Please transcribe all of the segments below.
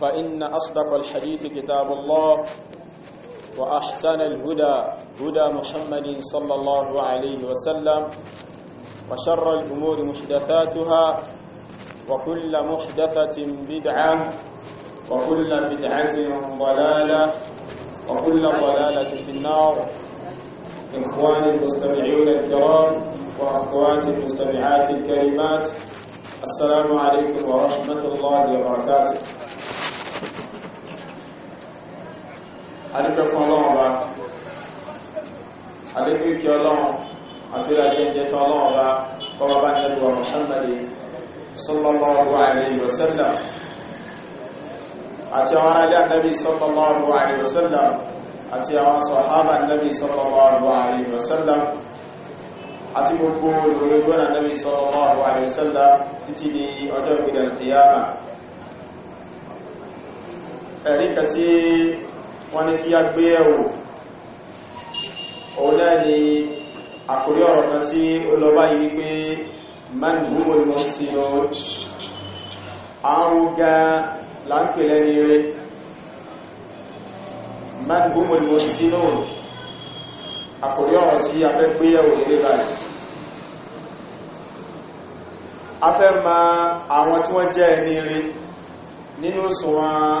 فإن أصدق الحديث كتاب الله وأحسن الهدى هدى محمد صلى الله عليه وسلم وشر الأمور محدثاتها وكل محدثة بدعة وكل بدعة ضلالة وكل ضلالة في النار إخواني المستمعون الكرام وأخواتي المستمعات الكريمات السلام عليكم ورحمة الله وبركاته adúpẹ́ fún ọlọ́run ọba adúpẹ́ kí ọlọ́run àtúrà jẹjẹ tán ọlọ́run ọba kọba bá nílùú wa Muhammad sallallahu alayhi wa sallam àti àwọn aráàlú ànábì sallallahu alayhi wa sallam àti àwọn sọ̀hábà ànábì sallallahu alayhi wa sallam àti gbogbo olùgbogbo ànábì sallallahu alayhi wa sallam títí di ọjọ́ ìgbìdàlùkìyàmà ẹ̀rí kàtí wọ́n ní kí a gbé ẹ̀wò òun náà ni àkórí ọ̀rọ̀ kan tí ó lọ báyìí wípé man humul muhsinun àrùn ga láńpẹ̀ lẹ́ni rẹ̀ man humul muhsinun àkórí ọ̀rọ̀ tí a fẹ́ gbé ẹ̀wò nílé báyìí a fẹ́ ma àwọn tí wọ́n jẹ́ ẹni rẹ̀ nínú sùnwọ̀n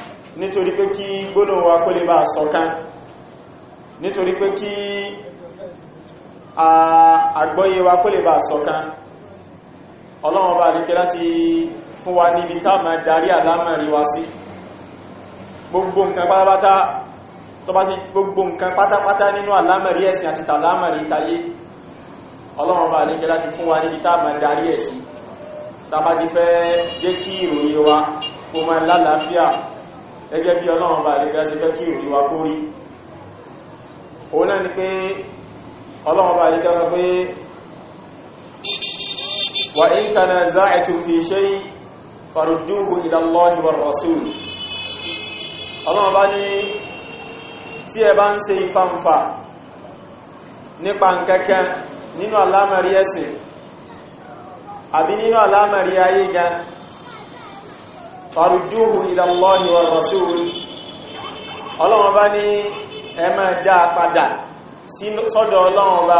nítorí pé kí gbólóhùn wa kó lè bá ṣọ̀kan nítorí pé kí àgbọ́yé wa kó lè bá ṣọ̀kan ọlọ́run bá ní kí láti fún wa níbi tá máa darí àlámọ̀rí wa sí gbogbo nǹkan pátápátá tó bá ti gbogbo nǹkan pátápátá nínú àlámọ̀rí ẹ̀sìn àti tàlámọ̀rí tayé ọlọ́run bá ní kí láti fún wa níbi tá darí ẹ̀sìn tá ti fẹ́ jẹ́ kí ìròyìn wa kó máa lálàáfíà gẹ́gẹ́ bí ọlọ́run bá àdíkà ṣe fẹ́ kí òrí wa kó rí òun náà ni pé ọlọ́run bá àdíkà sọ pé wa in tanaza'tum fi shay'in farudduhu ila Allahi war rasul ọlọ́run bá ní tí ẹ bá ń ṣe ìfàǹfà nípa nkẹ́kẹ́ nínú alámàrí ẹ̀sìn àbí nínú alámàrí ayé gan farujúhù ilallahi wa rasul ọlọ́run bá ní ẹ máa dá padà sọ́dọ̀ ọlọ́run bá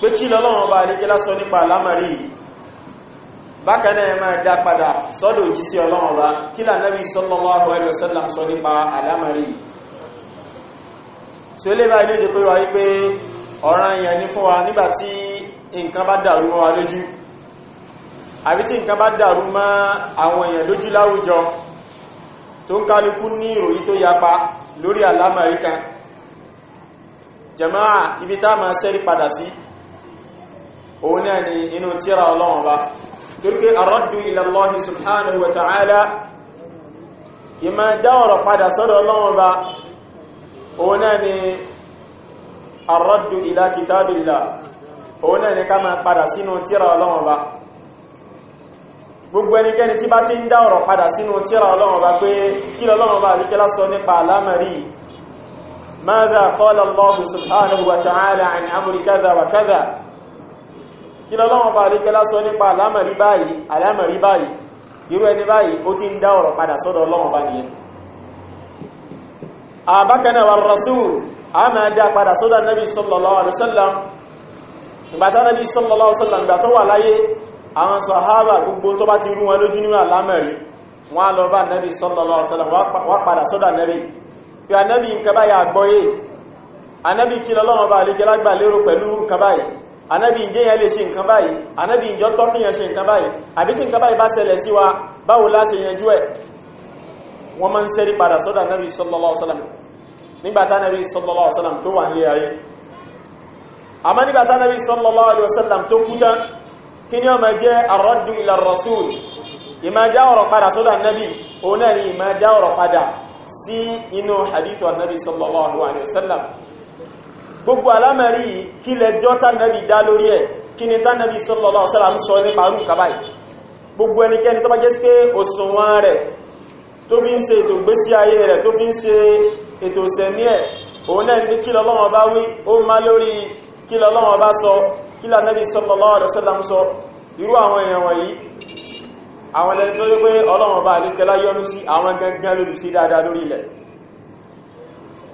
pé kí lọ́lọ́run bá ní kí lásọ nípa alámàrí bákan náà ẹ máa dá padà sọ́dọ̀ òjíṣẹ́ ọlọ́run bá kí lànàbí sallallahu alaihi wasallam sọ nípa alámàrí tí ó lè bá ilé ìjẹ́ pé wà wípé ọ̀ràn èèyàn ní àbí tí nǹkan bá dàrú mọ́ àwọn èèyàn lójú láwùjọ tó ń kálukú ní ìròyìn tó yapa lórí àlámọ̀rí kan jàmáà ibi tá ma sẹ́rí padà sí òun náà ni inú tírà ọlọ́run bá torípé àrọ́dù ila Allah subhanahu wa ta'ala ìmá dáwọ̀rọ̀ padà sọ́dọ̀ ọlọ́run bá òun náà ni àrọ́dù ila kitabillah òun náà ni ká ma padà sínú tírà ọlọ́run bá gbogbo ẹnikẹ́ni tí bá ti ń dá ọ̀rọ̀ padà sínú tírà Ọlọ́run bá pé kí Ọlọ́run bá rí kẹ́lá sọ nípa alámàrí ماذا قال الله سبحانه وتعالى عن أمر كذا وكذا kí Ọlọ́run bá rí kẹ́lá sọ nípa alámàrí báyìí alámàrí báyìí irú ẹni báyìí ó ti ń dá ọ̀rọ̀ padà sọ́dọ̀ Ọlọ́run bá nìyẹn àbákaná wà rasul a máa dá padà sọ́dọ̀ nabi sallallahu àwọn sàhábà gbogbo tó bá ti rú wọn lójú nínú àlámẹ̀rí wọ́n lọ bá nẹ́bí sallallahu alaihi wasallam wá padà sọ́dọ̀ nẹ́bí pé anẹ́bí nkẹbáyà gbọ́yé anẹ́bí kí lọ́lọ́wọ́ bá lè gẹ́lágbà lérò pẹ̀lú nkẹbáyì anẹ́bí ìjẹ́ wa báwo la ṣe yanjú ẹ̀ wọ́n máa ń sẹ́rí padà sọ́dọ̀ anẹ́bí sallallahu alaihi wasallam nígbàtá anẹ́bí sallallahu alaihi wasallam tó wà nílé ayé àmọ́ nígbàtá anẹ́bí sallallahu alaihi wasallam tó kú kí ni ó máa jẹ́ ar-raddu ila ar-rasul ìmá dá ọ̀rọ̀ padà sọ́dọ̀ annabi òun náà ni ìmá dá ọ̀rọ̀ padà sí inú hadithu annabi sallallahu alaihi wasallam gbogbo alámẹ́rí kí lẹjọ́ tánàbí dá lórí ẹ̀ kí ni tánàbí sallallahu alaihi wasallam sọ nípa rú kàbáyì gbogbo ẹnikẹ́ni tó bá jẹ́ sí pé òṣùnwọ̀n rẹ̀ tó fi ń ṣe ètò gbésí ayé rẹ̀ tó fi ń ṣe ètò ìsẹ̀mí ẹ̀ òun náà ní kí lọ́lọ́wọ́n bá wí ó má lórí kí lọ́lọ́wọ́n bá sọ kílá nẹ́bí sallallahu alaihi wasallam sọ irú àwọn èèyàn wọ̀nyí àwọn ẹni tó yẹ pé ọlọ́run bá àlékẹ́lá yọ́nú sí àwọn gangan lórí sí dáadáa lórí ilẹ̀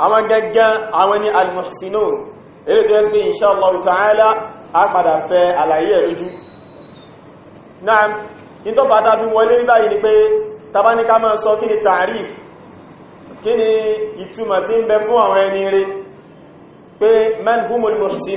àwọn gangan àwọn ni al-muhsinun èyí tó yẹ pé insha Allah ta'ala a padà fẹ́ àlàyé ẹ̀ lójú náà ní tó bàtà bí wọlé rí báyìí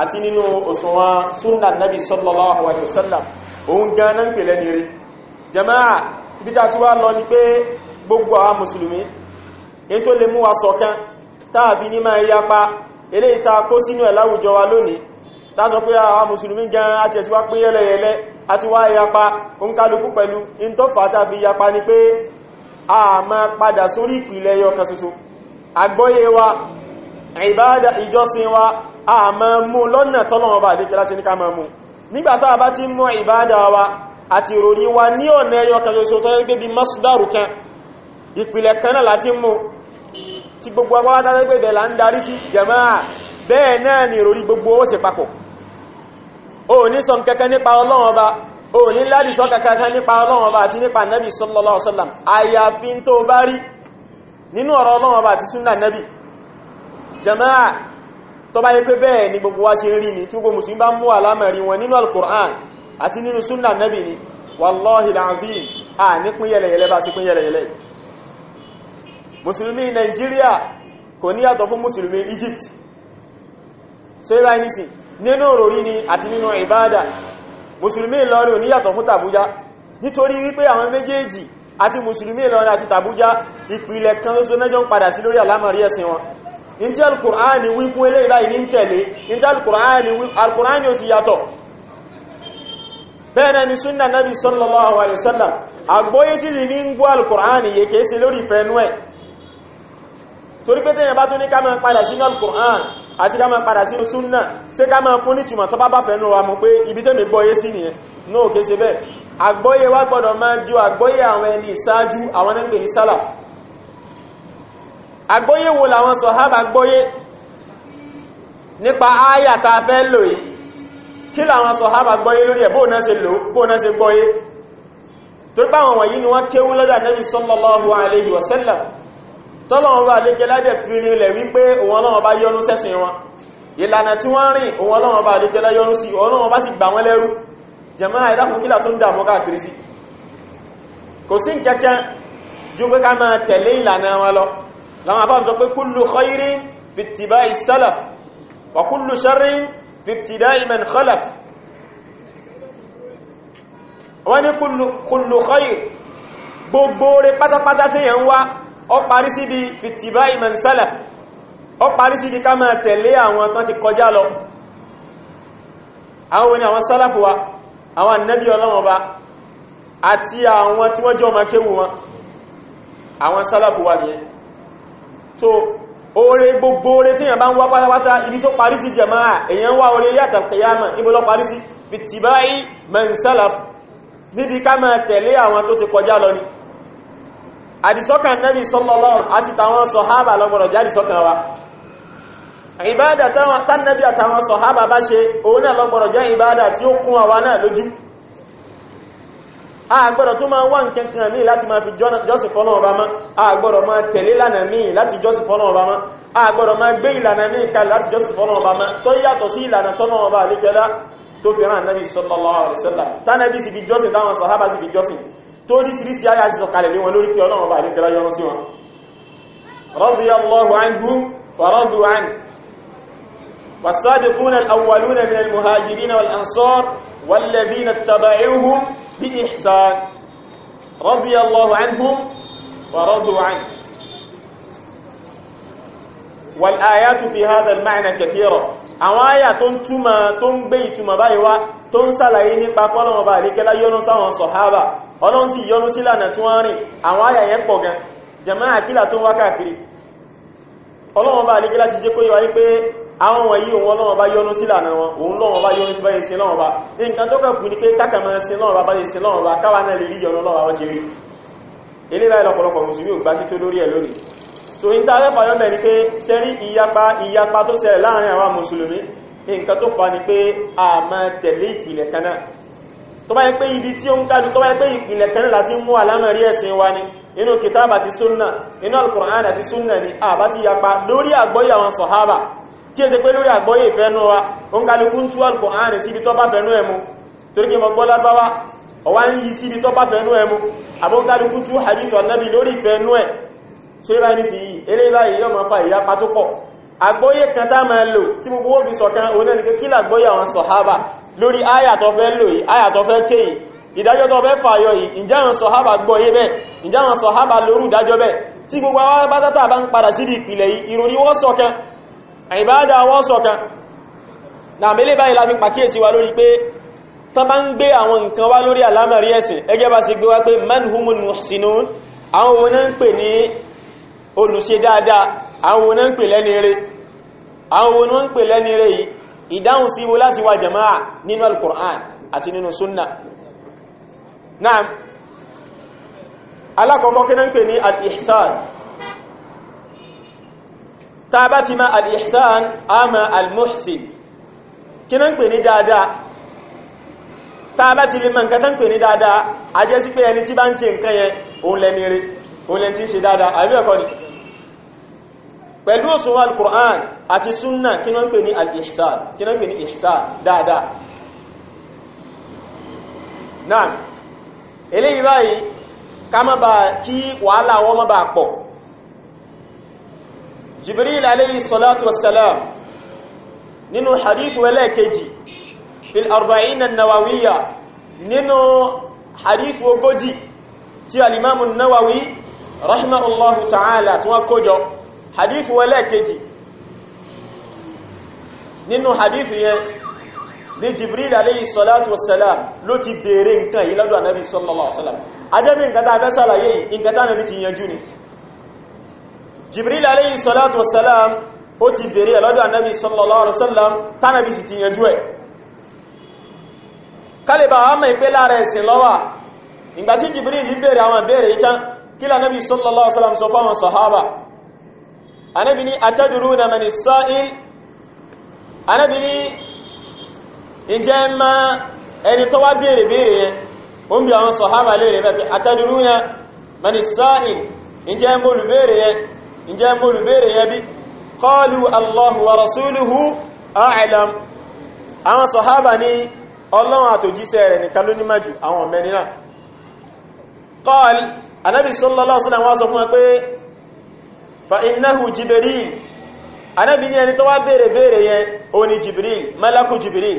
àti nínú òṣùwọ̀n súnà nabi sallallahu alaihi wasallam òun ganan pèlẹ̀ jama'a ibi ta ti wá lọ ni pé gbogbo àwọn mùsùlùmí in tó lè mú wa ṣọ̀kan táàfi ní máa yapa eléyìí ta kó sínú ẹ̀ láwùjọ wa lónìí ta sọ pé àwọn mùsùlùmí gan àti ẹ̀síwá pé yẹ́lẹ̀yẹ́lẹ́ àti wá yapa ń kálukú pẹ̀lú in tó fà táàfi yapa ni pé a máa padà sórí ìpìlẹ̀ ẹyọ kan ṣoṣo àgbọ́yé wa ìbádà ìjọsìn wa a ma mú lọ́nà tọ́lọ́wọ́ bá àdíkẹ́ láti ní ká ma mú nígbàtá bá ti mọ́ ìbádà wa àti ìròrí wa ní ọ̀nà ẹyọ kan ṣoṣo tó gbé bí masdaru kan ìpìlẹ̀ kan náà láti mú ti gbogbo agbára jama'a bẹ́ẹ̀ ni ìròrí gbogbo ó sì papọ̀ o ní sọ kankan nípa Ọlọ́run Ọba o ní láti sọ nabi sallallahu alaihi wasallam àyàfi tó bá rí nínú ọ̀rọ̀ Ọlọ́run Ọba nabi jama'a tó bá yẹ pé bẹ́ẹ̀ ni gbogbo wa ṣe rí ni tí gbogbo musulmi bá mú alámẹ̀rí wọn nínú al-Qur'an àti nínú súnnà nẹ́bì ni wallahi al-azim a ní pín yẹlẹyẹlẹ bá sí pín yẹlẹyẹlẹ musulmi Nigeria kò ní yàtọ̀ fún musulmi Egypt so ibá ní sí nínú òròrí ni àti nínú ìbáadà musulmi Ìlọrin ní yàtọ̀ fún tàbújá nítorí wípé àwọn méjèèjì àti musulmi Ìlọrin àti tàbújá ìpìlẹ̀ kan lóso náà jọ ń padà sí lórí àlámọ̀rí ẹ̀sìn wọn in tí alkùránì wí fún ilé ìbá ìní tẹ̀lé in tí alkùránì wí alkùránì ò sì yàtọ̀ bẹ́ẹ̀ náà ni súnnà nábi sallallahu alaihi wasallam àgbóyé tí ní ń gbọ́ alkùránì yẹ kìí ṣe lórí fẹ́nú ẹ̀ torí pé tẹ́yìn bá tún ní ká máa padà sínú alkùránì àti ká máa padà sínú súnnà ṣe ká máa fún nítumọ̀ tó bá fẹ́nú wa mọ̀ pé ibi tẹ́mi gbọ́yé sí nìyẹn náà kìí ṣe bẹ́ẹ̀ àgbọ́yé wa gbọ́dọ̀ máa ju àgbọ́yé àwọn ẹni ìṣáájú àwọn ẹgbẹ̀rún sálàfù àgbọ́yé wo làwọn sọ̀hábà gbọ́yé nípa áyà ta fẹ́ lò yìí kí làwọn sọ̀hábà gbọ́yé lórí ẹ̀ bóò se ṣe lò bóò náà ṣe gbọ́yé tó pá wọ̀nyí ni wọ́n kéwú lọ́dọ̀ alaihi wasallam tọ́lọ́wọ́n bá lè jẹ́ ládẹ̀ fi rinlẹ̀ wípé òun Ọlọ́run bá yọ́nú sẹ́sìn wọn ìlànà tí wọ́n rìn òun Ọlọ́run bá lè jẹ́ láyọ́nú sí Ọlọ́run bá sì gbà wọ́n lẹ́rú jẹ̀mọ́ àìdákùn kílà tó ń dààmú láwọn afáàmù sọ pé kullu khairin fi ittiba'i salaf wa kullu sharrin fi ibtida'i man khalaf wọ́n ní kullu khair gbogbo rẹ̀ pátápátá tí yẹn wá ó parí sí di fi ittiba'i man salaf ó parí sí di ká máa tẹ̀lé àwọn tán ti kọjá lọ àwọn ni wa àwọn ànábì so oore gbogbo oore tí èyàn bá ń wá pátápátá ibi tó parí sí jama'a èyàn wá oore yàtà kìyàmà ibùlọ parí sí fìtìbáyí man salaf níbi ká máa tẹ̀lé àwọn tó ti kọjá lọ ni àdìsọ́kàn Nábì sallallahu àti tàwọn sọ̀hábà lọ́gbọ̀rọ̀ jáde sọ́kàn wa ìbádà tánàbí àtàwọn sọ̀hábà bá náà lọ́gbọ̀rọ̀ jẹ́ àgbọ́dọ̀ tó máa wá nǹkankan míì láti máa fi jọ́sìn fọ́nà ọba mọ́ àgbọ́dọ̀ máa tẹ̀lé lànà míì láti jọ́sìn fọ́nà ọba mọ́ àgbọ́dọ̀ máa gbé ìlànà míì kalẹ̀ láti jọ́sìn fọ́nà ọba mọ́ tó yàtọ̀ sí ìlànà tọ́nà ọba àlékẹ́lá tó fi rán Ànábì الأولون من المهاجرين والأنصار والذين اتبعوهم بإحسان رضي الله عنهم ورضوا عنه والآيات في هذا المعنى كثيرة أوايا تنتما تنبي تما بايوا تنسلعي nípa kọ́lọ̀mọ̀ bá àríkẹ́lá yọ́nú sáwọn sọ̀hábà ọlọ́n sí yọ́nú sílànà tí wọ́n rìn àwọn àyà yẹn pọ̀ gan jẹ́mọ́ àkílà tó wákàkiri ọlọ́wọ́n bá alékẹ́ láti jẹ́ kó yíwa wípé àwọn wọ̀nyí òun ọlọ́wọ́n bá yọ́nú sí lànà wọn òun lọ́wọ́n bá yọ́nú sí báyìí sí lọ́wọ́n bá nǹkan tó kẹ́kù ní pé kákàmà sí lọ́wọ́n bá báyìí sí lọ́wọ́n bá káwà náà so in ta rẹ́fà yọ́bẹ̀ ni pé ṣe rí ìyapa ìyapa tó ṣẹlẹ̀ láàrin àwa mùsùlùmí a máa tẹ̀lé ìpìlẹ̀ kan náà tó bá yẹ pé ibi tí ó ń kálu tó bá inú kìtàbà ti súnnà inú alkùnrin àti súnnà ni àbá ti yapa lórí àgbọ́yé àwọn sọ̀hábà tí è ṣe pé lórí àgbọ́yé ìfẹ́nú wa o ń kálukú ń tú alkùnrin síbi tó bá fẹ́nú ẹmu torí kí mọ gbọ́ lábáwá ọwá ń yí síbi tó bá fẹ́nú ẹmu àbó ń kálukú tú hadith annabi lórí ìfẹ́nú ẹ̀ so ibá ní sí yìí eré báyìí yọ máa fa ìyapa ìdájọ́ tó bẹ́ fàyọ ìjẹ́ àwọn sọ̀hábà gbọ́ yé bẹ́ ìjẹ́ àwọn sọ̀hábà lórú ìdájọ́ bẹ́ tí gbogbo àwọn bátátà bá ń padà sí di ìpìlẹ̀ ìròrí wọ́n sọ̀kan àìbáadà wọ́n sọ̀kan láàmílẹ̀ báyìí la fi pàkíyèsí wa lórí pé tán bá ń gbé àwọn nǹkan wá lórí àlámàrí ẹ̀sìn ẹgẹ́ bá ìdáhùn sí wo láti wà jama'a nínú al àti nínú sunnah náà alákọ̀ọ́kọ́ kí náà ń pè ní al-ihsan ta bá ti ma al-ihsan a ma al-muhsin kí náà ń pè ní dáadáa ta bá ti lè mọ̀ nǹkan tán pè ní dáadáa a jẹ́ sí pé ẹni tí bá ń ṣe nǹkan yẹn òun lẹ́ni òun lẹ́ni tí ń ṣe dáadáa àbí eléyìí báyìí ká má bà kí wàhálà wọn má bà pọ̀ jibril alayhi salatu wassalam nínú hadith ẹlẹ́ẹ̀kejì fil arba'ina nawawiya nínú hadith ogójì tí alimamu nawawi rahimahullahu ta'ala tí wọ́n kójọ hadith ẹlẹ́ẹ̀kejì nínú hadith yẹn ní jibril aléyìí sọ́látù wasalam ló ti bèèrè nǹkan yìí lọ́dọ̀ anábi sallallahu alaihi wasallam ajẹ́bí nǹkan tá a fẹ́ sàlàyé yìí nǹkan tá nàbí ti yanjú ni jibril aléyìí sọ́látù wasalam ó ti bèèrè lọ́dọ̀ anábi sallallahu alaihi wasallam tánàbí sì ti yanjú ẹ̀ kálíbà àmà ìpé lára ẹ̀sìn lọ́wà ìgbà tí jibril bèèrè àwọn bèèrè ìtàn kí lànàbí sallallahu alaihi wasallam sọ sahaba anábi ni ataduruna man as-sa'il anábi ni ǹjẹ́ ma ẹni tó wá bere béèrè yẹn o ń bí àwọn sọ̀hábà lè rẹ̀ bẹ́ẹ̀ àtẹ́dúrú yẹn mani sáìn ǹjẹ́ mólùbéèrè yẹn ǹjẹ́ mólùbéèrè yẹn bí wa rasuluhu a'lam sallallahu fa jibril anábì ní ẹni tó wá yẹn ó jibril malaku jibril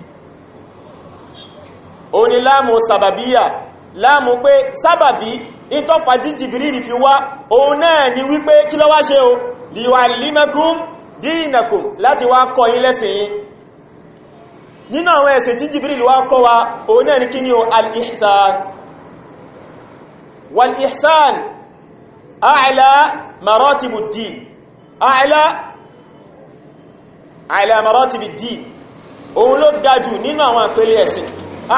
ó ní láàmù sàbàbíyà láàmù pé sábàbí ìtọ́fà jí jìbìrìlì fi wá òun náà ni wípé kí ló wá ṣe o liwallimakum dinakum láti wá kọ́ yín lẹ́sìn yín nínú àwọn ẹ̀sìn tí jìbìrìlì wá kọ́ wa òun náà ni kí ni o al-ihsan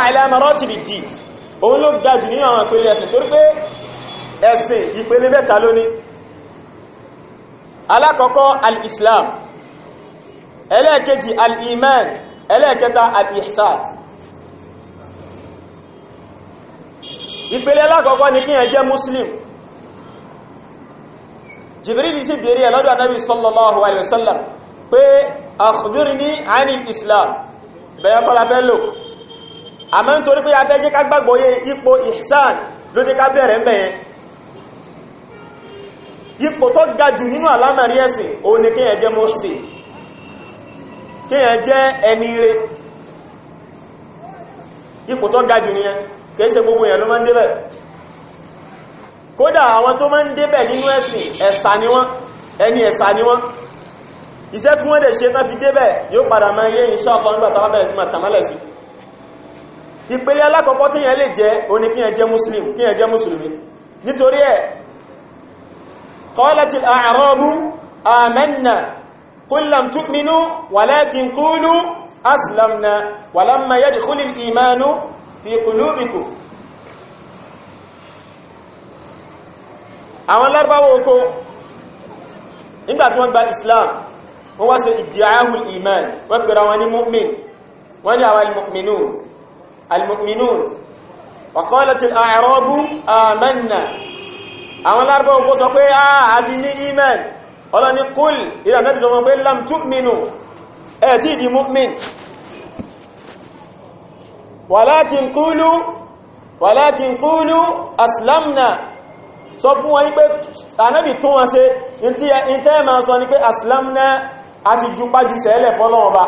àìlẹ́ mọ́rọ́tì lè dì òun ló ga jù nínú àwọn ìpele ẹ̀sìn torí pé ẹ̀sìn ìpele mẹ́ta lóní alákọ̀ọ́kọ́ al-islam ẹlẹ́ẹ̀kejì al-iman ẹlẹ́ẹ̀kẹta al-ihsan ìpele alákọ̀ọ́kọ́ ni kíyàn jẹ́ muslim jibril sì bèèrè ẹ̀ lọ́dọ̀ anábi sallallahu alaihi wasallam pé akhbirni anil islam bẹ̀yẹ̀ kọ́lá fẹ́ àmọ́ nítorí pé abẹ́jẹ́ ká gbàgbọ́ yé ipò ihsan ló jẹ́ ká bẹ̀rẹ̀ mẹ́yẹn ipò tó ga jù nínú àlámàrí ẹ̀sìn òun ni kíyàn jẹ́ mọ́sí kíyàn jẹ́ ẹni rẹ̀ ipò tó ga jù nìyẹn kẹsẹ̀ gbogbo èèyàn ló máa ń débẹ̀ kódà àwọn tó máa ń débẹ̀ nínú ẹ̀sìn ẹ̀sà ni wọ́n ẹni ẹ̀sà ni wọ́n ìpele alákọ̀ọ́kọ́ tí yẹn lè jẹ́ oní kí yẹn jẹ́ muslim kí yẹn jẹ́ musulmi nítorí ẹ̀ qalat al-a'rabu amanna qul lam tu'minu walakin qulu aslamna walamma yadkhul al-iman fi qulubikum àwọn lárúbáwọ̀ oko nígbàtí wọ́n gba islam wọ́n wá ṣe ìdíyàáhùl iman wọ́n pẹ̀rọ wọn ní mu'min wọ́n ní àwọn al المؤمنون وقالت الأعراب آمنا àwọn lárúbọ̀ kó sọ pé a àti ní iman ọlọ́ ni kúl ìrà náà sọ pé lam tu'minu ẹ̀ tí ìdí mu'min walakin qulu walakin qulu aslamna sọ fún wọn pé anábì tún wọn ṣe in tẹ́ ma sọ ni pé aslamna àti jùpájú sẹ́lẹ̀ fọ́lọ́wọ́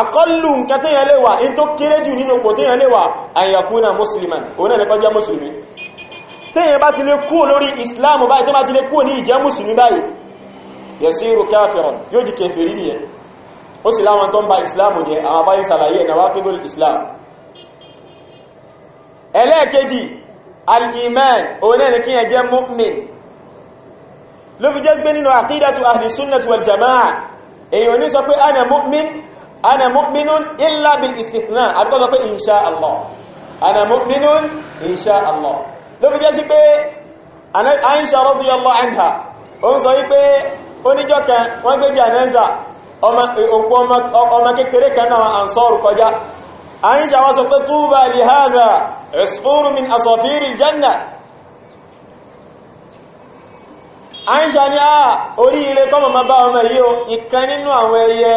akọlù nǹkan tí yẹn lè wà in tó kéré jù nínú kò tí yẹn lè wà àyàkúnà musulman òun náà lẹ́kọ́ jẹ́ musulmi tí yẹn bá ti lè kú lórí islam báyìí tó bá ti lè kú ní ìjẹ́ musulmi báyìí yasiru kafiran yóò di kèfèrí nìyẹn ó sì láwọn tó ń ba islam jẹ́ àwọn báyìí sàlàyé ẹ̀nà wákìdùl islam sí pé nínú àkídàtù ana mu'minun illa bil istithna àbíkọ́ sọ pé insha Allah ana mu'minun insha Allah ló fi jẹ́ sí pé Aisha radiyallahu anha ó ń sọ wípé oníjọ́ kan wọ́n gbé jànáza òkú ọmọ kékeré kan náà ansọ́rù kọjá Aisha wá sọ pé tuba li hadha usfuru min asafiri janna Aisha ni a ah, oríire kọ́mọ̀ ma bá ọmọ yìí o ìkan nínú àwọn ẹyẹ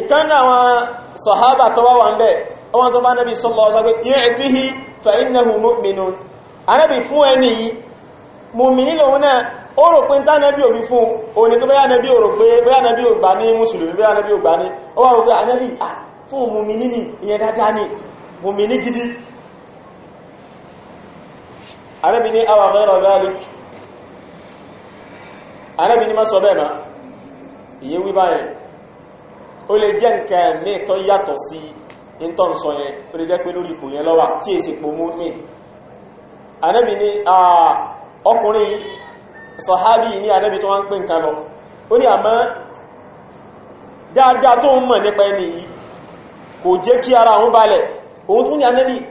ìkánná àwọn sọ̀hábà tó wá wà ń bẹ̀ ọwọ́n sọ bá nẹ́bí fa innahu mu'minun anẹ́bí fún ẹni yìí mùmìnì na o ó rò pé tá nẹ́bí òbí fún òun ni pé bóyá o ò rò pé bóyá nẹ́bí ò gbà anabi ni ìyẹn ni gidi anẹ́bí ní awa ghayra dhalik anẹ́bí ní maso be ó lè jẹ́ nǹkan ẹ̀mí tó yàtọ̀ sí ìntọ́n sọ yẹn ó lè jẹ́ pé lórí ipò yẹn lọ́wà tí èsì pò mú mí anẹ́bì ni ọkùnrin sọ̀hábì ní anẹ́bì tó wá ń pè nǹkan lọ ó ní àmọ́ dáadáa tó ń mọ̀ nípa ẹni yìí kò jẹ́ kí ara òun balẹ̀ òun tún ní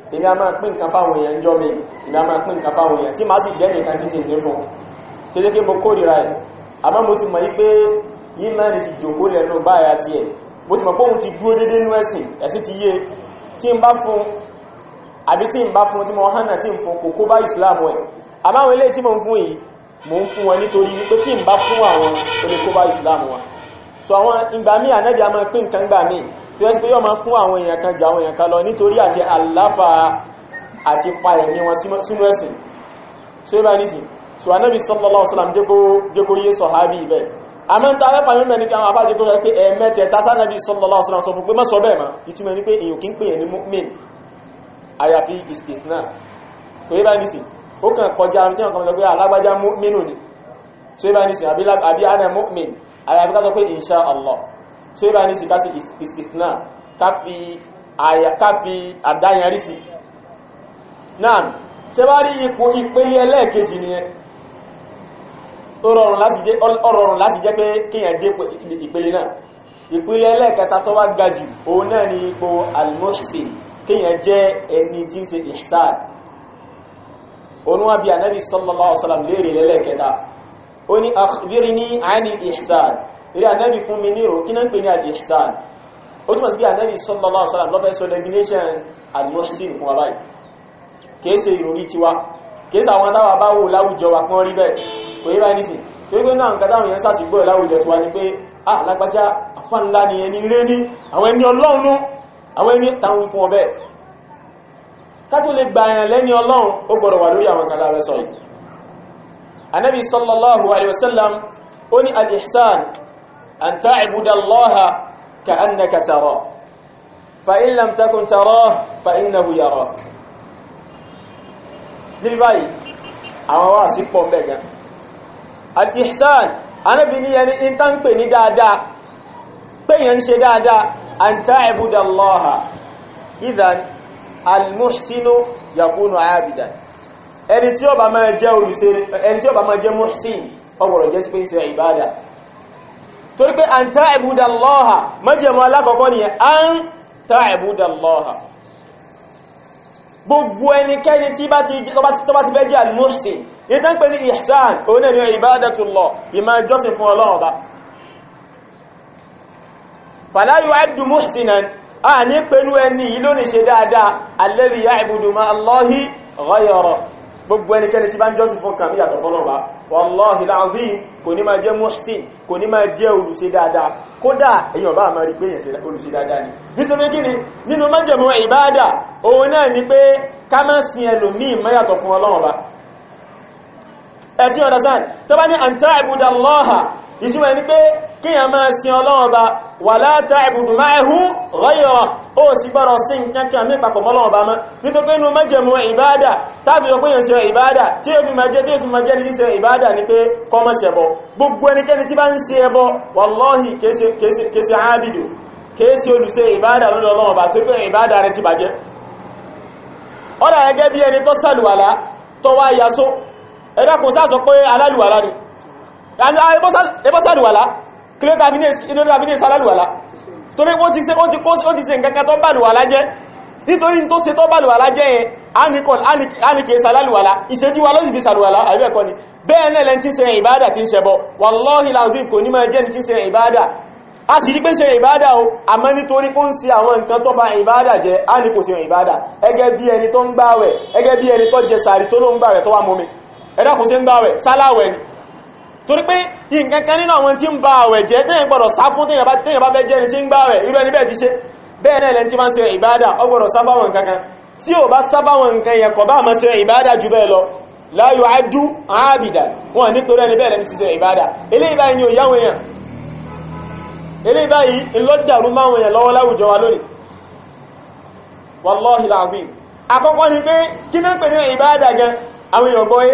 èmi a máa pín nǹkan fáwọn èèyàn jọ mi èmi a máa pín nǹkan fáwọn èèyàn tí máa sì gẹ́ nìkan sí ti ní fún kéjéké mo kórìíra ẹ̀ àmọ́ mo ti mọ̀ yí pé yìí máa ní ti jòkó lẹ́nu báyà tiẹ̀ mo ti mọ̀ pé òun ti dúró dédé nú ẹ̀sìn ẹ̀sìn ti yé tí n bá fún àbí tí n bá fún tí mo hànà tí n fún kò bá ìsìláàmù ẹ̀ àmọ́ àwọn eléyìí tí mo ń fún yìí mo ń fún wọn nítorí wípé tí n bá fún àwọn ó bá ìsìláàmù wọn so àwọn ìgbà míì ànẹ́bí a máa pín nǹkan gbà míì tó yẹ́ sí pé yọ́ máa fún àwọn èèyàn kan jà àwọn èèyàn kan lọ nítorí àti àláfà àti pa ẹ̀mí wọn sínú ẹ̀sìn so yẹ́ bá ní sí so ànẹ́bí sallallahu alaihi wasallam jékórí sọ̀hábí ibẹ̀ àmẹ́ta alẹ́pàá mímẹ́ ní àwọn afájẹ́ tó rẹ̀ pé ẹ̀mẹ́tẹ̀ tátà nàbí sallallahu alaihi wasallam sọ fún pé mọ́sọ̀ bẹ́ẹ̀ ma ìtumẹ̀ ní pé èyàn kí ń pè ní ana mu'min àyàfi ká sọ pé insha allah so ibà ní sika sí ìsìkìtìnà ká fi àdáyanrí sí náà ṣe bá rí ipò ìpele ẹlẹ́ẹ̀kejì nìyẹn ọ̀rọ̀rùn láti jẹ́ pé kíyàn dé ìpele náà ìpele ẹlẹ́ẹ̀kẹta tó wá ga jù òun náà ni ipò al-muhsin kíyàn jẹ́ ẹni tí ń ṣe ihsan òun wá bí ànábì ó ní akhbirni ani ihsan eré anábì fún mi nírò kí náà ń pè ní àdì ihsan ó túnmọ̀ sí bí anábì sallallahu alaihi wasallam lọ́fẹ́ sọ definition al-muhsin fún wa báyìí kìí ṣe ìròrí tiwa kìí ṣe àwọn táwa bá wò láwùjọ wa kan rí bẹ́ẹ̀ kò yí báyìí nìsín torí pé náà nǹkan táwọn yẹn sàṣìgbọ́ láwùjọ tiwa ni pé à ah, lágbájá àfáà ńlá ni ẹni ré ní àwọn ẹni anabi sallallahu alayhi wa sallam ó ní al-ihsan an ta'buda allaha ka annaka tara fa in lam takun tara fa innahu yarak níbi báyìí àwọn wá sí pọ̀ bẹ́ẹ̀ gan al-ihsan anabi ní ẹni in tá ń pè ní dáadáa pé yẹn ń an ta'buda allaha idhan al-muhsinu yakunu abidan ẹni tí ó bá máa jẹ́ olùṣeré ẹni tí ó bá máa jẹ́ muhsin ọgbọ̀rọ̀ jẹ́ sí pé ń ṣe ìbádà torí pé an ta'budu Allaha májẹ̀mọ́ alákọ̀ọ́kọ́ ni an ta'budu Allaha gbogbo ẹnikẹ́ni tí bá ti bẹ́ jẹ́ al-muhsin ìtàn pẹ̀lú ihsan òun ni ibadatullah ìmá jọ́sìn ẹni yìí lónìí ṣe dáadáa alladhi ya'budu ma'a Allahi ghayrahu gbogbo ẹnikẹ́ni tí bá ń jọ́sìn fún kàmí yàtọ̀ fọ́lọ́ba wallahi alazim kò ní máa jẹ́ muhsin kò ní máa jẹ́ olùṣe dáadáa kódà èyàn bá máa rí pé èyàn olùṣe dáadáa ni nítorí kí ni nínú májẹ̀mú ìbáadà òun náà ni pé ká ìtíwẹ̀ ní pé kíyàn máa sin Ọlọ́run Ọba wala ta'budu ma'ahu ghayra ó sì gbọ́rọ̀ sí nǹkan mí papọ̀ mọ́ Ọlọ́run Ọba mọ́ nítorí pé inú májẹ̀mú ìbádà tàbí ọpẹ́ yẹn ṣe ìbádà tí ó bí máa jẹ́ tí ó sì máa jẹ́ ní ṣe ìbádà ní pé kó má ṣẹbọ gbogbo ẹnikẹ́ni tí bá ń ṣe ẹbọ wallahi kéèsì ábìdò kéèsì olùṣe ìbádà lọ́dọ̀ Ọlọ́run Ọba tó pé ìbádà ẹbọ́sàlùwàlá kílódàbínẹ̀ sálàlùwàlá torí ó ti ṣe nǹkan tó bàlùwàlá jẹ́ nítorí tó ṣe tó bàlùwàlá jẹ́ yẹn alìkè sálàlùwàlá ìṣẹ́jú wa ló sì fi sàlùwàlá àríwẹ̀ kọ́ ni bẹ́ẹ̀ náà lẹ́n tí ń ṣe ìbáadà tí ń ṣe bọ́ wallahi lazim kò ní máa jẹ́ ni tí ń ṣe ìbáadà a sì rí pé ṣe ìbáadà o àmọ́ nítorí kó ń ṣe àwọn nǹkan tó bá ìbáadà jẹ́ a ní kò ṣe ìbáadà ẹgẹ́ bí ẹni tó ń gbààwẹ̀ ẹgẹ́ bí ẹni tó jẹ sàárì tó ló ń gbààwẹ̀ tó wà mọ́mi ẹ̀dá kò ṣe ń gbààwẹ̀ sálàwẹ̀ ni torí pé nǹkankan nínú àwọn tí ń ba àwẹ̀ jẹ́ tẹ́yìn gbọ́dọ̀ sá fún tẹ́yìn bá bẹ́ jẹ́ ni tí ń gbá rẹ̀ irú ẹni bẹ́ẹ̀ ti ṣe bẹ́ẹ̀ náà lẹ́ni tí máa ń ṣe ìbádà ó gbọ́dọ̀ sábà wọn kankan tí ò bá sábà wọn nǹkan yẹn kọ̀ bá máa ṣe ìbádà jù bẹ́ẹ̀ lọ la yu'addu ábìdà wọn nítorí ẹni bẹ́ẹ̀ lẹ́ni ti ṣe ìbádà eléyìí báyìí ni ò yáwọn èèyàn wallahi alazim àkọ́kọ́ ni pé kí ní pè ní gan àwọn èèyàn gbọ́yé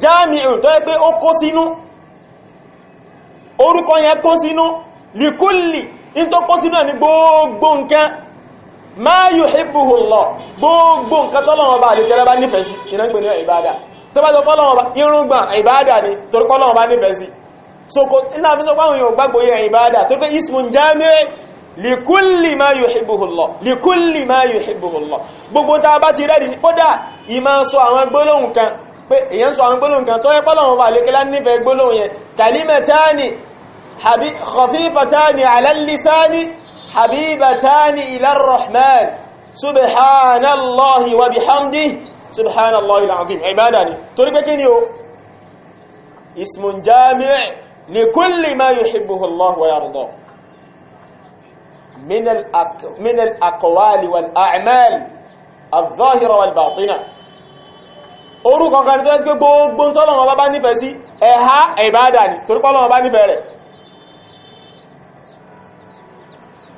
jami'u tó yẹ pé ó kó sínú orúkọ yẹn kó sínú likulli in tó kó sínú ẹni gbogbo nǹkan ma yuhibbuhu Allah gbogbo nǹkan tọ́lọ́wọ́ bá àti tẹ́rẹ bá nífẹ̀ẹ́ sí iná pè ní ìbádà tó bá sọ pọ́lọ́wọ́ bá irúgbà ìbádà ni torí pọ́lọ́wọ́ bá nífẹ̀ẹ́ sí so kò iná fi sọ pàwọn èèyàn gbàgbọ́ yẹ ìbádà tó pé ismun jami'u likulli ma yuhibbuhu Allah likulli ma yuhibbuhu Allah gbogbo ta bá ti rẹ́dì kódà ìmá sọ àwọn gbólóhùn kan pé èyàn sọ àwọn gbólóhùn kan tó yẹ pọ́lọ̀wọ̀n bá lè kílá nífẹ̀ẹ́ gbólóhùn yẹn kalimatani khafifatani ala lisani habibatani ila rahman subhanallahi wa bihamdihi subhanallahi alazim ibada ni torí pé kíni o ismun jami' li kulli ma yuhibbuhu allah wa yarda min al min al aqwali wal a'mal الظاهرة والباطنة orúkọ kan tó ẹ́sí pé gbogbo tọ́lọ̀wọ́ bá bá nífẹ̀ẹ́ sí ẹ̀há ìbádà ní torí pọ́lọ̀wọ́ bá nífẹ̀ẹ́ rẹ̀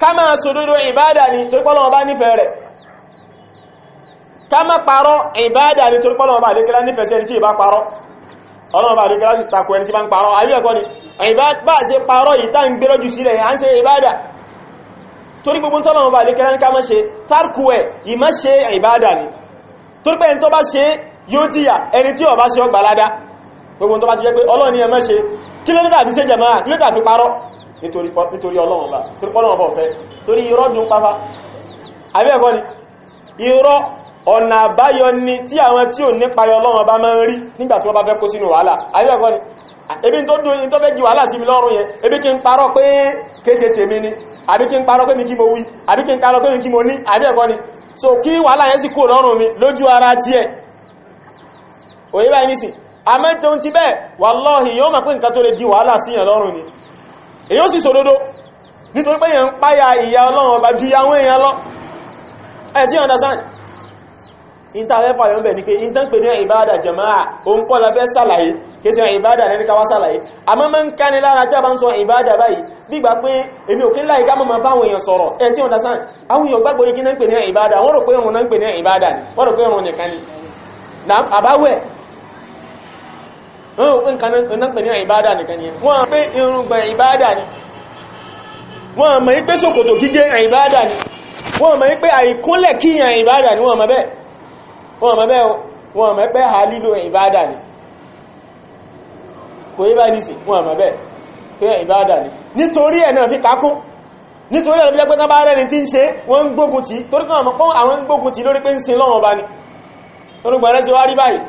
ká má sòdodo ìbádà ní torí pọ́lọ̀wọ́ bá nífẹ̀ẹ́ rẹ̀ ká má parọ́ ìbádà ní torí pọ́lọ̀wọ́ bá lékẹ́lá nífẹ̀ẹ́ sí ẹni tí ìbá parọ́ ọlọ́run bá lékẹ́lá sì takò ẹni tí bá ń parọ́ ayé ẹ̀kọ́ ni bá ṣe parọ́ yìí tá ń gbé lójú sílẹ̀ à ń ṣe ìbádà torí gbogbo tọ́lọ̀wọ́ bá lékẹ́lá ní ká má ṣe tárkù ẹ̀ ìmá ṣe ìbádà ni torí pé ẹni tó bá ṣe yóò jìyà ẹni tí ó bá ṣe ọgbà ládá gbogbo tó bá ti jẹ́ pé ọlọ́ni ẹ má ṣe kí lóríta àti ṣe jẹ̀mọ́ kí lóríta fi parọ́ nítorí ọlọ́run bá torí ni irọ́ ọ̀nà àbáyọ ni tí àwọn tí ò nípa ọlọ́run bá máa ń rí ni ebi tó dùn tó fẹ́ ju wàhálà sí mi lọ́rùn yẹn ebi kí n parọ́ pé kése tèmi ni àbí kí n parọ́ pé mi kí mo wí àbí parọ́ pé mi kí mo ní àbí ni so kí wàhálà yẹn sì kó lọ́rùn mi lójú ara tiẹ̀ òye báyìí nísì àmẹ́tẹun ti bẹ́ẹ̀ wallahi yóò mọ̀ pé nǹkan tó lè di wàhálà síyàn lọ́rùn ni èyí ó sì sòdodo nítorí pé èyàn ń páyà ìyà ọlọ́run ọba ju yàwọn èèyàn lọ ẹ̀ tí understand ìntàfẹ́fà yọ́ bẹ̀ ní pé ìntàn pè ní ìbádà jama'a o ń kọ́ labẹ́ sàlàyé kéèsì ìbádà lẹ́ni káwá sàlàyé àmọ́ mọ́ ń káni lára tí a bá ń sọ ìbádà báyìí gbígbà pé èmi òkín láì ká mọ́ báwọn èèyàn sọ̀rọ̀ ẹ̀ tí wọ́n dasán àwọn àbáwẹ̀ wọ́n pín kan náà pẹ̀lú ìbádà nìkan ni wọ́n pé irùngbọ̀n ìbádà ni wọ́n mọ̀ pé ṣòkòtò gígé ìbádà ni wọ́n mọ̀ pé àìkúnlẹ̀ kíyàn ìbádà ni wọ́n mọ̀ bẹ́ẹ̀ wọ́n mọ̀ bẹ́ẹ̀ wọ́n mọ̀ pé ha lílo ìbádà ni kò yí bá ní sí wọ́n mọ̀ bẹ́ẹ̀ pé ìbádà ni nítorí ẹ̀ náà fi kákún nítorí ẹ̀ lọ́pẹ́ tán bá rẹ́ni tí ń ṣe wọ́n gbógun ti torí kan àwọn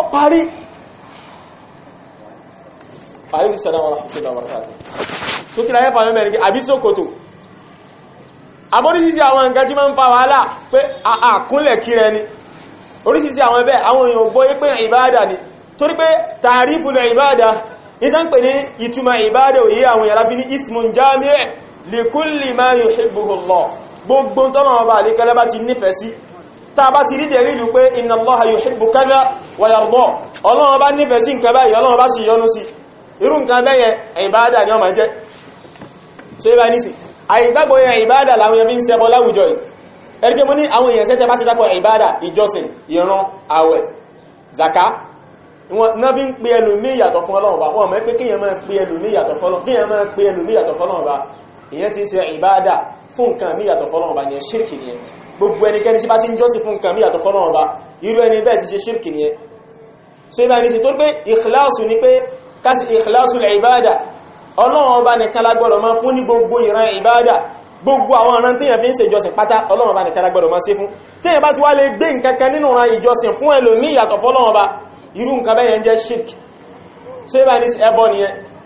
ó parí àríwí sọ́dáwọ́n àfihàn àwọ̀rọ̀kàtí tó kí láyé pàmẹ́ mẹ́rin àbí sókòtò àbórísìsì àwọn nǹkan tí ma ń fa wàhálà pé àkúnlẹ̀ kíra ẹni orísìsì àwọn ẹbẹ́ àwọn èèyàn gbọ́ pé ìbáadà ni torí pé tààrífù lọ ìbáadà ìtàn pè ní ìtumọ̀ ìbáadà òye àwọn yàrá fi ní ismun jami' li kulli ma yuhibbuhu Allah tàbá ti rí dẹ̀lìlù pé inna Allaha yuhibbu kadha wa yarda ọlọ́run bá nífẹ̀ẹ́ sí nǹkan báyìí ọlọ́run bá sì yọ́nú sí irú nǹkan bẹ́yẹ ìbáadà ni ó máa jẹ́ so ibá ní sí àìgbàgbọ́ yẹn ìbáadà làwọn èèyàn fi ń ṣẹbọ láwùjọ yìí ẹ̀rìkẹ́ mo ní àwọn èèyàn sẹ́tẹ́ bá ti dákọ̀ ìbáadà ìjọsìn ìran àwẹ̀ zaka wọn náà fi ń pe ẹlòmí ìyàtọ̀ fún ọlọ́run bá wọn gbogbo ẹnikẹ́ni tí bá ti ń jọ́sìn fún nǹkan mí yàtọ̀ fọ́nà ọba irú ẹni bẹ́ẹ̀ ti ṣe ṣírkì nìyẹn so ibà ní ti tó pé ìkìláàsù ni pé káti ìkìláàsù ìbáàdà ọlọ́run ọba nìkan lágbọ́dọ̀ máa fún ní gbogbo ìran ìbáàdà gbogbo àwọn ọ̀ràn téèyàn fi ń ṣe ìjọsìn pátá ọlọ́run ọba nìkan lágbọ́dọ̀ máa ṣe fún téèyàn bá ti wá lè gbé nǹkan kan nínú ìran ìjọsìn fún ẹlòmíì yàtọ̀ fọ́lọ́run ọba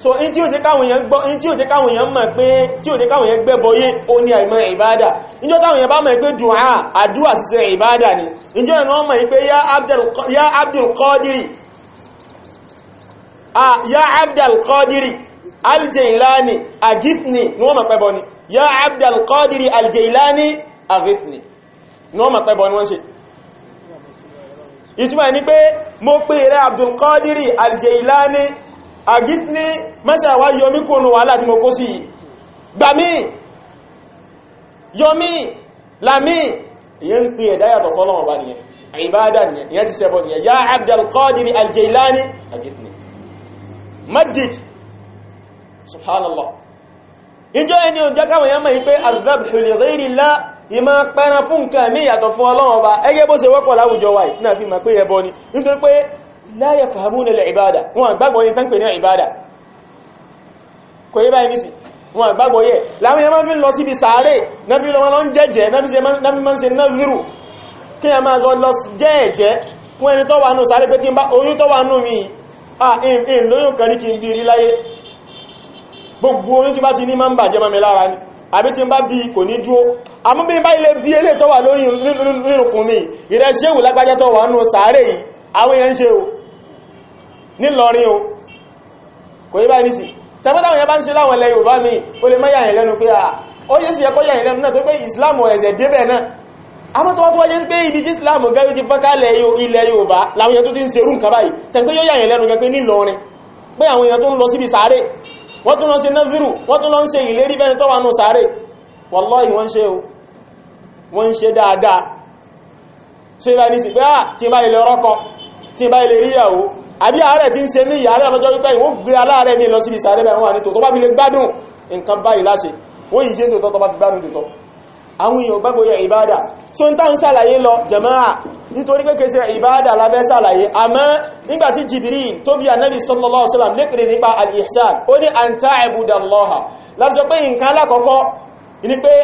so in tí ó jẹ́ káwọn èèyàn gbọ́ in tí ó jẹ́ káwọn èèyàn mọ̀ pé tí ó jẹ́ káwọn èèyàn gbẹ́bọ yé ó ní àìmọ̀ ìbádà níjọ́ táwọn èèyàn bá mọ̀ pé dùn áà àdúrà ṣíṣe ìbádà ni níjọ́ ẹ̀nà wọ́n mọ̀ pé ya Abdul Qadir ya Abdul Qadir al-Jailani aghithni ni wọ́n mọ̀ ni ya Abdul Qadir al-Jailani aghithni ni wọ́n mọ̀ pẹ́bọ ni wọ́n ṣe ìtumọ̀ ni pé mo pè rẹ Abdul Qadir al-Jailani àgítní mẹ́sẹ̀ àwá yọmí kónú wàhálà tí mo kó sí gbàmí yọmí lámí ìyẹn ń pè ẹ̀dá yàtọ̀ fọ́lọ́wọ̀n bá nìyẹn ìbádà nìyẹn ìyẹn ti sẹ́bọ̀ nìyẹn ya Abdul Qadir al-Jilani àgítní madid subhanallah ìjọ ẹni ò jákàwọn yẹn mọ̀ yí pé az-zabhu li ghayri Allah ìmọ̀ pẹran fún nǹkan ní ìyàtọ̀ fún Ọlọ́run ẹgẹ́ bó ṣe wọ́pọ̀ láwùjọ wáyìí náà fi mọ̀ pé ẹbọ ni nítorí pé la yafhamuna al-ibada wọn gbàgbọ́ yẹn tán pè ní ibada kò yí báyìí nísì wọn gbàgbọ́ yẹ láwọn yẹn fi lọ síbi sàárè náà fi lọ ń jẹ́jẹ́ náà fi máa ń ṣe náà a máa lọ jẹ́ẹ̀jẹ́ fún ẹni tó wà nù sáré pé tí ń bá oyún tó àbí tí ń bá bí kò ní dúó bá ilé ìrẹsẹ́wù nù yìí àwọn èèyàn nílọrin o kò yí báyìí sí sẹ́gbọ́tàwọn yẹn bá ń ṣe láwọn ilẹ̀ Yorùbá mi o lè mẹ́yà yẹn lẹ́nu pé à ó yẹ́ sí ẹkọ́ yà yẹn lẹ́nu náà tó pé Islam ẹ̀sẹ̀ débẹ̀ náà àmọ́ tó wá tó wáyé pé ibi tí Islam gẹ́gẹ́ ti fọ́kálẹ̀ ilẹ̀ Yorùbá láwọn yẹn tó ti ń serú nǹkan báyìí sẹ́gbẹ́ yóò yà yẹn lẹ́nu gẹ́gẹ́ nílọrin pé àwọn èèyàn tó ń lọ síbi sáré wọ́n tún lọ sí náfírù wọ́n tún lọ ń ṣe ìlérí bẹ́ni tó wà nù sáré wàláhì wọ́n ṣe o wọ́n ṣe dáadáa so ìbá ní sí pé à tí bá ilẹ̀ ọ̀rọ̀kọ tí bá ilẹ̀ ríyàwó àbí ààrẹ tí ń ṣe ní ìyàrá ọjọ́ pípẹ́ ìwọ́n gbé aláàrẹ ní lọ síbi ìsàrẹ́ bẹ̀rẹ̀ wọn àní tòótọ́ bá fi lè gbádùn nǹkan báyìí láṣe ó yìí ṣe tòótọ́ tó bá fi gbádùn tòótọ́ àwọn èèyàn gbàgbọ́ yẹ ìbáadà tó ń tá ń sàlàyé lọ jàmáà nítorí pé kèsè ìbáadà lábẹ́ sàlàyé àmọ́ nígbàtí Jibril tó bí anábì sallallahu alaihi wasallam lékèrè nípa al-ihsan ó ní an ta'budallaha láti sọ pé nǹkan alákọ̀ọ́kọ́ ni pé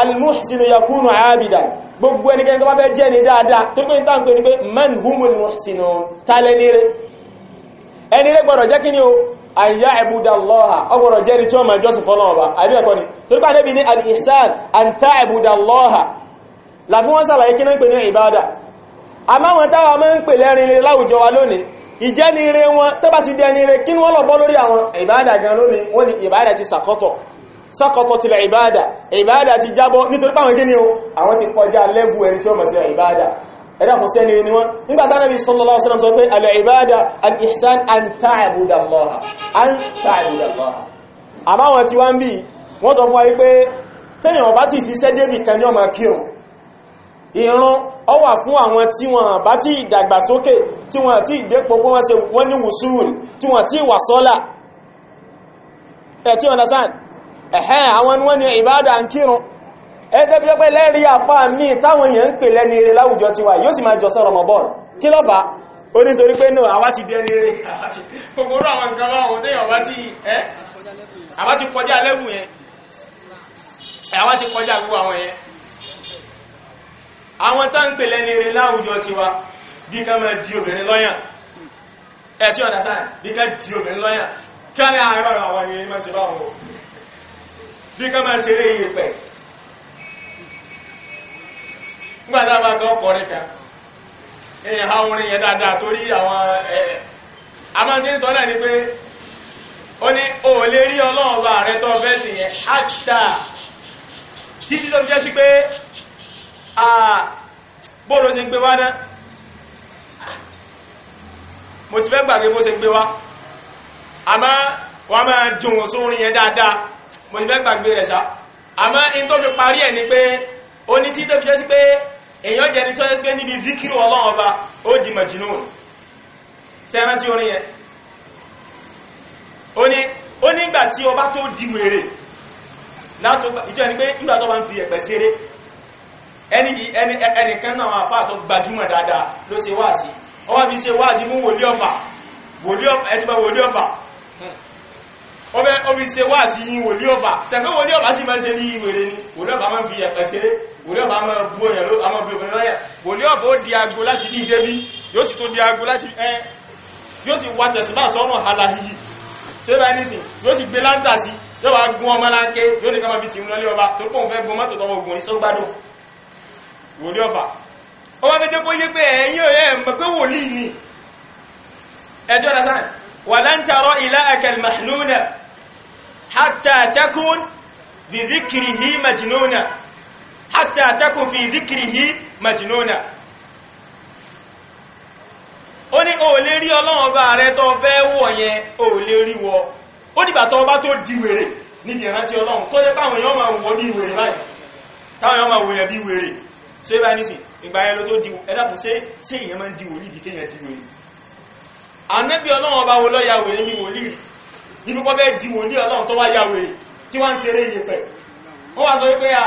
al-muhsinu yakunu abidan gbogbo ẹnikẹ́ni tó bá fẹ́ jẹ́ ni dáadáa tó pé ń tá ń pè ní pé man humul muhsinu tálẹ́nire ẹni rẹ̀ gbọ́dọ̀ jẹ́ kí ni o àyà ẹ̀bùdà lọ́ha ọgbọ̀dọ̀ jẹ́ rí tí wọ́n ma jọ́sìn fọ́lọ́ ọba àbí ni tó nípa níbi ní al-ihsan àǹtà ẹ̀bùdà lọ́ha láfi wọ́n sàlàyé kí náà ń pè ní wọn táwa máa ń pè lẹ́rin láwùjọ wa lónìí ìjẹ́ ni wọn tó bá ti ẹ̀dàkùn sí ẹni ni wọ́n nígbàtà Ànábì sallallahu alaihi wasallam sọ pé al-ibada al-ihsan an ta'budu Allah an ta'budu Allah àmá wọn ti wá ń bí wọ́n sọ fún wa wípé tẹ́yàn ọba ti fi iṣẹ́ débì kan ní ọmọ kírùn ìran ọ wà fún àwọn tí wọ́n bá ti dàgbàsókè tí wọ́n ti ẹ̀hẹ́ àwọn ni wọ́n ń kírùn ẹgbẹ́ bí ọpẹ́ lẹ́rí àpá mi táwọn èèyàn ń pè lẹ́ni eré láwùjọ ti wà yóò sì máa jọsọ́ rọmọbọ́ọ̀lù kí ló fà ó nítorí pé náà àwa ti di ẹni eré kòkòrò àwọn nǹkan lọ́wọ́ tí àwa ti ẹ́ àwa ti kọjá lẹ́wù yẹn àwa ti kọjá gbogbo àwọn yẹn àwọn tá ń pè lẹ́ni eré láwùjọ ti wà bí ká máa di obìnrin lọ́yàn ẹ̀ tí ọ̀dà sáà bí ká di obìnrin lọ́yàn kí á ní ah, àárọ̀ o bí ká máa ṣeré iye pẹ̀ nígbà tá a bá kọ́ ọkọ̀ rẹ̀ kan èèyàn ha orin yẹn dáadáa torí àwọn ẹ̀ a máa ti ń sọ náà ni pé ó ní o ò lè rí ọlọ́run bá rẹ tó fẹ́ sìn yẹn ájà títí tó fi jẹ́ sí pé bóòlù ti ń gbé wá náà mo ti fẹ́ gbàgbé bó ṣe gbé wá àmọ́ wọ́n máa dùn sórin yẹn dáadáa mo ti fẹ́ gbàgbé rẹ̀ ṣá àmọ́ in tó fi parí ẹ̀ ni pé ó ní tobi fi jẹ́ sí pé èèyàn jẹ́ sí pé ọba ó di majnun sẹ́ran tí orin yẹn ó ní ó tí ọba tó di wèrè pé tó bá ń fi ẹ̀pẹ̀ ṣeré ẹnìkan náà na tó gbajúmọ̀ dáadáa ló ṣe wáàsí ó wá fi ṣe wáàsí fún wòlíọ̀ ọ̀fà ẹ̀tùbà yí máa ń ṣe ní ìwèrè ni máa ń wòlé ọ̀bá mọ́ bú ọ̀yàn ló àmọ́ bí obìnrin lọ́yẹ̀ wòlé ọ̀bá ó di aago láti ní ìdébí yóò sì tó di aago láti ẹ yóò sì wá tẹ̀sùn bá sọ́rùn àlà yìí ṣé báyìí nìsín yóò sì gbé láńtà sí yóò wá gún ọmọ láńké yóò ní kọ́mọ bí tì ń lọlé ọba tó pọ̀ fẹ́ gun mọ́tò tọmọ ògùn ìṣọ́gbádùn wòlé ọ̀fà ó wá fẹ́jẹ́ kó yé pé ẹ̀yìn ọ̀yẹ́ mọ̀ pé wòlíì ni ẹjọ́ nasan wà láńtàrọ̀ ilá ẹ̀kẹ̀l mahnúnà hátà takún bìbíkìrì hí majnúnà hatta takun fi dhikrihi majnuna ó ní o lè rí ọlọ́run bá rẹ tó fẹ́ wọ̀ yẹn o lè rí wọ ó dìgbà to bá tó di wèrè níbi ìrántí ọlọ́run tó yẹ káwọn èèyàn máa wọ bí wèrè báyìí táwọn èèyàn máa wọ yẹn bí wèrè ṣé báyìí nìsín ìgbà yẹn ló tó di ẹ̀dàkùn ṣé se èèyàn máa ń di wòlíì dìkẹ́ yẹn di wèrè ànábì ọlọ́run ọba wo lọ ya wèrè ní wòlíì níbi kọ́ bẹ́ẹ̀ di wòlíì ọlọ́run tó wá ya wèrè tí wọ́n ń ṣeré yẹpẹ̀ wọ́n wá sọ pé à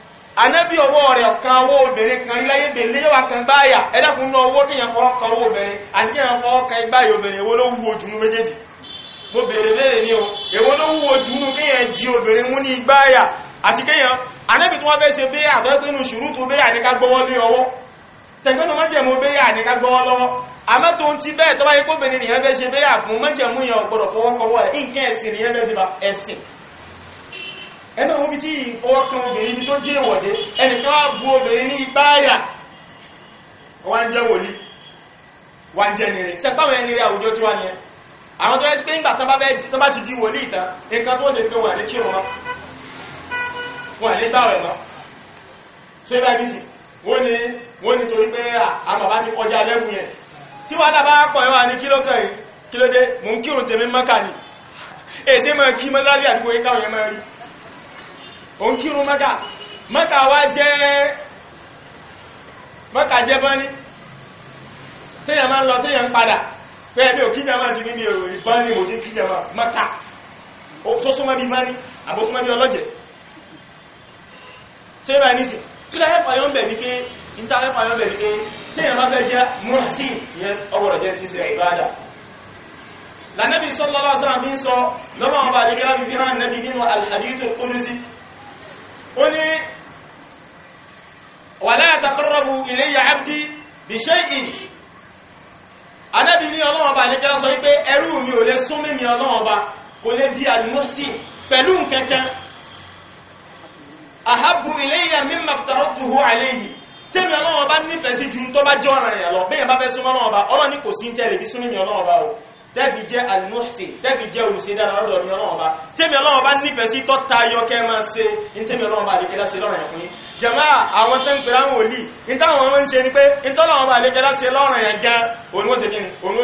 anabi ọwọ ọrịa ka owó obìnrin kan iláyé bèèrè yóò wà kan báyà ẹ̀dàkùn náà owó kíyàn kọ́ kan owó obìnrin àti kíyàn kọ́ ọkan igbáyà obìnrin obere ló wú ojú méjèèjì mo bèèrè bèèrè ní o èwo ló wú ojú nú kíyàn jí obìnrin mú ní igbáyà àti kíyàn anabi tó wọ́n fẹ́ ṣe béyà àtọ́ pé inú ṣùrù tó béyà ní ká gbọ́wọ́ lé ọwọ́ tẹ̀gbẹ́nu mọ́jẹ̀mú béyà ní ká gbọ́wọ́ lọ́wọ́ àmọ́ tó ń ti bẹ́ẹ̀ tó bá yẹ ya nìyẹn ṣe fún ẹ̀mẹ́ wọ́n bí tí ìfọwọ́kan obìnrin ní tó jí èwọ̀dé ẹnìkan wá bu obìnrin ní ipá wá ń jẹ́ wòlí wá ń jẹ́ nìrẹ̀ tí ẹ̀pá mẹ́rin nìrẹ̀ àwùjọ tí wá ní ẹ àwọn tó ẹ́sì pé ńgbà tán bá ti di wòlí ìtàn nǹkan tó jẹ́ pé wọ́n ní ní torí ẹ̀ wà ní kílókàn yìí kílódé àdúgbò yìí káwọn rí ó ń Maka Maka wa wá jẹ́ mẹ́kà jẹ́ bọ́ní máa ń lọ téèyàn ń padà pé ẹbí òkíjà máa ti mímí èrò ìbọn mo ti kíjà máa mẹ́kà ó sọ́sọ́mọ́ bí mání àbósọ́mọ́ bí ọlọ́jẹ̀ ṣé báyìí nísìn kí láyé fàyọ́ bẹ̀ ní pé ìtàlẹ́ fàyọ́ bẹ̀ ní pé bá fẹ́ jẹ́ ìyẹn sọ lọ́wọ́ àwọn fi hàn nínú ó ní wala yataqarrabu ilayya abdi bi shay'in anábì ní ọlọ́wọ́n bá nígbà sọ wípé ẹrú mi ò lè sún mímí ọlọ́wọ́n bá kò lè di àlùmọ́sí pẹ̀lú nkankan ahabbu ilayya mimma aftaratuhu alayhi tẹ́mi ọlọ́wọ́n bá nífẹ̀ẹ́ sí ju tó bá jọ́ ọ̀ràn yẹn lọ tẹ́fi jẹ́ alimuhsin tẹ́fi jẹ́ olùsìn dára lọ́dọ̀ ní ọlọ́run ọba tẹ́mi ọlọ́run ọba nífẹ̀ẹ́ sí tọ́ta ayọ́kẹ́ máa ṣe ní tẹ́mi ọlọ́run ọba àdékẹ́lá ṣe lọ́rọ̀ yẹn fún yín jàmá àwọn tẹ́ ń pèrè àwọn òlì ní táwọn ọmọ ń ṣe ni pé ní tọ́lọ́run ọba àdékẹ́lá ṣe lọ́rọ̀ yẹn gan òun ó ṣe kí ni òun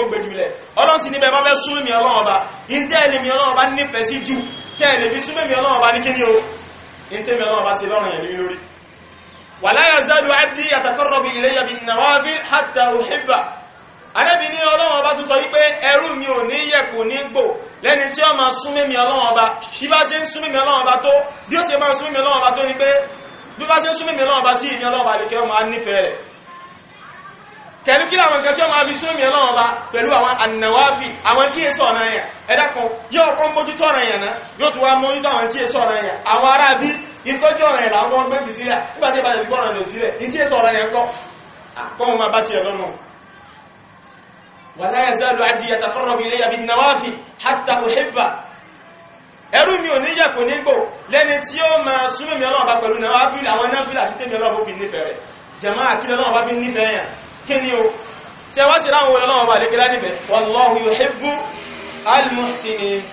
ó gbé jùlẹ̀ ọlọ́run sì níbẹ̀ bá fẹ́ sún mi ọlọ́run ọba ní tẹ́ẹ̀lì mi ọlọ́run ọba nífẹ̀ẹ́ sí jù tẹ́ẹ̀lì fi súnmẹ́mi ọlọ́run ọba ní kí ni o ní tẹ́mi ọlọ́run ọba ṣe lọ́rọ̀ yẹn lórí wàlá Ànábì ní Ọlọ́run ọba tún sọ wípé ẹrú mi ò ní yẹ̀ kò ní gbò lẹ́ni tí ó máa súnmé mi Ọlọ́run ọba bí bá ṣe ń súnmé mi Ọlọ́run ọba tó bí ó ṣe máa súnmé mi Ọlọ́run ọba tó ni pé bí bá ṣe ń súnmé mi Ọlọ́run ọba sí ìní Ọlọ́run ọba àdìkẹ́ ọmọ anífẹ́ rẹ̀ pẹ̀lú kí làwọn nǹkan tí ó máa fi súnmé mi Ọlọ́run ọba pẹ̀lú àwọn ànàwáfì àwọn tí èso ọ̀nà yẹn ẹ̀dá kan yóò kọ́ mójútó ọ̀nà yẹn ná yóò tún wá mójútó àwọn tí èso ọ̀nà yẹn àwọn ará bí ìtọ́jú ọ̀nà yẹn làwọn gbẹ́jù sílẹ̀ nígbà tí ìbàdàn fi gbọ́ ọ̀nà lòdì sílẹ̀ ní èso ọ̀nà yẹn kọ́ àkọ́ máa bá tiẹ̀ lọ́nà ولا يزال عبدي يتقرب الي بالنوافل حتى احبه ẹrú mi ò ní yẹ kò ní gbò lẹ́ni tí ó máa súnmọ́ mi Ọlọ́run bá pẹ̀lú náwáfíìlì àwọn náfíìlì àti tèmi Ọlọ́run bó fi nífẹ̀ẹ́ rẹ̀ jàmá àkílẹ̀ Ọlọ́run bá fi nífẹ̀ẹ́ yàn kí ni o tí a wá sí láwọn Ọlọ́run bá lékelá nífẹ̀ẹ́ wallahu yuhibbu al-muhsinin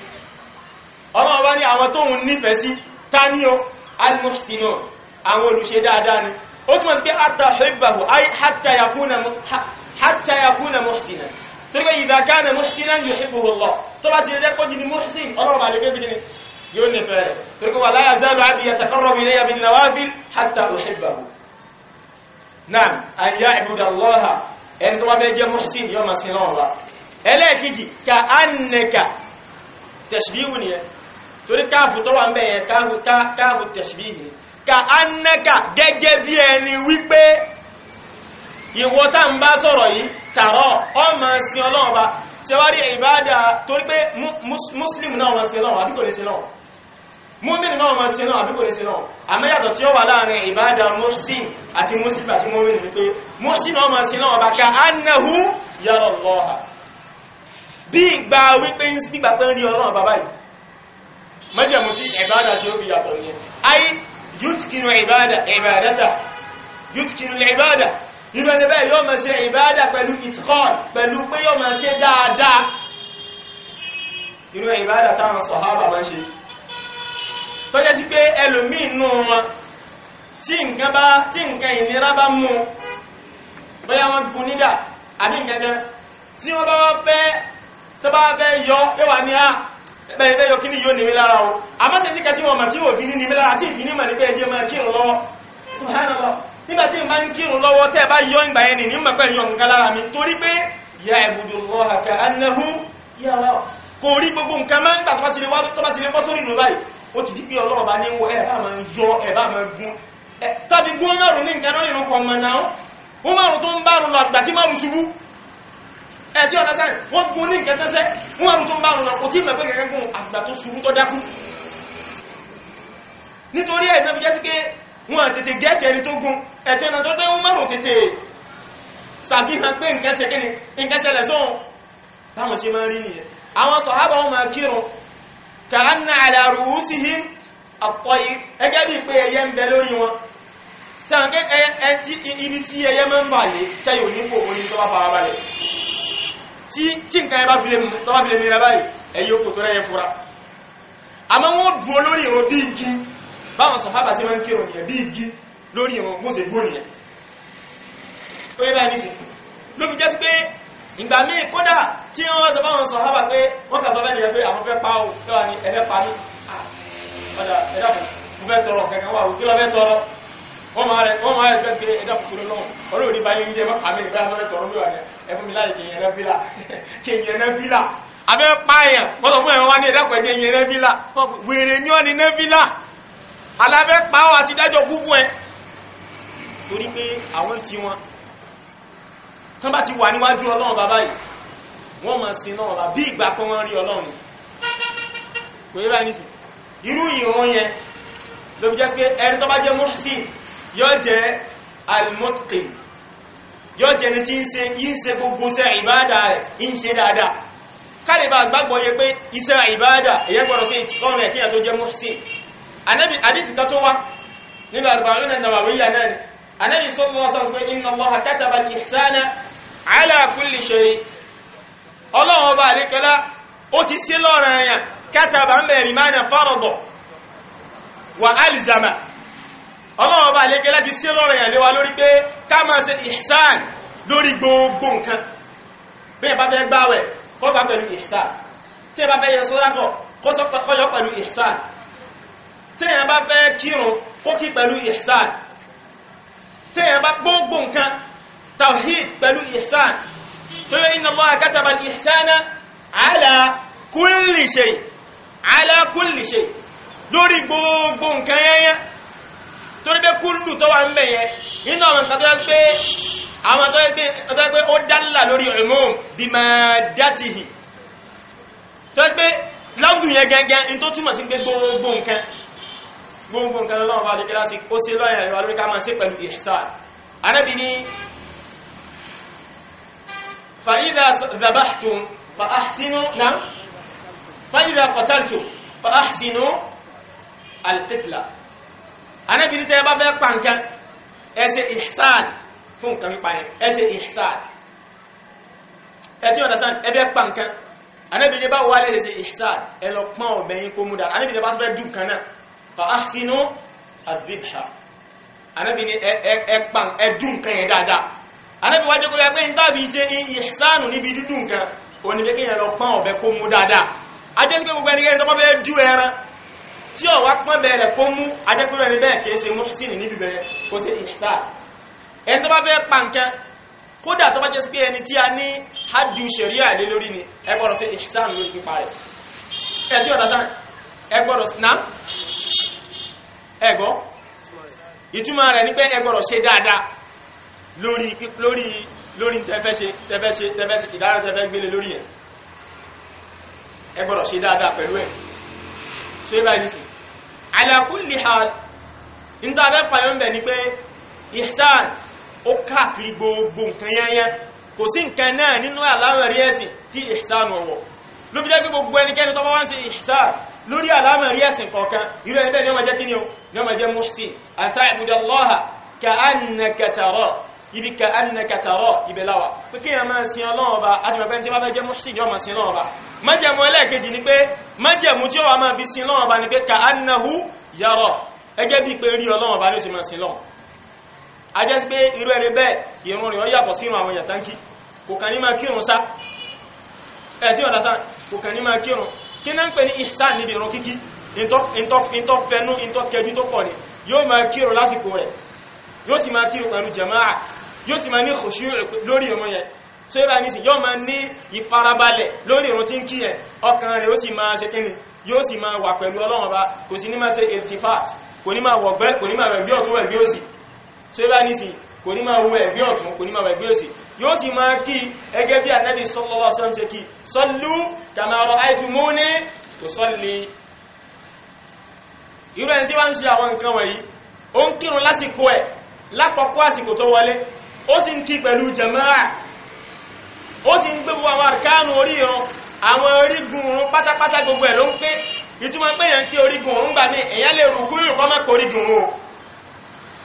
Ọlọ́run torí pé idha kana muhsinan yuhibbuhu Allah tó bá ti jẹ́ kó jìdí muhsin ọlọ́run bá lè gbé sílẹ̀ yóò nífẹ̀ẹ́ rẹ̀ torí pé wa la yazalu abdi yataqarrabu ilayya bin nawafil hatta uhibbahu náà an ya'buda Allah ẹni tó bá fẹ́ jẹ́ muhsin yóò máa sin lọ́wọ́ wa ẹlẹ́ẹ̀kejì ka annaka tashbihu wà ń bẹ̀yẹ káàfù tashbihi ka annaka gẹ́gẹ́ bí ẹni wípé ń bá sọ̀rọ̀ yìí tààrọ̀ ọmọ sí ọlọ́run bá ṣe wá rí ìbáadà torí pé muslim náà wọ́n sí ọlọ́run àbí kò lè sí ọlọ́run múmin náà wọ́n sí ọlọ́run àbí kò lè sí ọlọ́run àmẹ́yàtọ̀ tí ó wà láàrin ìbáadà muslim àti muslim àti múmin ni pé muslim náà wọ́n sí ọlọ́run bá ká annahu yàrá ọlọ́ha irú ẹni bẹ́ẹ̀ yóò máa ṣe ìbáadà pẹ̀lú ìtìkọ́ọ̀d pẹ̀lú pé yóò máa ṣe dáadáa irú ìbáadà táwọn sọ̀hábà máa ṣe tó jẹ́ sí pé ẹlòmíì nù wọn tí nǹkan bá tí nǹkan ìnira bá mú bóyá wọn gun nídà àbí nǹkan kan tí wọ́n bá wọ́n fẹ́ tó bá fẹ́ yọ yóò wà ní à ah, bẹ́ẹ̀ bẹ́ẹ̀ yọ kí ni yóò ní mi lára o àmọ́ tẹ̀síkà tí wọ́n mọ̀ tí wọ́n fi ní mi lára tí ìfi ní mọ̀ ní pé ẹjẹ́ máa kírun lọ́wọ́ nígbà tí n bá ń kírun lọ́wọ́ tẹ́ ẹ bá yọ ìgbà yẹn nìyí mọ̀pẹ́ yọ nǹkan lára mi torí pé ìyá ẹ̀bùdù lọ àfẹ́ anáhù yàrá kò rí gbogbo nǹkan máa ń gbà tó bá ti lè wá tó bá ti lè bọ́ sórí ìnú báyìí ó ti di pé ọlọ́run bá ní wọ ẹ̀ nítorí ẹ̀ náà jẹ́ sí pé wọn tètè gẹ́ẹ̀tì ẹni tó gún ẹ̀tọ́ ẹ̀nà tó dé Umaru tètè sàfihàn pé nǹkan ṣe kíni nǹkan ṣẹlẹ̀ sóhun táwọn ṣe máa rí nìyẹn àwọn sọ̀hábà wọn máa kírun kàánà àlàrúhùsìhìm àpọ̀yì ẹgẹ́ bíi pé ẹyẹ ń bẹ lórí wọn sàn pé ẹ ti ibi tí ẹyẹ máa ń bà lé tẹ́yọ̀ nípò orin tó bá fara balẹ̀ tí nǹkan ẹ bá fi lè mú tó bá fi lè mìíràn báyìí ẹ̀yẹ òkú tó rẹ̀ yẹ fura àmọ́ wọn dùn olórí ìròbí igi báwọn sọ̀hábà sí wọ́n ń kírun yẹn bí igi lórí ìwọ̀n bó ṣe nìyẹn ó yẹ báyìí nìsín ló fi jẹ́ sí pé ìgbà míì kódà tí wọ́n sọ báwọn sọ̀hábà pé wọ́n kà sọ bẹ́ẹ̀ pé àwọn fẹ́ pa ó wà ní ẹ̀fẹ́ pa mí ọ̀dà ah, ẹ̀dá mo fẹ́ tọrọ kankan wà ó kí lọ́ fẹ́ tọrọ wọ́n máa rẹ̀ wọ́n máa rẹ̀ sẹ́sì pé alábẹ́ pa ọ́ àti dájọ́ kú fún ẹ torí pé àwọn tí wọn tán bá ti wà níwájú ọlọ́run bàbá yìí wọ́n máa sin náà bàbá bí ìgbà kan wọ́n rí ọlọ́run kò yẹ báyìí nìsín irú ìran yẹn ló fi jẹ́ pé ẹni tó bá jẹ́ mọ́tì yóò jẹ́ alimọ́tì yóò jẹ́ ni tí ń ṣe ń ṣe gbogbo ṣe ìbáàdà rẹ̀ ń ṣe dáadáa ká lè bá gbàgbọ́ yẹ pé iṣẹ́ ìbáàdà èyẹ́ gbọ́dọ̀ sí ìtìkọ́rùn-ún ẹ̀kíyàn tó jẹ́ mọ́tì anabi hadith kan tó wá nínú arba'una nawawiyya náà ni anabi sallallahu alaihi wasallam pé inna allaha kataba al-ihsana ala kulli shay ọlọ́run ọba àdékọ́lá ó ti sí lọ́rọ̀ ẹ̀yàn kataba ń bẹ̀rẹ̀ ìmáàna farada wa alzama ọlọ́run ọba àdékọ́lá ti sí lọ́rọ̀ ẹ̀yàn léwa lórí pé ká máa ṣe ihsan lórí gbogbo nǹkan bẹ́ẹ̀ bá fẹ́ gbáwẹ̀ kó bá pẹ̀lú ihsan tí ẹ bá fẹ́ yẹ sọ́dọ̀ kọ́ sọ́ pẹ̀lú ihsan téèyàn bá fẹ́ kírun kó kí pẹ̀lú ihsan téèyàn bá gbogbo nǹkan tawhid pẹ̀lú ihsan tó yẹ inna Allaha kataba al-ihsana ala kulli shay ala kulli shay lórí gbogbo nǹkan yẹnyẹn torí pé kúlù tó wà ń bẹ̀ yẹn nínú àwọn nǹkan tó yẹ pé àwọn tó yẹ pé ó dálà lórí umum bí máa dátìhì tó yẹ pé láwùjọ yẹn gẹ́gẹ́ ní tó túmọ̀ sí gbogbo nǹkan gbogbo nǹkan lọ́wọ́ bá lè kílá sí ó sí lọ́yìn àríwá lórí ká máa sí pẹ̀lú ihsan anábì ní fa idha dhabahtum fa ahsinu náà fa idha qataltum fa ahsinu al-qitla anábì ní tẹ́ bá fẹ́ pa nǹkan ẹ ṣe ihsan fún nǹkan pípa yẹn ẹ ṣe ihsan ẹ tí wọ́n dá sán ẹ bá wà lẹ́sẹ̀ ihsan ẹ ọ̀bẹ̀yìn kó mú dára anábì ní bá fẹ́ dùn kan náà fa ahsinu adhibha anabi ni ẹ̀pàn ẹ̀dùn kan yẹn dáadáa anabi wájú kó yẹ pé níta bí ṣe ìṣánù níbi dúdùn kan òní pé kéèyàn lọ pọ́n ọ̀bẹ kó mú dáadáa ajẹ́ pé gbogbo ẹnikẹ́ni tó bá bẹ́ẹ̀ dú ẹran tí ọ̀wá pọ́n bẹ̀rẹ̀ kó mú ajẹ́ pé ẹni bẹ́ẹ̀ kìí ṣe muhsini níbi bẹ̀rẹ̀ kó ṣe ihsan ẹni tó bá bẹ́ẹ̀ ẹ̀gọ́ ìtumọ̀ rẹ̀ ní pé ẹ gbọ́dọ̀ ṣe dáadáa lórí lórí lórí tẹ́fẹ́ ṣe tẹ́fẹ́ ṣe tẹ́fẹ́ ṣe ìdára tẹ́fẹ́ gbélé lórí ẹ̀ ẹ gbọ́dọ̀ ṣe dáadáa pẹ̀lú ẹ̀ ṣe bá ní sí ala kulli hal ní tàbí pàyọ́ ń bẹ̀ ni pé ihsan ó káàkiri gbogbo nǹkan yányá kò sí nǹkan náà nínú àlámọ̀rí ẹ̀sìn tí ihsan ọ̀wọ̀ ló fi jẹ́ gbogbo ẹnikẹ́ni tó bá wá ń ṣe ihsan lórí àlámọ̀rí ẹ̀sìn kọ̀ọ̀kan irú ẹni bẹ́ẹ̀ ni ó máa jẹ́ kí ni ó ni ó máa jẹ́ muhsin an ta'budallaha ka'annaka tara ibi ka'annaka tara ibẹ̀ láwà pé kí èèyàn máa sin ọlọ́run ọba àti bàbá ẹni tí wọ́n fẹ́ jẹ́ muhsin yóò máa sin ọlọ́run ọba májẹ̀mú ẹlẹ́ẹ̀kejì ni pé májẹ̀mú tí ó wà máa fi sin ọlọ́run ọba kò kàn máa kírun kí náà ń pè ní ihsan níbi ìrun kíkí ìntọ́ fẹnu ìntọ́ kẹjú tó pọ̀ ní yóò máa kírò lásìkò rẹ̀ yóò sì máa kírò pẹ̀lú jama'a yóò sì máa ní khushu lórí ìrun yẹn so yóò bá ní sí yóò máa ní ìfarabalẹ̀ lórí ìrun tí kí yẹn ọkàn rẹ̀ yóò sì máa wà pẹ̀lú ọlọ́run kò ní máa wo ẹ̀gbẹ́ ọ̀tún kò ní máa wo ẹ̀gbẹ́ òsì yóò sì máa kí ẹgẹ́ bí Ànábì sallallahu alaihi wasallam ṣe kí sallu kama ra'aytumuni usalli irú ẹni tí wọ́n ń ṣe àwọn nǹkan wọ̀nyí ó ń kírun lásìkò ẹ̀ lákọ̀ọ́kọ́ àsìkò tó wọlé ó sì ń kí pẹ̀lú jàmáà ó sì ń gbé gbogbo àwọn àrkánù orí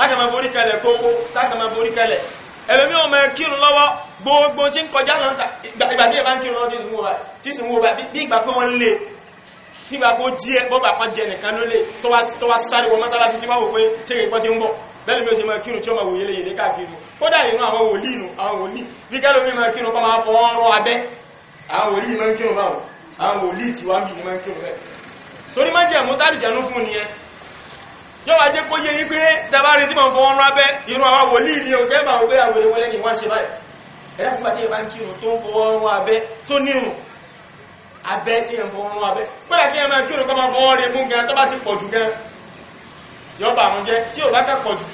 tákàmà borí kalẹ̀ kókó tákàmà borí kalẹ̀ ẹlòmí ọmọ kírun lọ́wọ́ gbogbo tí ń kọjá náà ta ìgbà tí ẹ bá ń kírun lọ́wọ́ tí sì ń wo bá bí ìgbà pé wọ́n lé bí ìgbà pé ó jí ẹ bọ́bà kan jẹ nìkan ló lé tó wá sáré wọ mọ́sálásí tí wọ́n wò pé ṣé kìí ti ń bọ̀ bẹ́ẹ̀ ló ṣe máa kírun tí ó máa wòye lè yèdè káàkiri kódà inú àwọn wòlíì nù àwọn wòlíì bí kẹ́lómi máa kírun kọ́ máa fọ ọ́n rọ abẹ́ àwọn wòlíì máa ń báwọn àwọn wòlíì tí ń bì ní máa ń kírun torí máa jẹ́ àmútárìjẹ́nu fún nìyẹn yóò wá jẹ́ kó yé yí pé dábàárí tí mo ń fọwọ́n rábẹ́ inú àwa wòlíì ni o jẹ́ máa wọ́n àwòrán wọlé ní wọ́n ṣe báyìí ẹ̀dá fún bàtí ẹ̀ bá ń kírun tó ń fọwọ́n rán abẹ́ tó nírun abẹ́ tí ẹ̀ ń fọwọ́n rán abẹ́ kódà kí ẹ̀ máa kírun kọ́ máa fọwọ́n rẹ mú gan tó bá ti pọ̀ jù gan yóò bà wọn jẹ́ tí ò bá kà pọ̀ jù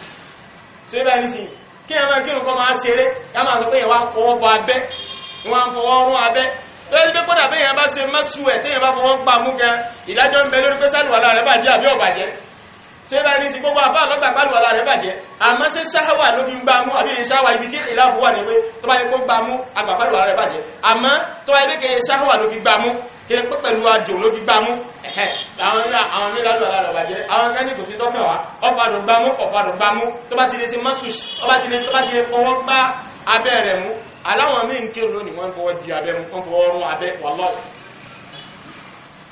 so ibà ní sìn kí ẹ̀ máa kírun kọ́ máa ṣeré ká máa sọ pé ẹ̀ wá fọwọ́ bọ abẹ́ wọ́n á fọwọ́ rán abẹ́ lọ́yẹ́ pé kódà bẹ́ẹ̀ yẹn bá ṣe mọ́sù ẹ̀ téèyàn bá fọwọ́ pa mú gan ìdájọ́ ń bẹ lórí pé sálùwàlá rẹ̀ bàjẹ́ àbí ọ̀bàjẹ́ ṣe bá ní sí gbogbo àfá lọ́gbà pàlù ara rẹ̀ bàjẹ́ àmọ́ sí ṣáwà ló bí ń gbámú àbí ṣáwà ibi tí ìlàfò wà ní pé tó bá yẹ kó gbámú àgbà pàlù ara rẹ̀ bàjẹ́ àmọ́ tó bá yẹ pé kẹyẹ ṣáwà ló fi gbámú kẹyẹ pé pẹ̀lú àjò ló fi gbámú ẹ̀hẹ́ àwọn mẹ́lẹ́lú ara rẹ̀ bàjẹ́ àwọn ẹni kò sí tọ́fẹ̀ wá ọ̀fàdùn gbámú ọ̀fàdùn gbámú tó bá ti lè ṣe mọ́sù ọba ti lè fọwọ́ gbá abẹ́ rẹ̀ mú aláwọn míì ń kírun lónìí wọ́n fọwọ́ di abẹ́ mú wọ́n fọwọ́ rún abẹ́ wàlọ́ọ̀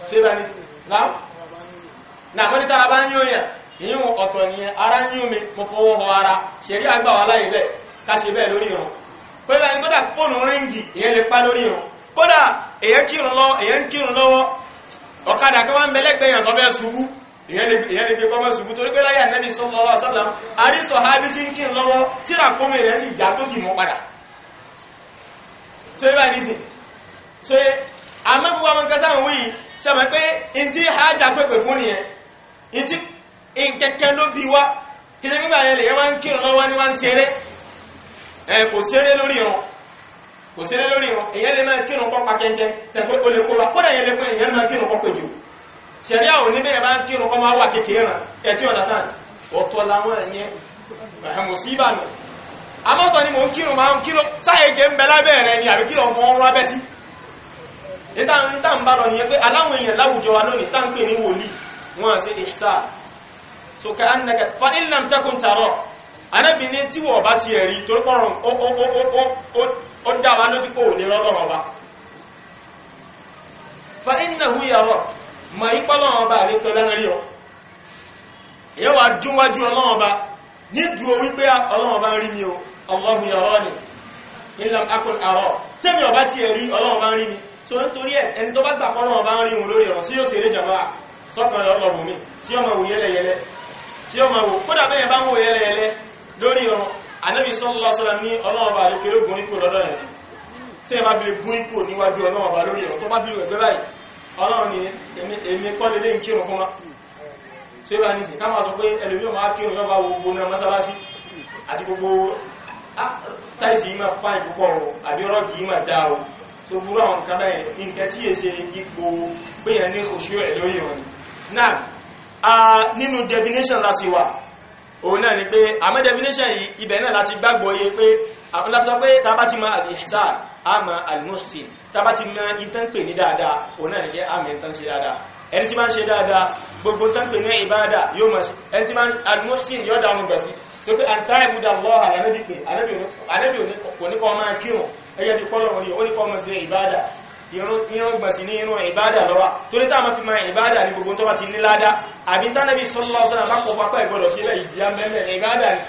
ṣé bá ní náà náà wọ́n ní tá a bá ń yóò yàn ìyẹn ọ̀tọ̀ ìyẹn ara ń yún mi mo fọwọ́ họ ara ṣẹ̀rí àgbà wà láyé bẹ́ẹ̀ ká ṣe bẹ́ẹ̀ lórí ìrun pẹ̀lú àyìn kódà fóònù ríngì ìyẹn lè pa lórí ìrun kódà èyàn kírun lọ èyàn kírun lọ́wọ́ ọ̀kadà kan wá ń bẹ̀lẹ́gbẹ̀ èèyàn tó fẹ́ ṣubú ìyẹn lè fi kọ́mọ́ ṣubú torí pé láyé ànẹ́bí sallallahu alaihi wasallam àríṣọ hábí tí ń kírun lọ́wọ́ tíra kómi rẹ̀ sì já tó sì mọ́ padà so ibà ní sìn so àmọ́ gbogbo àwọn kẹta àwọn wíyì sọ ma pé ntí hájà pẹ̀pẹ̀ fún nìyẹn ntí nkẹ́kẹ́ ló bí wá kìí nígbà yẹn lè wá ń kírun lọ́wọ́ ni wá ń ṣeré ẹ kò ṣeré lórí wọn kò ṣeré lórí wọn èyàn lè máa kírun kọ́ pa kẹ́kẹ́ sẹ́kọ́ olè kó wa kódà yẹn lè kó èyàn máa kírun kọ́ pé jù sẹ̀rí àwọn oníbẹ̀ yẹn máa ń kírun kọ́ máa wà kékeré rà ẹtí ọ̀nà sáà ọ̀tọ̀ làwọn ẹ̀yẹn ẹ̀hẹ̀mọ̀ sí ìbànú àmọ́tọ̀ ni mò ń kírun máa ń kírun sáyẹ̀ gẹ̀ ń bẹ lábẹ́ rẹ ni àbí kírun ọmọ ọrún abẹ́ sí níta ń bá lọ nìyẹn pé aláwọn èèyàn láwùjọ wa lónìí tá ń pè ní wòlíì wọn àti ìṣáà so ka annaka fa in lam takun tara anabi ni tí wọ́n bá ti ẹ̀rí torí pọ́rùn ó ó ó ó ó ó dá wa lójú pò ní lọ́lọ́run ọba fa innahu yara mọ̀ ìpọ́lọ́run ọba àlékọ́ lẹ́nu rí ọ èyí wàá dúnwájú ọlọ́run ọba ní dúró wípé ọlọ́run ọba ń rí mi o Allahu yarani in lam akun ara tẹ́mi ọba ti ẹ̀rí ọlọ́run ọba ń rí mi so nítorí ẹ̀ ẹni tó bá gbà pọ́lọ́run ọba ń rí òun lórí ọ̀rọ̀ sí yóò ṣeré jàmbá sọ́kàn ọlọ́run mi sí ọmọ òun yẹlẹyẹlẹ tí ó máa wò kódà bẹ́ẹ̀ bá ń wò yẹ́lẹ́yẹ́lẹ́ lórí ọ̀run ànábì sallallahu alaihi wasallam ní ọlọ́run bá lè kéré gún nípò lọ́dọ̀ yẹn tí ẹ bá fi gún nípò níwájú ọlọ́run bá lórí ọ̀run tó bá fi lè gbé báyìí ọlọ́run ni èmi kọ́ lé léyìn kírun fún wa ṣé bá nìsí ká máa sọ pé ẹlòmíì máa kírun yóò bá wo gbogbo náà mọ́sálásí àti gbogbo ah, táìsì yìí máa fa ìpúpọ̀ o àbí ọlọ́ọ̀gì yìí máa dá o tó burú àwọn nǹkan báyẹn nǹkan tí èsè ipò péyàn ní oṣù ẹ̀ lórí ọ̀run náà nínú definition láti wà òun náà ni pé àmọ́ definition yìí ibẹ̀ náà láti gbàgbọ́ yé pé àwọn láti sọ pé tàbá ti mọ al-ihsan àmọ́ al-muhsin tàbá ti mọ ìtàn pè ní dáadáa òun náà ni pé àmì ìtàn ṣe dáadáa ẹni tí máa ń ṣe dáadáa gbogbo tán pè ní ìbáadà yóò máa ṣe ẹni tí máa ń al-muhsin yóò dánú gbẹ̀sí tó pé àtà ìbúdà lọ́ọ̀hà lẹ́nàbí pé àlẹ́bí kò ní kọ́ máa kírun ẹgẹ́ bí kọ́lọ̀ wọ̀nyí ó ní kọ́ máa ṣe ìran gbà sí ní inú ìbádà lọ́wà tó lé táàmà fi máa ìbádà ní gbogbo tó bá ti ní ládá àbí tánàbí sọ́lọ́sọ́nà bá kọfà pẹ́ ìgbọ́dọ̀ sílẹ̀ ìdíyà mẹ́lẹ̀ ìbádà ni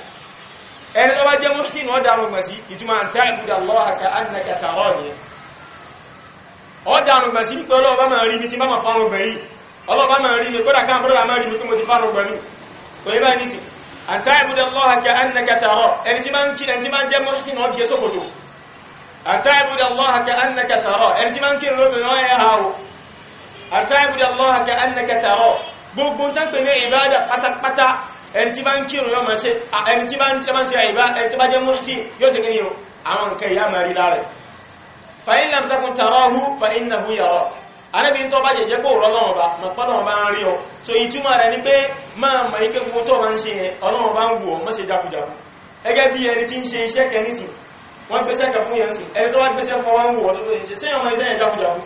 ẹni tó bá jẹ́ mọ́sìn ọ̀dà àrùn gbà sí ìtumọ̀ àǹtá ìbúdà lọ́wọ́ àkà ànàkà tààrọ̀ nìyẹn ọ̀dà àrùn gbà sí pé ọlọ́ọ̀bá máa rí mi tí má máa fárùn gbà yìí ọlọ́ọ̀bá máa rí mi kódà káà bọ́dọ̀ máa rí mi tí mo أتعبد الله كأنك تراه أنت من كن لو بما يهاو أتعبد الله كأنك تراه gbogbo tán pè ní ìbádà pátápátá ẹni tí bá ń kírun yóò máa ṣe ẹni tí bá ń tẹ́ bá ń ṣe àìbá ẹni tí bá jẹ́ mọ́sí yóò ṣe kíni o àwọn nǹkan ìyá máa rí lára fa in lam takun tarahu fa innahu yarak anábi tó bá jẹ̀jẹ́ kó rọ́ lọ́wọ́ bá mọ̀ pọ́lọ́wọ́ bá ń rí ọ wọ́n gbéṣẹ́ kẹ fún yẹn sí ẹni tó wá gbéṣẹ́ fún wọn wọ́n tó tó ṣe sẹ́yìn ọmọ ìṣẹ́yìn jákujáku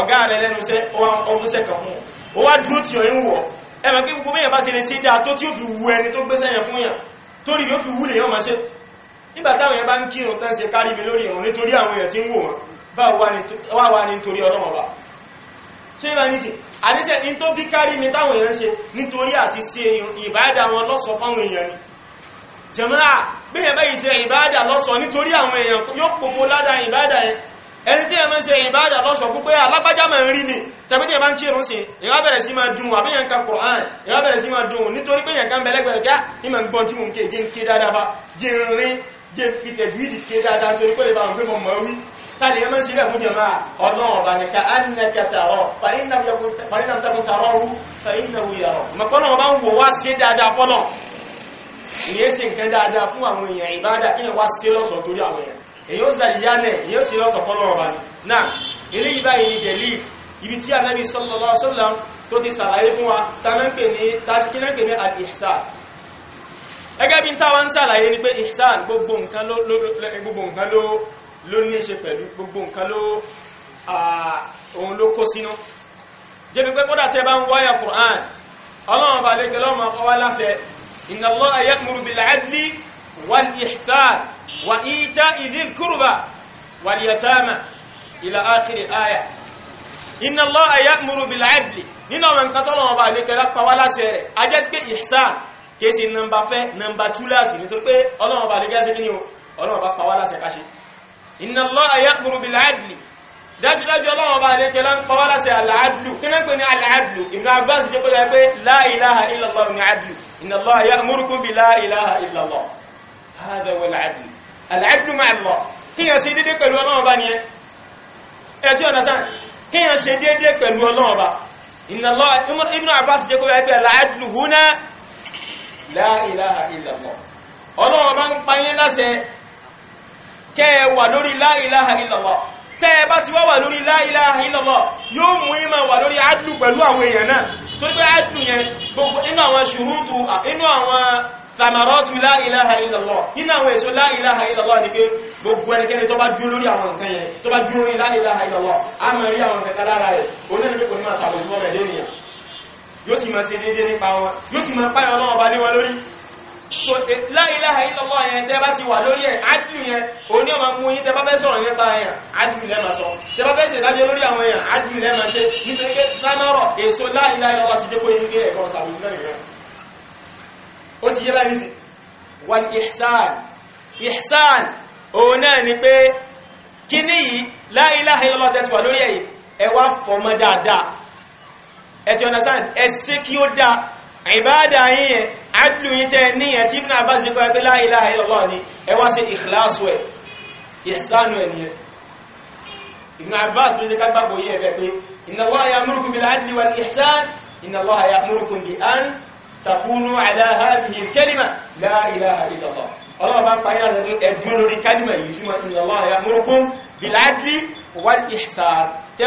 ọ̀gá rẹ̀ lẹ́nu iṣẹ́ ó gbéṣẹ́ kẹ fún ó wá dúró tí ọ̀yìn wọ̀ ẹ mọ̀ pé gbogbo bẹ́yẹn bá ṣe lè ṣe dáa tó tí ó fi wu ẹni tó gbéṣẹ́ yẹn fún yẹn torí yóò fi wúlẹ̀ yọ́n máa ṣe nígbà táwọn yẹn bá ń kírun tán ṣe kárí mi lórí ìrùn nítorí àwọn èèyàn tí ń wò wọn bá wà ní nítorí ọlọ́wọ́n bá ṣé ìlànà ìsìn àníṣe ní tó bí kárí mi táwọn èèyàn ṣe nítorí àti ṣe ìbáyàdà wọn lọ́sọ̀ọ́ fáwọn èèyàn ni jẹ̀mọ́ra bẹ́yẹ̀ báyìí ṣe ìbáadà lọ́sọ̀ nítorí àwọn èèyàn yóò pòpò ládà ìbáadà yẹn ẹni tí ẹ̀mọ́ ṣe ìbáadà lọ́sọ̀ púpẹ́ alágbájá máa ń rí ni tẹ̀bí tí ẹ bá ń kírun sí ìyá bẹ̀rẹ̀ sí máa dùn àbí yẹn ka Qur'an ìyá bẹ̀rẹ̀ sí máa dùn nítorí pé yẹn kan bẹ̀lẹ́gbẹ̀rẹ̀ kíá ah, ní màá gbọ́n tí mo ń ké jẹ́ ń ké dáadáa bá jẹ́ ń rí jẹ́ fi tẹ̀jú ìdí ké dáadáa torí pé ìbá òfin mọ̀ mọ̀ wí tàbí ẹ̀mọ́ sí ilẹ̀ fún jẹ̀mọ́ ọlọ́run ọba ni ká á nà kẹta rọ fàyín nà takùn tàrọ rú fàyín nà wuyà rọ mọ̀kọ́nà ọba ń wò wá sí dáadáa fọ́nà ìyẹn ṣe nǹkan dáadáa fún àwọn èèyàn ìbádà kí wá sí lọ́sọ̀ torí àwọn èèyàn èyí ó zàlìyá nẹ̀ èyí ó sí lọ́sọ̀ fọ́lọ́wọ́ bá ní náà ilé yìí báyìí ni dẹ̀lí ibi tí anábì sallallahu alaihi wasallam tó ti sàlàyé fún wa tánàpè ní tánàpè ní al-ihsan gẹ́gẹ́ bí táwa ń sàlàyé ni pé ihsan gbogbo nǹkan ló gbogbo nǹkan ló ló ní ṣe pẹ̀lú gbogbo nǹkan ló tẹ́ bá ń wáyà Qur'an ọlọ́run balẹ̀ gẹ́lọ́mọ ọwá láfẹ́ inna Allaha ya'muru bil 'adli wal ihsan wa ita'i dhil qurba wal yatama ila akhir aya inna Allaha ya'muru bil 'adli nínú àwọn nǹkan tọ́lọ́wọ́ bá lè kẹ́lá pa wá láṣẹ rẹ̀ a jẹ́ sí pé ihsan kéèsì nọmba fẹ́ nọmba túláàsì nítorí pé Ọlọ́run bá lè gẹ́sẹ̀ kí ni o Ọlọ́run bá pa wá láṣẹ káṣe inna Allaha ya'muru bil 'adli dájúdájú ọlọ́wọ́n bá lè kẹlá ń pọ̀ wá láti àlàádùlù kí náà pè ní àlàádùlù Ibn Abbas jẹ́ kó yẹ pé la ilaha illallah ní àdùlù inna Allah ya'murukum bi la ilaha illallah hādhā huwa al-'adlu al-'adlu ma'a Allah kíyàn sí dédé pẹ̀lú ọlọ́wọ́n bá nìyẹn ẹ̀tí ọ̀nà sáà kíyàn sí dédé pẹ̀lú ọlọ́wọ́n bá inna Allah Ibn Abbas jẹ́ kó yẹ pé al-'adlu huna la ń pa yín láṣẹ kẹ́ lórí la ilaha tẹ́ ẹ bá ti wá wà lórí la ilaha illallah yóò mú ìmọ̀ wà lórí adlu pẹ̀lú àwọn èèyàn náà tó gbé adlu yẹn gbogbo inú àwọn ṣùrùtù inú àwọn tàmàrọ́tù la ilaha illallah inú àwọn èso la ilaha illallah ni pé gbogbo ẹnikẹ́ni tó bá dúró lórí àwọn la ilaha illallah a mọ̀ rí àwọn kẹta lára rẹ̀ onílẹ̀ pé kò ní máa ṣàbòsí wọn rẹ̀ lé nìyàn yóò sì máa ṣe so eh, la ilaha illallah yẹn tẹ́ bá ti wà lórí ẹ̀ adìlú yẹn òní ọmọ mú yín tẹ́ bá fẹ́ sọ̀rọ̀ yẹn ta yẹn adìlú lẹ́mà sọ tẹ́ bá fẹ́ ṣe dájọ́ lórí àwọn yẹn adìlú lẹ́mà ṣe nítorí pé támọ́rọ̀ èso la ilaha illallah ti dépò yín gé ẹ̀kọ́ sàbùkù náà yẹn ó ti yé bá yín sí wal ihsan ihsan òun náà ni pé kíní yìí la ilaha tẹ́ ti wà lórí ẹ̀ yìí wá fọmọ dáadáa ẹ ti understand ẹ ṣe kí ó dáa ìbáàdà yín yẹn adìlú yín tẹ́ ní ẹ̀ tí Ibn Abbas kọ́ ẹgbẹ́ la ilaha illallah ni ẹ wá sí ìkìláàsù ẹ̀ ìsánú ẹ̀ nìyẹn Ibn Abbas ló ní kápá bòye ẹ̀ pé inna Allaha ya'murukum bil adli wal ihsan inna Allaha ya'murukum bi an takunu ala hadhihi al-kalima la ilaha illallah ọlọ́run bá ń ní ẹ̀dùn lórí kálímà yìí túmọ̀ inna Allaha ya'murukum bil adli wal ihsan tẹ́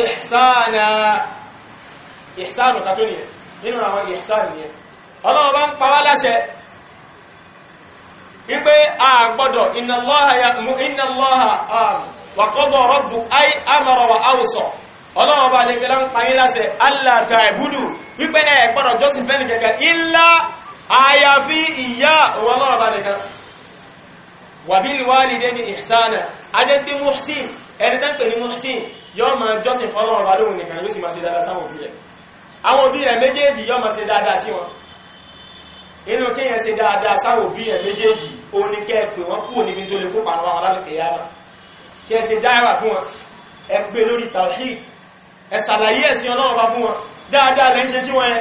ìṣáàna ìṣáàna kàtó nìyẹn nínú àwọn ìṣáàna nìyẹn ọlọ́run bá ń pa wá láṣẹ wípé a gbọ́dọ̀ inna Allaha ya'muru inna Allaha um, wa qada rabbuka ay amara wa awsa ọlọ́run bá lè kẹlá ń pa yín láṣẹ alla ta'budu wípé ẹ gbọ́dọ̀ jọ́sìn fẹ́ni ẹni tán pè ní muhsin yóò máa jọ́sìn fọ́lọ́ ọba lóhun nìkan yóò sì máa ṣe dáadáa sáwọn òbí rẹ̀ àwọn òbí rẹ̀ méjèèjì yóò máa ṣe dáadáa sí wọn inú kéèyàn ṣe dáadáa sáwọn òbí rẹ̀ méjèèjì òun ni kẹ́ ẹ pè wọ́n kúrò níbi tó lè kó pàrọ̀ àwọn alálùkẹ́ yára kẹ́ ẹ ṣe dáhàwà fún wọn ẹ gbé e lórí tawhid ẹ ṣàlàyé ẹ̀sìn ọlọ́run bá fún wọn dáadáa lẹ́ ń ṣe sí wọn ẹ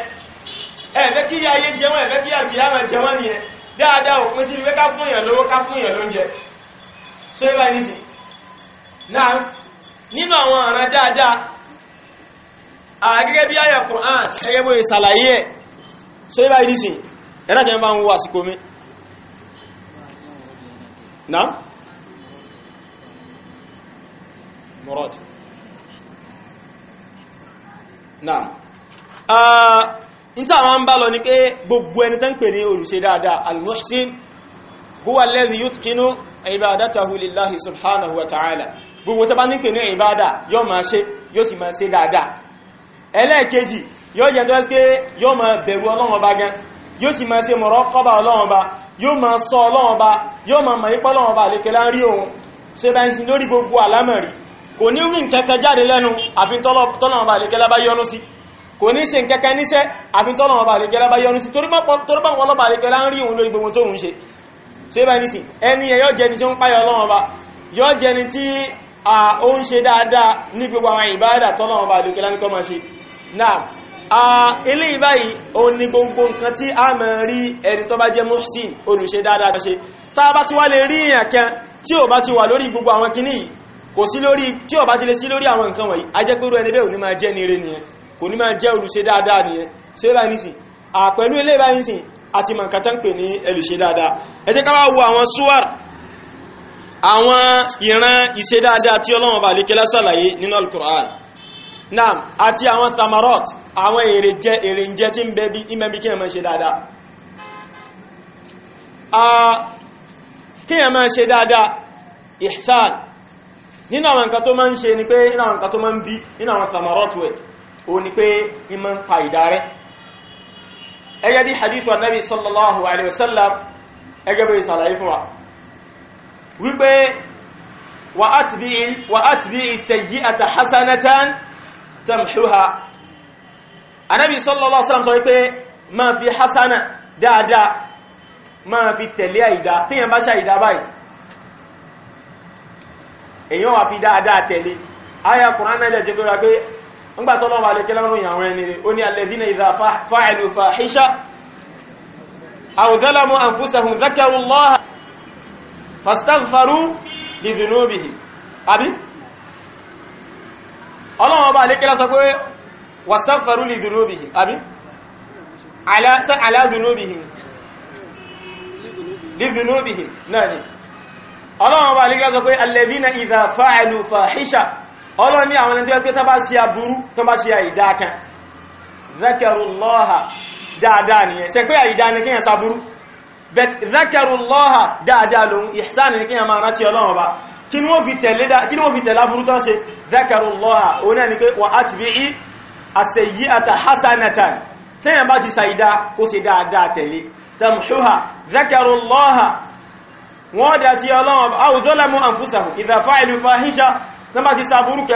ẹ fẹ́ kí ayé jẹ wọn ẹ fẹ́ kí àkìyàmọ̀ jẹ wọn nìyẹn dáadáa òpin sí wípé ká fún èèyàn lówó ká fún èèyàn lóúnjẹ so ẹ báyìí nísìnyí náà nínú àwọn ọ̀ràn dáadáa àgẹ́gẹ́ bí àyà Qur'an ẹgẹ́ bóyá ṣàlàyé ẹ̀ so yíba ìdí sìn ẹ̀nà jẹ́ bá ń wo àsìkò mi náà mọ̀rọ̀dì náà níta àwọn ń bá lọ ní pé gbogbo ẹni tán pè ní olùṣe dáadáa al-muhsin huwa alladhi yutkinu ibadatahu lillahi subhanahu wa ta'ala gbogbo tó bá ní pè ní ìbádà yóò máa ṣe yóò sì máa ṣe dáadáa ẹlẹ́ẹ̀kejì yóò jẹ́ tó ẹ́sìké yóò máa bẹ̀rù ọlọ́run ọba gan yóò sì máa ṣe mọ̀rọ̀ kọ́bà ọlọ́run ọba yóò máa sọ ọlọ́run ọba yóò máa mọ̀ ipọ́ ọlọ́run ọba àlékẹ́ láń rí òun ṣe bá ń sin lórí gbogbo àlámọ̀rí kò ní wí nkẹ́kẹ́ jáde lẹ́nu àfi tọ́lọ́run ọba àlékẹ́ lábá tí a ó ń ṣe dáadáa ní gbogbo àwọn ìbáadà tọ́lọ́wọ́n bá lókè láníkọ́ máa ṣe náà a ilé ìbáyìí ó ní gbogbo nǹkan tí a mọ̀ rí ẹni tó bá jẹ́ muhsin olùṣe dáadáa ṣe tá a bá ti wá lè rí èèyàn kan tí ò bá ti wà lórí gbogbo àwọn kinní yìí kò sí lórí tí ò ti lè sí lórí àwọn nǹkan wọ̀nyí a jẹ́ pé irú ẹni bẹ́ẹ̀ ò ní máa jẹ́ ni ire nìyẹn kò ní máa jẹ́ olùṣe dáadáa nìyẹn ṣé báyìí nìsín àpẹ̀lú ilé ìbáyìí nìsín àti mọ̀ǹkà tán pè ní olùṣe dáadáa ẹ jẹ́ ká wá wo àwọn súwárì àwọn ìran ìṣe dáadáa tí ọlọ́run bá lè kẹ́lá sàlàyé nínú alukur'an naam àti àwọn tamarot àwọn èrè jẹ èrè ń jẹ tí ń bẹ bí ìmẹ́ bí kíyàn máa ṣe dáadáa kíyàn máa ṣe dáadáa ihsan nínú àwọn nǹkan tó máa ń ṣe ni pé nínú àwọn nǹkan tó máa ń bí nínú àwọn tamarot wẹ̀ o ni pé ìmọ̀ ń pa ìdárẹ́ ẹgẹ́ bí hadithu annabi sallallahu alaihi wasallam ẹgẹ́ bí ìsàlàyé fún wa wípé wa atbi sayyi'ata hasanatan tamhuha anábi sallallahu alaihi wasallam sọ wípé ma fi hasana dáadáa ma fi tẹ̀lé àìdá tíyàn bá ṣàìdá báyìí èyàn wà fi dáadáa tẹ̀lé aya kùránà ilẹ̀ jẹ́ kọ́ra pé ń gbà tọ́lọ́wà alẹ́kẹ́lẹ́rún ìyàwó ẹni rẹ̀ ó ní alladhina idha fa'alu fastagfaru lidhunubihi àbí ọlọ́run ọba àlékẹ́lá sọ pé wastagfaru lidhunubihi àbí ala dhunubihim lidhunubihim náà ni ọlọ́run ọba àlékẹ́lá sọ pé alladhina idha fa'alu fahisha ọlọ́run ní àwọn ẹni tó bá sí aburú tó bá sí àìdá kan zakarullaha dáadáa nìyẹn ṣe pé àìdá ni kíyàn sáburú bet zakarullaha dáadáa lòun ihsan ní kí a máa rántí ọlọ́run ọba kí ni wọ́n fi tẹ̀lá burú tán ṣe zakarullaha o náà ni pé wà á ti bí i àṣẹ̀yí àtà hasanatan tẹ́yàn bá ti sàídá kó ṣe dáadáa tẹ̀lé tamhuha zakarullaha wọ́n dá ti ọlọ́run ọba aw zalamu anfusahum idha fa'ilu fahisha tán bá ti sàbúrú kẹ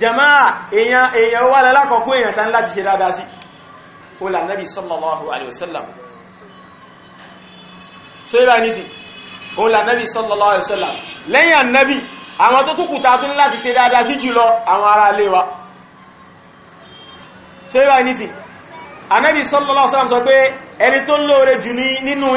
jama'a èyàn èyàn wà lálákọ̀ọ́kọ́ èyàn tán láti ṣe dáadáa sí o là nábi sallallahu alaihi wasallam so yíba ní sí o là nábi sallallahu alaihi wasallam lẹ́yìn annabi àwọn tó túkùta tún láti ṣe dáadáa sí jùlọ àwọn ará ilé wa so yíba ní sí annabi sallallahu alaihi wasallam sọ pé ẹni tó lóore jù ní nínú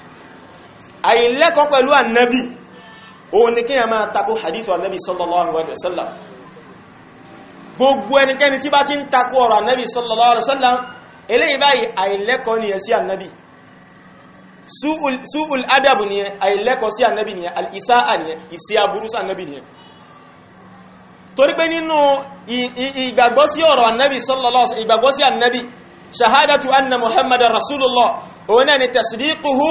àìlẹ́kọ́ pẹ̀lú ànábì òun ni kí a máa takò hadithu ànábì sallallahu alaihi wasallam gbogbo ẹnikẹ́ni tí bá ti ń takò ọ̀rọ̀ ànábì sallallahu alaihi wasallam eléyìí báyìí àìlẹ́kọ́ ni sí ànábì su'ul adabu ni àìlẹ́kọ́ sí ànábì ni al-isa'a ni ìsí aburú sí ànábì ni torí pé nínú ìgbàgbọ́ sí ọ̀rọ̀ ànábì sallallahu alaihi wasallam ìgbàgbọ́ sí ànábì shahadatu anna muhammadar rasulullah òun náà ni tasdiquhu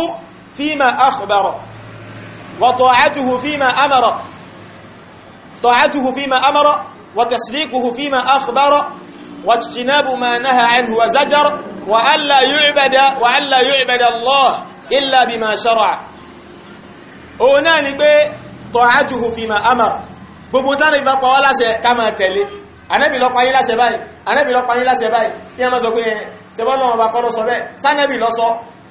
فيما أخبر وطاعته فيما أمر طاعته فيما أمر وتسليكه فيما أخبر واجتناب ما نهى عنه وزجر وألا يعبد وألا يعبد الله إلا بما شرع هنا نبي طاعته فيما أمر gbogbo tánà ìbá pa wá láṣẹ ká máa tẹ̀lé anẹ́bì lọ pa yín láṣẹ báyìí anẹ́bì lọ pa yín láṣẹ báyìí kí a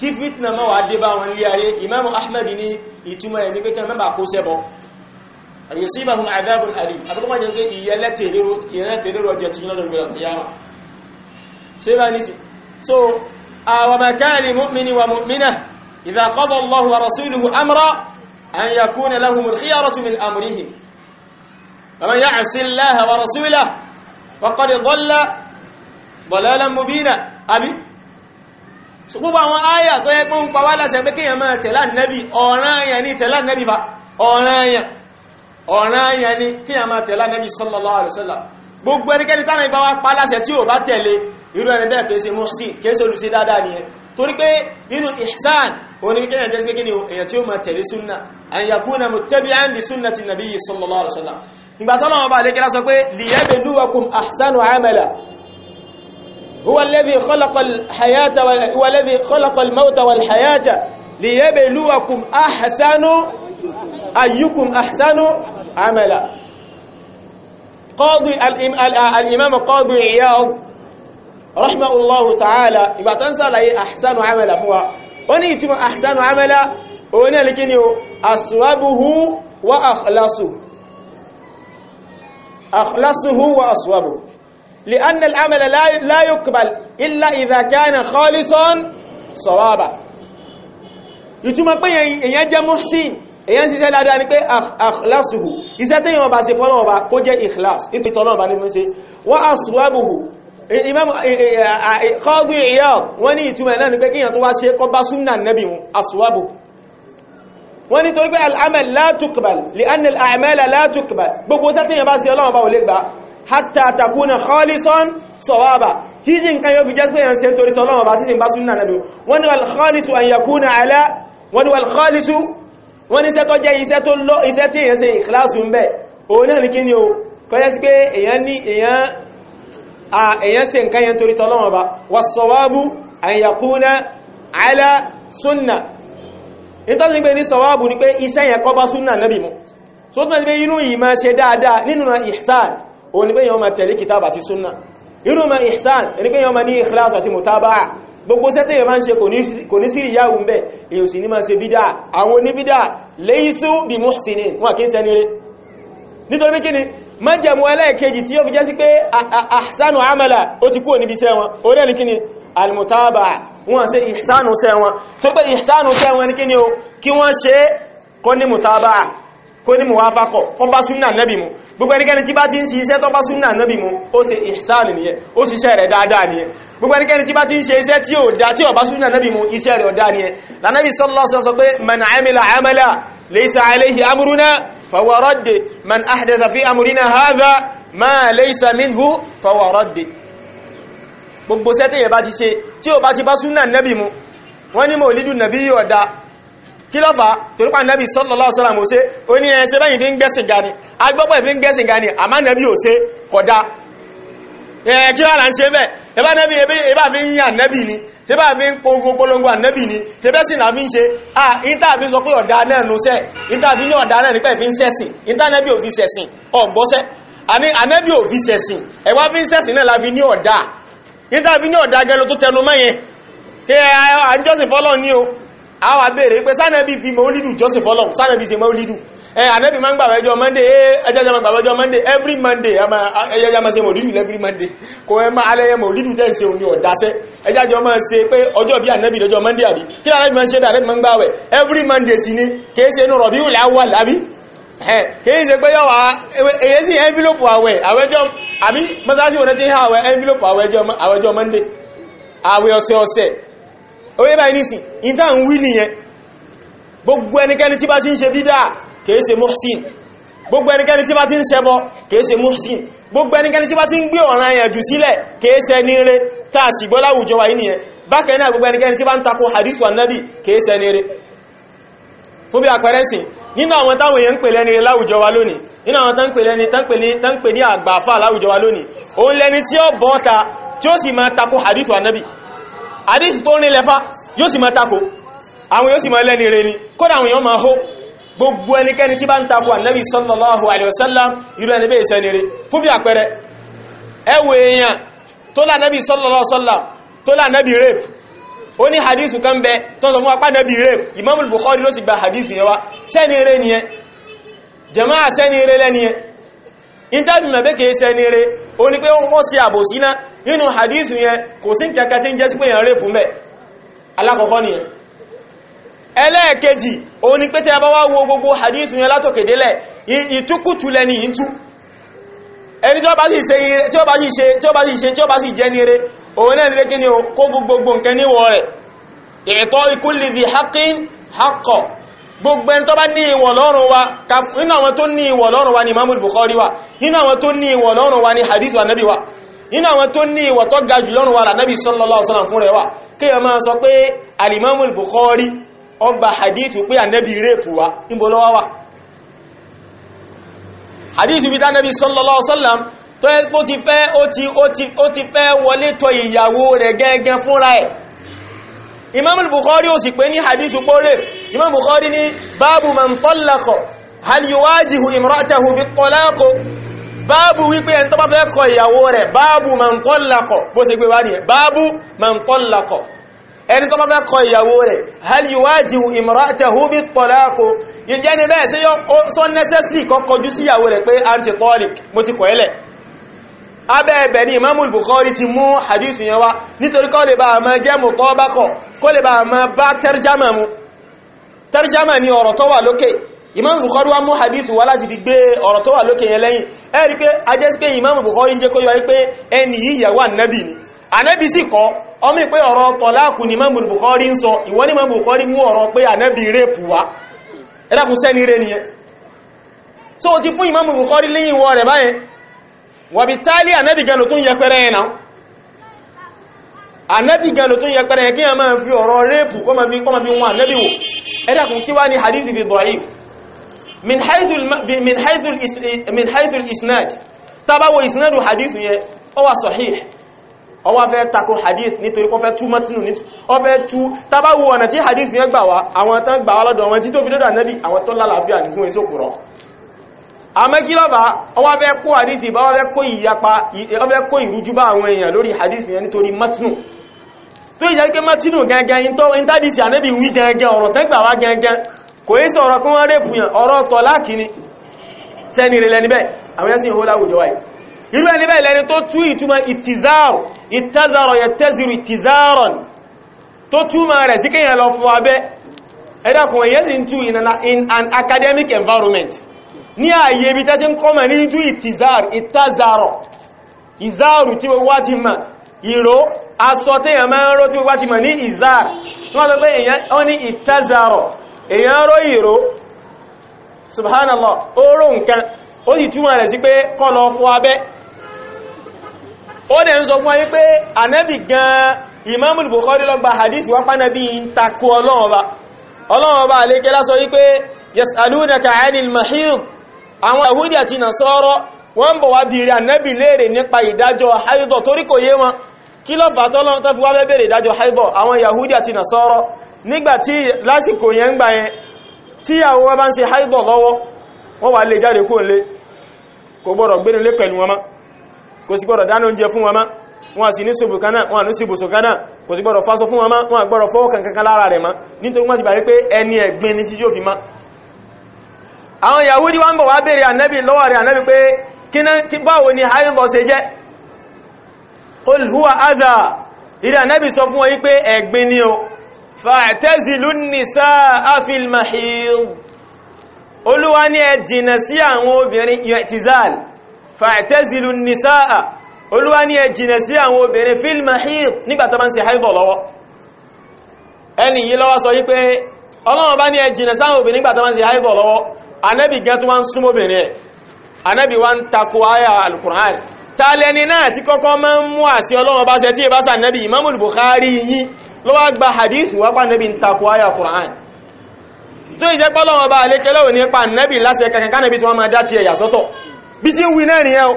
kí fitna má wà dé bá wọn lé ayé Imam Ahmad ní ìtumọ̀ ẹ̀ ní pé kí wọ́n má kó sẹ́bọ̀ yusibahum adhabun alim àbúkọ́ máa jẹ́ pé ìyẹ́lẹ́tẹ̀lérò ọjọ́ tí yínlọ́dọ̀ ìgbèrò kìyàmà ṣe bá ní sí so àwọn makali mu'mini wa mu'mina idha qada Allahu wa rasuluhu amra an yakuna lahumul khiyaratu min amrihim ومن يعص الله ورسوله فقد ضل ضلالا مبينا أبي so gbogbo àwọn àyà tó yẹ pọ́n pa wá láṣẹ pé kéèyàn máa tẹ̀lá nẹ́bì ọ̀ranyàn ni tẹ̀lá nẹ́bì bá ọ̀ranyàn ọ̀ranyàn ni kéèyàn máa tẹ̀lá nẹ́bì sallallahu alaihi wasallam gbogbo ẹnikẹ́ni táwọn ìbá wá pa láṣẹ tí ò bá tẹ̀lé irú ẹni bẹ́ẹ̀ kìí ṣe muhsin kìí ṣe olùṣe dáadáa nìyẹn torí pé nínú ihsan òun ni kéèyàn jẹ́ kí ni èèyàn tí ó máa tẹ̀lé súnà an yakuna muttabi'an li sunnati nabiyyi sallallahu alaihi wasallam ìgbà tọ́lọ́wọ́ bá lè sọ pé liyabluwakum ahsanu amala هو الذي خلق الحياة هو الذي خلق الموت والحياة ليبلوكم أحسن أيكم أحسن عملا قاضي آه، الإمام قاضي عياض رحمه الله تعالى إذا تنسى لأي أحسن عملا هو wọ́n ní ìtumọ̀ àṣánù àmẹ́lá òun náà líkí ni لأن العمل لا يقبل إلا إذا كان خالصا صوابا ìtumọ̀ pé èyàn jẹ́ muhsin èyàn ṣiṣẹ́ dáadáa ní pé akhlasuhu iṣẹ́ tí yíwọ̀n bá ṣe fọ́nà ọba kó jẹ́ ikhlas ìtìtọ̀nà ọba ní mú sí wa aswabuhu imam Qadi Iyad wọ́n ní ìtumọ̀ náà ní pé kíyàn tó wá ṣe kọ bá súnnà nabi mu aswabuhu wọ́n ní torí pé al'amal la tuqbal li anna al'amala la tuqbal gbogbo sẹ́tìyàn bá ṣe ọlọ́wọ́ bá ò lè gbà hatta takuna khalisan sawaba títí nǹkan yóò fi jẹ́ pé ẹ̀nsẹ̀ torí tọ́lọ́wọ́ bá títí bá súnnà nàbí wọ́n ni wal khalisu an yakuna ala wọ́n ni wal khalisu wọ́n ni sẹ́tọ́ jẹ́ iṣẹ́ tó lọ iṣẹ́ tí èyàn ṣe ìkìláàsù ń bẹ̀ òun náà ní kí ni o kọjẹ́ sí pé èyàn ní èyàn ṣe nǹkan yẹn torí tọ́lọ́wọ́ bá was sawabu an yakuna ala súnnà nítorí pé ní sawabu ni pé iṣẹ́ yẹn kọ́ bá súnnà nàbí mu so tó ní pé inú yìí máa ṣe dáadáa nínú ihsan o ní bẹ́yàn ma tẹ̀lé kìtàbà àti súnnà irú ma ihsan ní bẹ́yàn ma ní ikhlas àti mutaba gbogbo sẹ́tẹ̀ yẹ ma ń ṣe kò ní sí ìyáwó ń bẹ́ èyàn sì ní ma ṣe bídá àwọn oníbídá laysu bi muhsinin wọn kí ń sẹ́ni rẹ̀ nítorí kí ni májẹ̀mú ẹlẹ́ẹ̀kejì tí ó fi kó ní muwafakọ̀ kó bá súnnà nẹ́bì mú gbogbo ẹnikẹ́ni tí bá ti ń ṣe iṣẹ́ tó bá súnnà nẹ́bì mú ó ṣe ihsan nìyẹn ó ṣiṣẹ́ rẹ̀ dáadáa nìyẹn gbogbo ẹnikẹ́ni tí bá ti ń ṣe iṣẹ́ tí ó dá tí ó bá súnnà nẹ́bì mú iṣẹ́ rẹ̀ ọ̀dá nìyẹn lánàbì sallallahu alaihi wasallam sọ pé man amila amala laysa alayhi amruna fahuwa radd man ahdatha fi kí ló fà torí pa nẹ́bí sallallahu alaihi wasallam ò ṣe ó ní ẹsẹ́ bẹ́yìn fi ń gbẹ́sìn ga ni agbọ́gbọ́ ìfi ń gbẹ́sìn ga ni àmá nẹ́bí ò ṣe kódà kí lára ń ṣe bẹ́ẹ̀ ẹbá nẹ́bí ẹbá fi ń yàn nẹ́bí ni tẹ́bá fi ń pogun polongo ànẹ́bí ni tẹ́bẹ́ sì náà fi ń ṣe à ìta fi sọ pé ọ̀dà náà ló sẹ́ ìta fi ní ọ̀dà náà nípa ìfín sẹ́sìn ìta nẹ́bí ò fi sẹ̀sìn ọ̀gbọ́sẹ́ àní ànẹ́bí ò fi sẹ̀sìn ẹ̀wá fi ń sẹ̀sìn náà la fi ní ọ̀dà ìta fi ní ọ̀dà gẹ́lẹ́ tó tẹnu mẹ́yẹn kí àjọsìn fọlọ́ ní o àwọn àbẹ̀rẹ̀ pé sánàbí fi mọ́lídù jọ́sìn fọ́lọ̀ sánàbí ṣe mọ́lídù ànẹ́bí ma ń gbà wẹ́jọ́ monday ẹjẹ́jẹ́ ma gbà wẹ́jọ́ monday every monday ẹjẹ́jẹ́ ma ṣe mọ́lídù every monday kò ẹ ma alẹ́yẹ mọ́lídù tẹ́ ṣe òní ọ̀dáṣẹ́ ẹjẹ́jọ́ ma ṣe pé ọjọ́ bí ànẹ́bí lọ́jọ́ monday àbí kí lànàbí ma ṣe dà ànẹ́bí ma ń gbà wẹ̀ every monday sí ni kìí ṣe inú rọ̀bí ìwòlẹ̀ awà lábí kìí ṣe pé yọ wá èyí sí envelope àwẹ̀ àwẹ́jọ́ àbí mọ́sáṣí wọn ti ń ha àwẹ̀ envelope àwẹ́jọ́ monday àwẹ̀ ọ̀sẹ̀ ọ̀sẹ̀ oye báyìí nísìn in tá ń wí nìyẹn gbogbo ẹnikẹ́ni tí bá ti ń ṣe dídá kìí ṣe muhsin gbogbo ẹnikẹ́ni tí bá ti ń ṣẹbọ kìí ṣe muhsin gbogbo ẹnikẹ́ni tí bá ti ń gbé ọ̀ràn yẹn jù sílẹ̀ kìí ṣe níre tá sì gbọ́ láwùjọ wa yìí nìyẹn bákan náà gbogbo ẹnikẹ́ni tí bá ń tako hadith anabi kìí ṣe níre fún bí àpẹẹrẹ sìn nínú àwọn táwọn èèyàn ń pè lẹ́ni láwùjọ wa wa lónìí tí ó sì máa tako hadith anabi àdísì tó rìn lẹ́fà yóò sì máa tako àwọn yóò sì máa lẹ́ni rẹ̀ ni kódà àwọn èèyàn máa hó gbogbo ẹnikẹ́ni tí bá ń tako ànábì sallallahu alaihi wasallam irú ẹni bẹ́ẹ̀ sẹ́ni rẹ̀ fún bí àpẹẹrẹ ẹwọ èèyàn sallallahu alaihi wasallam tó rape ó ní hadith kan bẹ tó sọ rape Imam Bukhari ló sì gba hadith yẹn wá sẹ́ni rẹ̀ nìyẹn jàmáà sẹ́ni rẹ̀ lẹ́ni yẹn intanet mẹ́bẹ́ kìí sẹ́ni rẹ̀ ó nínú hadithu yẹn kò sí kẹkẹ tí ń jẹ́ sí pé yẹn rèpù mẹ́ alákọ̀ọ́kọ́ nìyẹn ẹlẹ́ẹ̀kejì o ní pé tí a bá wá wo gbogbo hadithu yẹn látòkèdélẹ̀ ìtúkùtù lẹ́ni ìtú ẹni tí ó bá sì ṣe tí ó bá sì ṣe tí ó bá sì ṣe tí ó bá sì gbogbo ẹni tó bá ní ìwọ̀ lọ́rùn wa nínú àwọn tó ní ìwọ̀ lọ́rùn wa ni Imamul Bukhari wa nínú àwọn tó ní ìwọ̀ lọ́rùn wa ni hadithu anabi wa nínú àwọn tó ní ìwà tó ga jù lọ́rùn wa lànàbí sallallahu alaihi wasallam fún rẹ̀ wà kí ẹ máa sọ pé alimamul Bukhari ọgbà hadithu pé ànẹ́bí rèpù wa níbo lọ́wọ́ wà hadithu bí dánàbí sallallahu alaihi wasallam tó ẹ́ pó ti fẹ́ ó ti ó ti ó ti fẹ́ wọlé tọ ìyàwó rẹ̀ gẹ́gẹ́ fúnra ẹ̀ imamul Bukhari ó sì pé ní hadithu pó rèpù Bukhari ní báàbù man talaqa hal yuwajihu imra'atahu báàbù wípé ẹni tó bá fẹ́ kọ ìyàwó rẹ̀ báàbù man tallaqa bó ṣe gbé wá ní ẹ̀ báàbù man tallaqa ẹni tó bá fẹ́ kọ ìyàwó rẹ̀ hal yuwajihu imra'atahu bit talaq ìjẹ́ ni bẹ́ẹ̀ sí yọ sọ necessary kọ́ kọjú sí ìyàwó rẹ̀ pé anti talik mo ti imam bukhari wa mú hadithu wá láti fi gbé ọ̀rọ̀ tó wà lókè yẹn lẹ́yìn ẹ rí pé ajẹ́ sí pé imam bukhari ń jẹ́ kó yọ wípé ẹni yìí ìyàwó ànábì ni ànábì sì kọ́ ọmọ pé ọ̀rọ̀ tọ̀láàkù ni imam bukhari ń sọ ni imam bukhari mú ọ̀rọ̀ pé ànábì rèpù wá ẹ̀dàkùn sẹ́ni rẹ̀ nìyẹn so ti fún imam bukhari lẹ́yìn wọ rẹ̀ báyẹn wà bí tálí ànábì gan ló tún yẹpẹrẹ yẹn náà ànábì gan ló tún yẹpẹrẹ yẹn kí wọ́n máa fi ọ̀rọ̀ rèpù kọ́ máa fi wọ́n ànábì wò ẹ̀dàkùn kí wá ní hadithu fi da'if min haithul isnad tabawo isnadu hadith yẹn ó wà sahih ó wá fẹ́ tako hadith nítorí kò fẹ́ tú matinu ní ó fẹ́ tú tabawo ọ̀nà tí hadith yẹn gbà wá àwọn tán gbà wá lọ́dọ̀ wọn tí tó fi dọ́dọ̀ ànábì àwọn tó lálàáfíà ní fún ìsòkúrọ̀ àmẹ́kílọ́bà ó wá fẹ́ kó hadith bá ó fẹ́ kó ìyapa ó fẹ́ kó ìrújú bá àwọn èèyàn lórí hadith yẹn nítorí matinu tó ìjẹ́ pé matinu gangan in tó in tádìsì ànábì wí gangan ọ̀rọ̀ tẹ́gbà wá gangan kò é sọ̀rọ̀ kún wọ́n rèpù yàn ọ̀rọ̀ tọ̀ lákìíní sẹ́ni rẹ̀ lẹ́ni bẹ́ẹ̀ àwọn ẹ̀sìn ìhó láwùjọ wáyé irú ẹni bẹ́ẹ̀ lẹ́ni tó tú ìtumọ̀ ìtìzáàrù ìtàzàrọ̀ yẹ tẹ́zìrù ìtìzáàrùn tó túmọ̀ rẹ̀ sí lọ fún in an academic environment ní ààyè ibi tẹ́ ti ń kọ́mọ̀ ní tú ìtìzáàrù tí wọ́n wá ti mọ̀ ìró aṣọ tí wọ́n pé ó ní èyàn rọ ìró subhanallah ó rò nǹkan ó sì túmọ̀ rẹ̀ sí pé kọ́ lọ fún abẹ́ ó dẹ̀ ń sọ fún ayé pé ànábì gan Imamul Bukhari ló gba hadith wá pánábí takú ọlọ́run ọba ọlọ́run ọba àlékẹ́ lásọ wípé yasalunaka anil mahid àwọn yahudi àti nasọ́rọ̀ wọ́n bọ̀ kí ló fà tọ́lọ́run tó fi wá bẹ̀rẹ̀ ìdájọ́ haidọ̀ àwọn yahudi àti nasọ́rọ̀ nígbàtí lásìkò yẹn ń gbà yẹn tí àwọn wọn bá ń ṣe haidọ̀ lọ́wọ́ wọ́n wà lè jáde kó lè kò gbọ́dọ̀ gbénu lé pẹ̀lú wọn mọ́ kò sí gbọ́dọ̀ dáná oúnjẹ fún wọn mọ́ wọn sì ní ṣubù kanáà wọn ní ṣubù sọ̀kanáà kò sí gbọ́dọ̀ fásọ fún wọn mọ́ wọn gbọ́dọ̀ fọwọ́ kankan lára rẹ̀ mọ́ nítorí wọ́n ti bàrí pé ẹni ẹ̀gbin ni tí yóò fi mọ́ àwọn fa'tazilu nisaa fil mahid olúwa ní ẹ jìnà sí àwọn obìnrin i'tizal fa'tazilu nisaa olúwa ní ẹ jìnà sí àwọn obìnrin fil mahid nígbàtà bá ń ṣe haibọ̀ lọ́wọ́ ẹni yí lọ́wọ́ sọ wípé ọlọ́wọ́ bá ní ẹ jìnà sáwọn obìnrin nígbàtà bá ń ṣe haibọ̀ lọ́wọ́ anábì gan tó wá ń súnmọ́ obìnrin ẹ̀ ló wá gba hadith wá pa nẹ́bí ń takò ayà Qur'an tó ìjẹ́ pọ́lọ́wọ́ bá alékẹ́lẹ́wò nípa nẹ́bí láti ẹ̀kẹ́ kankan nẹ́bí tí wọ́n máa dá ti ẹ̀yà sọ́tọ̀ bí tí ń wí náà nìyẹn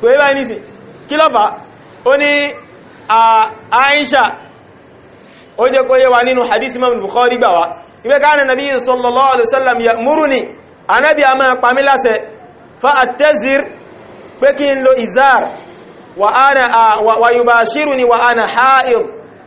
kò yíba ní sí kí lọ́fà ó ní Aisha ó jẹ́ kó yé wa nínú hadith Imam Bukhari gbà wá a wa ana wa wa ana ha'ir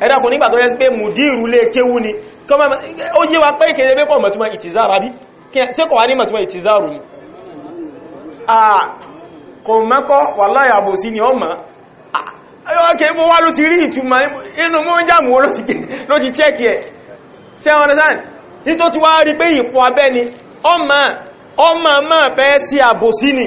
ẹ̀dàkùn nígbà tó yẹ sí pé mùdírù lè kéwú ni ó yé wa pé kèrè pé kọ̀ mọ̀túnmọ̀ ìtìzáàrù àbí ṣé kọ̀ wá ní mọ̀túnmọ̀ ìtìzáàrù ni kò mẹ́kọ́ wà láyà bò sí ni ọ ma ọkẹ̀ mú wá ló ti rí ìtumọ̀ inú mú jàmù ló ti chẹ́kì ẹ̀ ti ni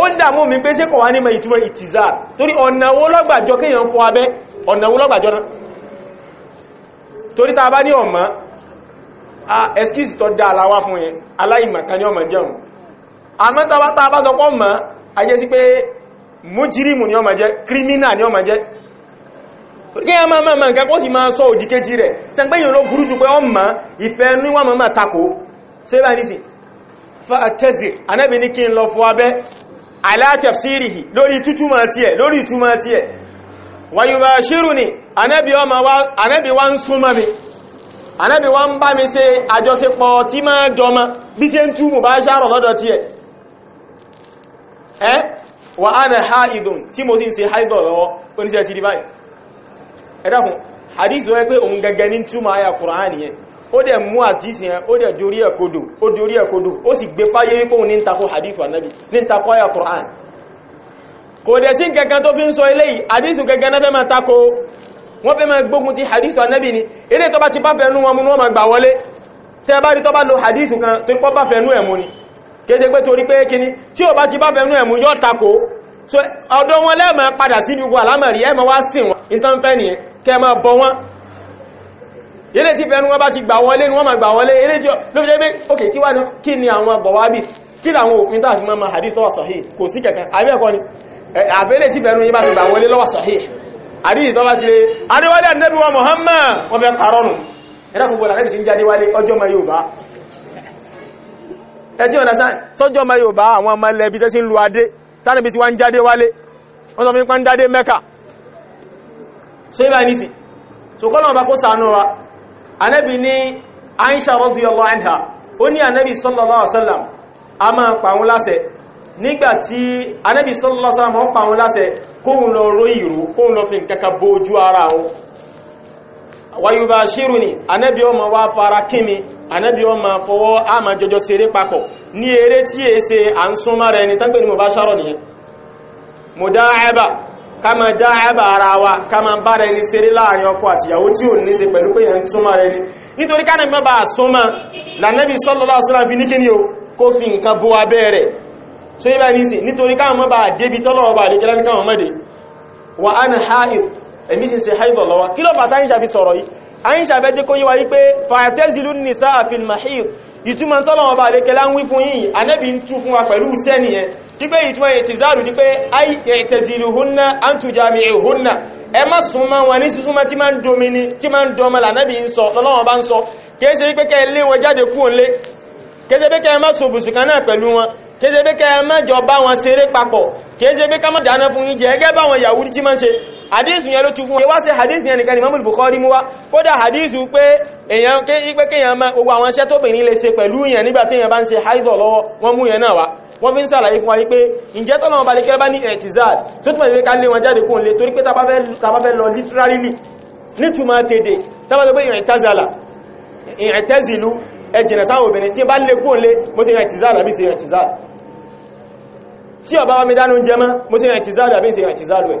ó ń dàmú mi pé sékọ̀ wá ní mẹ́ ìtumọ̀ ìtìzà torí ọ̀nà wo lọ́gbàjọ́ kéèyàn fọ abẹ́ ọ̀nà lọ́gbàjọ́ náà torí ta bá ní ọ̀mọ́ a excuse tó dá aláwá fún yẹn aláìmọ̀ká ní ọmọ jẹun àmọ́ ta bá sọ pọ́ mọ́ a jẹ́ sí pé mújírìmù ni ọmọ ní ọmọ jẹ́ a alátafsírihi lórí lori tí ẹ̀ lórí túmọ̀ tí ẹ̀ wàyùbá ṣírù ni anẹ́bí wá ń wa mi anẹ́bí wá bá mi ṣe àjọṣepọ̀ tí máa jọmọ́ bí tí ń túmù bá ṣàrọ̀ lọ́dọ̀ tí ẹ̀ ẹ́ wà á ha ìdùn tí mo sì ń ṣe haidọ̀ lọ́wọ́ ó dẹ̀ mú àdísì yẹn ó dẹ̀ dorí ẹ̀kodò ó dorí ẹ̀kodò ó sì gbé fáyé wípé òun ní ń takò hadith anabi ní ń takò ayà Qur'an kò dẹ̀ sí kankan tó fi ń sọ eléyìí hadith kankan náà fẹ́ máa takò wọ́n fẹ́ máa gbógun ti hadith anabi ni ilé tó bá ti bá fẹ́nu wọn mú wọn máa gbà wọlé tẹ́ bá rí tó bá lo ni kéèsè pé torí pé kíní tí so ọ̀dọ̀ wọn lẹ́ẹ̀mọ̀ padà sí gbogbo àlámọ̀rí ẹ̀mọ̀ wá sìn wọn ìtàn fẹ́ ilé tí fẹ́nu wọn bá ti gbà wọlé ní wọ́n ma gbà wọlé ilé tí ló fi jẹ́ pé ok kí wá ní kí ni àwọn bọ̀wábì kí ni àwọn òfin tàà fi mọ́ ma hadith tó wà sahih kò sí kẹ̀kẹ́ àbí ẹ̀kọ́ ni àbẹ́lẹ̀ tí fẹ́nu yí bá ti gbà wọlé lọ́wọ́ sahih lé adéwálé ànábì Muhammad wọ́n fẹ́ parọ́nù ẹ̀rọ kò gbọ́dọ̀ láti ti ń jáde wálé ọjọ́ ma yóò bá ẹjí ọ̀nà sáà sọ́jọ́ ma yóò bá àwọn ọmọ ilẹ̀ ibi tẹ́ sí so ibà nísì wa anabi ní aisha radiyallahu anha ó ní anabi sallallahu alaihi wasallam a máa pa wọn láṣẹ nígbàtí anabi sallallahu alaihi wasallam ó pa wọn láṣẹ kóhun lọ ró ìró kóhun lọ fi nkankan bójú ara wọn wa yubashiruni anabi ó máa wá fara kíni anabi ó máa fọwọ́ a máa jọjọ ní eré tí kama dá ẹbà ara wa kama bá rẹ ní seré láàrin ọkọ àtìyàwó tí ò ní ṣe pẹ̀lú pé yẹn túnmà rẹ ní nítorí ká náà bá súnmà lànàbí sallallahu alaihi wasallam fi ní kíni o kó fi nǹkan bó abẹ́ wa an ha'id èmi sì ṣe haidọ̀ lọ́wọ́ kí ló fàtà àyíṣà fi sọ̀rọ̀ yìí àyíṣà fẹ́ jẹ́ kó yíwa yí pé fàtẹ́zìlú nìsáà fil mahid dípé ìtumọ̀ ìtìzáàrù dípé ay i'taziluhunna an tujami'uhunna ẹ má súnmọ́ wọn ní súnmọ́ tí máa ń domini tí máa ń dọmọlà náà bí ń sọ lọ́lọ́wọ́n bá ń sọ kéèsè wípé kẹ́ lé wọn jáde kúrò lé kéèsè pé kẹ́ má sòbùsù kan náà hadithu yẹn ló tu fún wá sí hadithu yẹn nìkan Imam Bukhari mú wá kódà hadithu pé èyàn ké ipé kéyàn mọ́ gbogbo àwọn iṣẹ́ tó bè ní lè ṣe pẹ̀lú yẹn nígbà tí yẹn bá ń ṣe haidọ̀ lọ́wọ́ wọ́n mú yẹn náà wá wọ́n fi ń sàlàyé fún wa pé ìjẹ́ tọ́lọ́wọ́ bá lè kẹ́rẹ́ bá ní ẹ̀tìzáàd tó túnmọ̀ ìwé ká lé wọn jáde kóhun lè torí pé tàbá fẹ́ lọ literally nítumọ̀ tèdè tàbá tó pé ìrìntazàlà ìrìntẹ́zìlú ẹjìnà sáwọn obìnrin tí bá lè kóhun lé mo ti ìrìntizàd àbí ti ìrìntizàd tí ọba wa mi dánú jẹ mọ́ mo ti ìrìntizàd àbí ti ìrìntizàd rẹ̀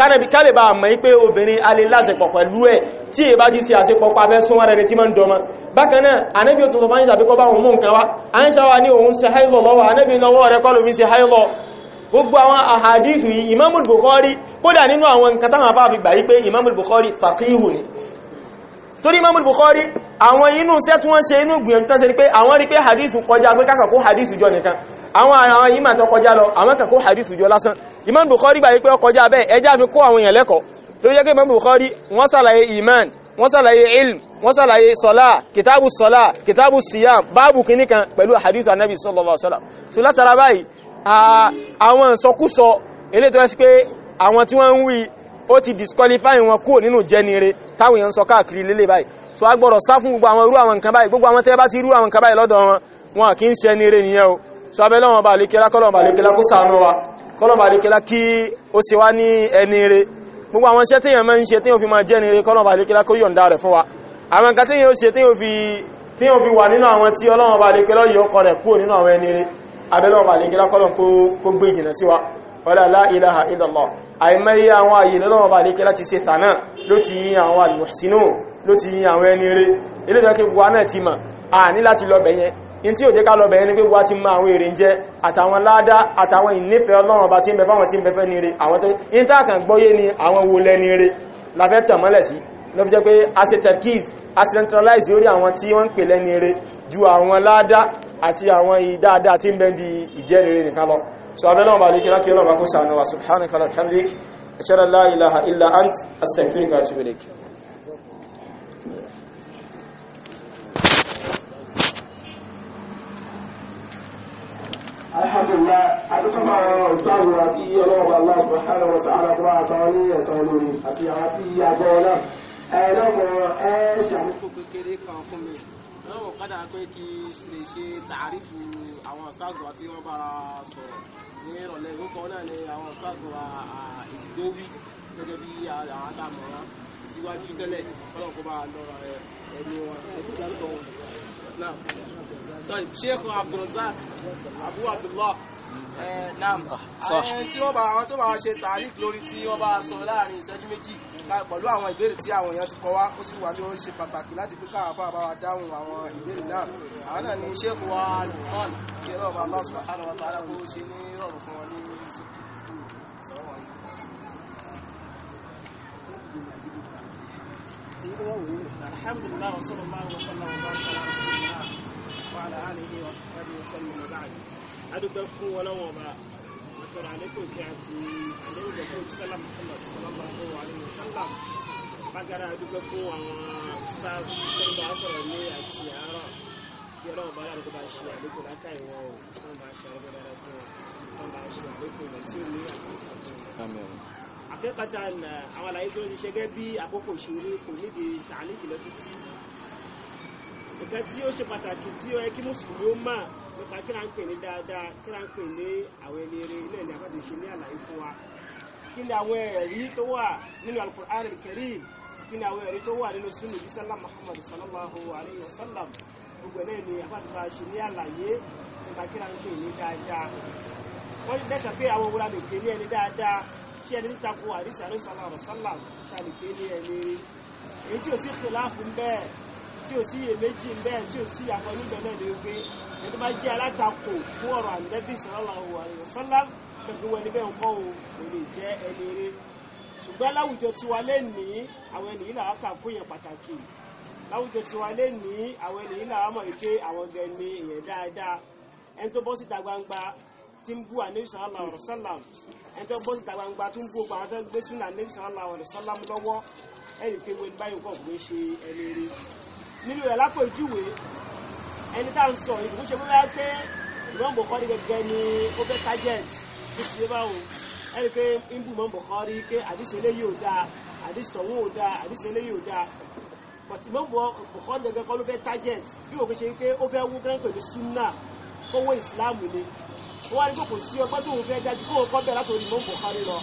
kánàbí kálẹ̀ bá mọ̀ pé obìnrin alẹ́ lásẹ̀pọ̀ pẹ̀lú ẹ̀ tí è bá jí sí àṣepọ̀ pàbẹ́ súnmọ́ rẹ̀ tí ma ń dọmọ bákanáà anẹ́bí òtún fọ́fán ìṣàbíkọ́ bá wọn mú nǹkan wá a ń ṣáwà ní òun ṣe haizọ̀ lọ́wọ́ anẹ́bí lọ́wọ́ rẹ̀ kọlùmí ṣe haizọ̀ gbogbo àwọn àhàdìtù yìí Imam al-Bukhari kódà nínú àwọn nǹkan táwọn afáàfi gbà yí pé Imam al-Bukhari faqihu ni torí Imam al-Bukhari àwọn inú iṣẹ́ tí wọ́n ṣe inú gbìyànjú tán ṣe ni pé àwọn rí pé hadithu kọjá pé hadithu jọ nìkan àwọn àwọn yìí tán kọjá lọ àwọn kàkó hadithu jọ lásán Imam Bukhari gbà wípé ó kọjá bẹ́ẹ̀ ẹjá fi kó àwọn èèyàn lẹ́kọ̀ọ́ tó yẹ kí Imam Bukhari wọ́n sàlàyé iman wọ́n sàlàyé ilm wọ́n sàlàyé sọlá kìtàbù sọlá kìtàbù siyam báàbù kìíní kan pẹ̀lú hadith anabi sallallahu alaihi wasallam so látara báyìí àwọn ìsọkúsọ eléyìí tó yẹ sí pé disqualify wọn kúrò nínú jẹnire táwọn èèyàn sọ káàkiri lélẹ̀ báyìí so a gbọ́dọ̀ sá fún gbogbo àwọn irú àwọn nǹkan báyìí gbogbo àwọn tẹ́ bá ti so abẹ́lẹ́ wọn bá lè kẹ́lákọ́lọ́ bá kọ́lọ̀bà àdíkẹ́lá kí ó sì wá ní ẹni rẹ̀ gbogbo àwọn iṣẹ́ tíyàn mẹ́ ń ṣe tíyàn fi máa jẹ́ ni rẹ̀ kọ́lọ̀bà àdíkẹ́lá kó yọ̀ǹda rẹ̀ fún wa àwọn nǹkan tíyàn ó ṣe tíyàn fi wà nínú àwọn tí ọlọ́wọ̀n bá àdíkẹ́lá yọ ọkọ̀ rẹ̀ kúrò nínú àwọn ẹni rẹ̀ abẹ́lọ́wọ̀n àdíkẹ́lá la ilaha illallah àìmẹ́yí àwọn àyè lọ́wọ́ bá lè kẹ́lá ti ṣe tànà ló ti yí àwọn al-muhsinun ló ti yí in tí ò jẹ́ ká lọ bẹ̀rẹ̀ ní pé wá ti máa àwọn èrè ń jẹ́ àtàwọn ládá àtàwọn ìnífẹ́ ọlọ́run ọba tí ń bẹ fáwọn tí ń bẹ ní ire àwọn tó yí tààkàn gbọ́yé ni àwọn wo lẹ́ni ire láfẹ́ tẹ̀mọ́lẹ̀ sí lọ fi jẹ́ pé acetekis ju àwọn ládá àti àwọn ìdáadáa tí ń bẹ di ìjẹ́rere nìkan lọ so abẹ́lẹ́ wa subhanaka alhamdulik ashara la illa ant astaghfiruka wa alhamdulillah adúgbò àwọn ọ̀sáwò àti ọlọ́wọ́ Allah subhanahu wa ta'ala tó máa sanwó ní ẹ̀sán olórí àti àwọn tí àjọ náà ẹlọ́mọ ẹ ṣàmúkú kékeré kan fún mi lọ́wọ́ kádà pé kí lè ṣe tààrífù àwọn ọ̀sáàgùn àti wọ́n bára sọ̀rọ̀ ní ìrọ̀lẹ́ ìgbókọ̀ náà ni àwọn ọ̀sáàgùn ìdígbówí gẹ́gẹ́ bí àwọn àdàmọ̀ síwájú tẹ́lẹ̀ kọ́lọ̀ bá lọ́ra ẹ̀mí wọn طيب شيخ عبد الرزاق ابو عبد الله naam ah, tí wọ́n bá àwọn tó bá ṣe tàrík lórí tí wọ́n bá sọ láàrin ìṣẹ́jú méjì pẹ̀lú àwọn ìbéèrè tí àwọn èèyàn ti kọ wá ó sì wà ní oríṣi pàtàkì láti pé káwọn afọ àbáwá dáhùn àwọn ìbéèrè náà àwọn náà ní ṣéèkù wa lùkọ́ọ̀nù kí ẹ̀rọ ọba lọ́sùn àtàrà wọn tààrà kó ṣe ní rọrùn fún wọn ní ìṣòkè alhamdulillah وعلى آله وصحبه وسلم وبعد adúpẹ́ fún ọlọ́wọ́ ọba àtọ̀rọ̀ àlékún kí àti àlékún kí àti sálà muhammad sọlọ́mọ àbúrò àlejò sálà bákàrà adúpẹ́ fún àwọn staff tẹ́lifà sọ̀rọ̀ ní àti àárọ̀ kí ọlọ́wọ́ ọba aláàrúkọ bá ṣe àlékún láká ìwọ̀ o wọ́n bá ṣe àlékún dáadáa fún wọn wọ́n bá ṣe àlékún ilẹ̀ tí ó àkókò àkẹ́kọ̀ọ́ àwọn àlàyé tó ń ṣiṣẹ́ gẹ́gẹ́ bí àkókò ìṣòro kò nídìí tàlíkì lọ títí nǹkan tí ó ṣe pàtàkì tí ó yẹ kí mùsùlùmí ó mà nípa kíra ń pè ní dáadáa kíra ń pè ní àwọn ẹni eré ilé ìlú àbájáde ṣe ní àlàyé fún wa kí ni àwọn ẹ̀rí tó wà nínú al-Qur'an al-Karim kí ni àwọn ẹ̀rí tó wà nínú sunna bí sálà Muhammad sallallahu alayhi wa sallam gbogbo ẹ̀ náà ni àbájáde ṣe ní àlàyé nípa kíra ń pè ní dáadáa wọ́n ti dẹ́sà pé àwọn òwúrọ̀ lè pè ní ẹni dáadáa ṣé ẹni níta kó àdìsí àlọ́ sálà ọ̀rọ̀ sálà ṣàlè pè ní ẹni èyí tí ò sí khilaf ń bẹ́ẹ̀ tí ò sí iyèméjì ń bẹ́ẹ̀ tí ò sí àpọ̀ níbẹ̀ náà ni wípé ẹni máa jẹ́ alátakò fún ọ̀rọ̀ ànábì sallallahu alaihi wasallam pẹ̀lú wọn níbẹ̀ ń kọ́ o kò lè jẹ́ ẹni eré ṣùgbọ́n láwùjọ tiwa lé ní àwọn ènìyàn làwọn kà fún yẹn pàtàkì láwùjọ tiwa lé ní àwọn ènìyàn làwọn mọ̀ wípé àwọn gẹ̀ ni èèyàn dáadáa ẹni tó bọ́ síta gbangba tí ń bú ànábì sallallahu alaihi wasallam ẹni tó bọ́ síta gbangba tó ń bú ogun àwọn tó ń gbé súnà ànábì sallallahu alaihi wasallam lọ́wọ́ ẹni pé wọn báyìí kọ̀ pé ṣe ẹni eré nílùú rẹ̀ lápò ìjúwe ẹni tá à ń sọ yìí kò ṣe bóyá pé ìmọ̀n bọ̀kọ́rí gẹ́gẹ́ ni ó fẹ́ target tó ti báwo ẹni pé ń bù mọ́ bọ̀kọ́rí pé àdìsí eléyìí ò dáa àdìsí tọ̀hún ò dáa àdìsí eléyìí ò dáa but ìmọ̀n bọ̀kọ́rí gẹ́gẹ́ kọ́ ló fẹ́ target bí òkè ṣe pé ó fẹ́ wú kẹ́ńpè ní sunna kówó ìsìláàmù ni wọ́n ní kò sí ọgbọ́n tó ń fẹ́ dájú kó o kọ́ bẹ̀rẹ̀ látòrí ìmọ̀n bọ̀kọ́rí lọ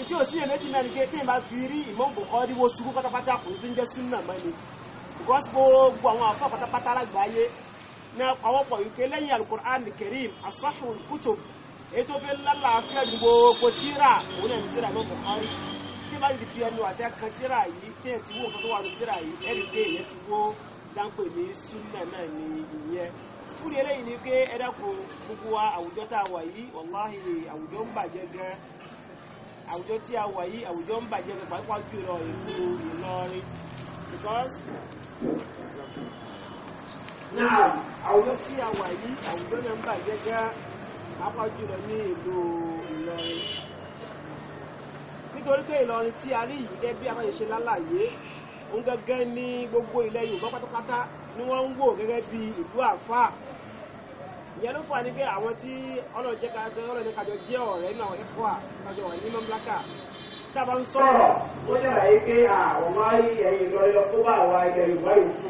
ìtí ò sí èméjì náà ni pé téèyàn bá fi rí ìmọ̀n bọ̀kọ́rí wo sukú pátápátá kò sí ń jẹ́ sunna mọ́ because gbogbo àwọn àfọ pátápátá lágbàáyé ní àwọ̀pọ̀ ike lẹ́yìn alukur'an karim asahul kutub ètò fi gbogbo tíra òun tíra ló bá ti fi ẹnu àti ẹ̀kan tíra yìí ẹ̀ ti tó wà ní tíra yìí ẹ̀rí pé ìyẹn ti wó dáńpé ní náà ní ìyẹn eléyìí ni pé gbogbo wa àwùjọ tá a wà yìí wàláhì àwùjọ ń bàjẹ́ àwùjọ tí a wà yìí because náà àwùjọ tí a wà yìí àwùjọ náà ń bàjẹ́ gá apájùlọ ní ìlú Ìlọrin nítorí pé Ìlọrin tí a rí yìí gẹ́gẹ́ bí abájọ ṣe lálàyé ń gẹ́gẹ́ ní gbogbo ilẹ̀ Yorùbá pátápátá ni wọ́n ń wò gẹ́gẹ́ bí ìlú àfáà ìyẹn ló fà ní pé àwọn tí ọlọ́jẹ́ kájọ jẹ́ ọ̀rẹ́ nínú àwọn ẹ̀fọ́ à kájọ wà ní mọ́mílákà tábà ń sọ̀rọ̀ ó ṣàlàyé pé àwọn máa rí ẹ̀yìn ìlọrin lọ kó bá àwa ilẹ̀ Yorùbá yòókù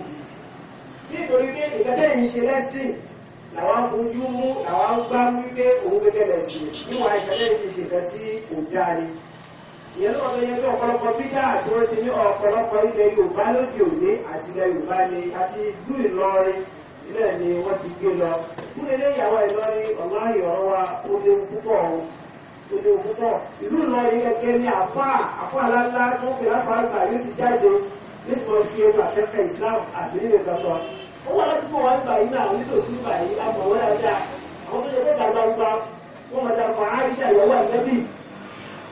nítorí pé ìgbẹ́tẹ̀ yìí ṣe lẹ́sìn làwọn fojú mú làwọn gbá wípé òun gẹ́gẹ́ lẹ́sìn níwọ̀n ìgbẹ́tẹ̀ yìí ṣe ìfẹ́ sí òjá ni ìyẹn ló wọ́n yẹ kí ọ̀pọ̀lọpọ̀ bídà tí wọ́n ṣe ní ọ̀pọ̀lọpọ̀ ilẹ̀ Yorùbá lóde òní àti ilẹ̀ Yorùbá ni àti ìlú Ìlọrin ilẹ̀ ni wọ́n ti gbé lọ fún eléyàwó Ìlọrin ọ̀gbọ́n ìyọ̀rọ̀ wa ó léwu púpọ̀ èdè òkú ìlú ìlọrin ẹgẹ ní àfá àfá aláńlá tó ń pè láfá àgbà yóò ti jáde nípa fi ẹnu àtẹ́kẹ́ Islam àti nílẹ̀ ìgbàsọ ó wà láti fún wa nígbà yìí náà nítòsí nígbà yìí àmọ̀wé dáadáa àwọn tó yẹ kẹ́kẹ́ àgbàgbà wọ́n máa dàpọ̀ àìṣà ìyàwó àtẹ́bí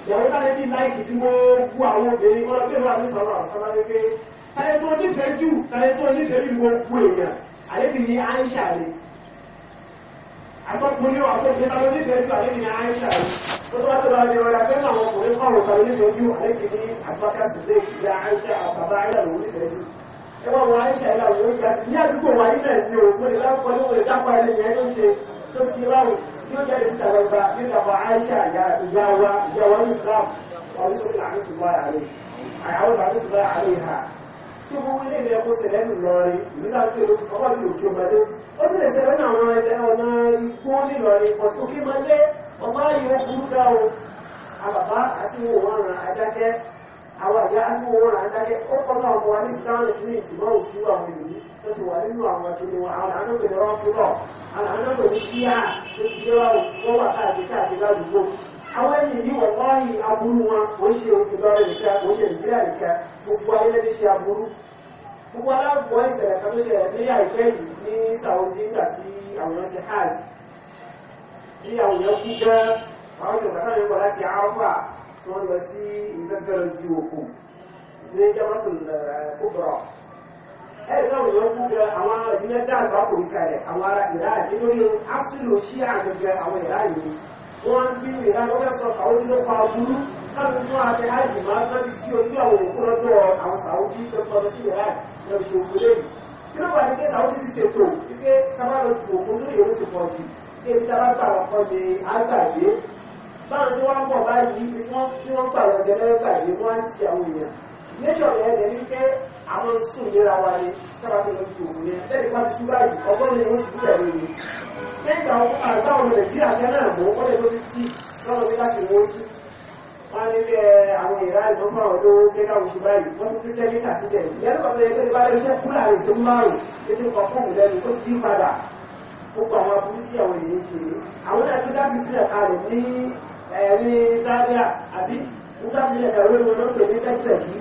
ìyàwó táyé bí láìkì tí wọ́n kú àwọn obìnrin wọn lọ́pẹ́ wọn ní sọ̀rọ̀ àṣàlá kékeré táyé tó nífẹ̀ẹ́ jù táyé tó nífẹ̀ẹ́ jù gbogbo èèyàn àlébì àtọkùnrin náà àtọkùnrin náà lórí ìgbẹ́jú àlejò ní àìsà ó tó wá tó lọ́wọ́ ìrọ̀lá pé àwọn ọkùnrin fún àwọn ọ̀kan lórí ìgbẹ́jú àlejò ní àgbàkà sílẹ̀ ìyá àìsà àbàbà àìsà lórí ìgbẹ́jú ẹwà wọn àìsà ìlà òun ìjà ní àdúgbò wa nílẹ̀ ní o mo lè dápọ̀ ní mo lè dápọ̀ ẹni yẹn ló ṣe tó ti ráwù tí ó jáde síta lọ́gbà nígbàgbà àìsà ìyá wa ìyá wa ní Islam wà ní sọ́kùnrin àmì tí gbogbo ilé ilẹ̀ kó ṣẹlẹ̀ nìlọrin ìmúlá pé ọba ìlú òjò mẹ́lẹ́ ó ti lè ṣẹlẹ̀ náà wọn ẹ̀dẹ́ ọ̀nà igbó nìlọrin ọ̀tún kí máa lé ọba yìí ó burú dá o àbàbá àsìwò wọn ràn adákẹ́ àwọn àyà àsìwò wọn ràn adákẹ́ ó kọ́ náà ọmọ wa ní sítáwọn ìfún ìtìmọ́ òsì àwọn ìlú tó ti wà nínú àwọn akéde wọn àwọn anágbèrè wọn fúlọ̀ àwọn anágbèrè kíá tó ti àwọn ẹni yìí wọ̀ wáyé aburú wọn wọ́n ṣe ìbára nìkan wọ́n ṣe ìbílẹ̀ nìkan gbogbo ayélujára ṣe aburú gbogbo aláàbọ̀ ìṣẹ̀lẹ̀ kan tó ṣẹlẹ̀ ní àìpẹ́ yìí ní Saudi nígbà tí àwọn ṣe hajj tí àwọn èèyàn kú jẹ́ àwọn ìjọba náà yọkọ̀ láti Arafa tí wọ́n lọ sí ìfẹ́fẹ́rẹ́ ju òkú ní jẹ́mọ́tò eh, kúkọ̀rọ̀ ẹ̀rí táwọn àwọn ìdílé wọ́n bí ìrànlọ́wọ́ mẹ́sàn-án ló pa burú láti fún àti àìsàn máa ń sí ojú àwọn òkú àwọn sàwọ́dí tó tọ́ sí ìrà lọ ṣe òkú lẹ́yìn kí ló pàdé pé sàwọ́dí ti ṣètò wípé tábàlọ́ ju òkú lórí òun ti pọ̀ jù kí ebi tábà gbà wọn kọ́ ni àgbàgbé báwọn tí wọ́n ń bọ̀ báyìí tí wọ́n gbà wọn lẹ́gbàgbé wọ́n á ti àwọn èèyàn nature yẹn lè pé àwọn sùn nira wa ni sábà tó lójú òun yẹn lẹ́yìn ká tú báyìí ọgbọ́n ni wọ́n sì dúdà lórí mi. lẹ́yìn àwọn àgbà ọmọ nàìjíríà kẹ́ náà mọ́ wọ́n lè lórí tí lọ́wọ́ bí láti wọ́n tú. wọ́n á nílé eh, àwọn ìlà ìdánwò olówó pé káwọn ṣe báyìí wọ́n ti tẹ́ ní kàṣídẹ̀. ìyẹn lọ́wọ́ bẹ̀rẹ̀ pé ní dáríà àbí ń dábì sílẹ̀ kalẹ̀ lọ́pẹ̀ ní tẹ́sẹ̀ eh, yìí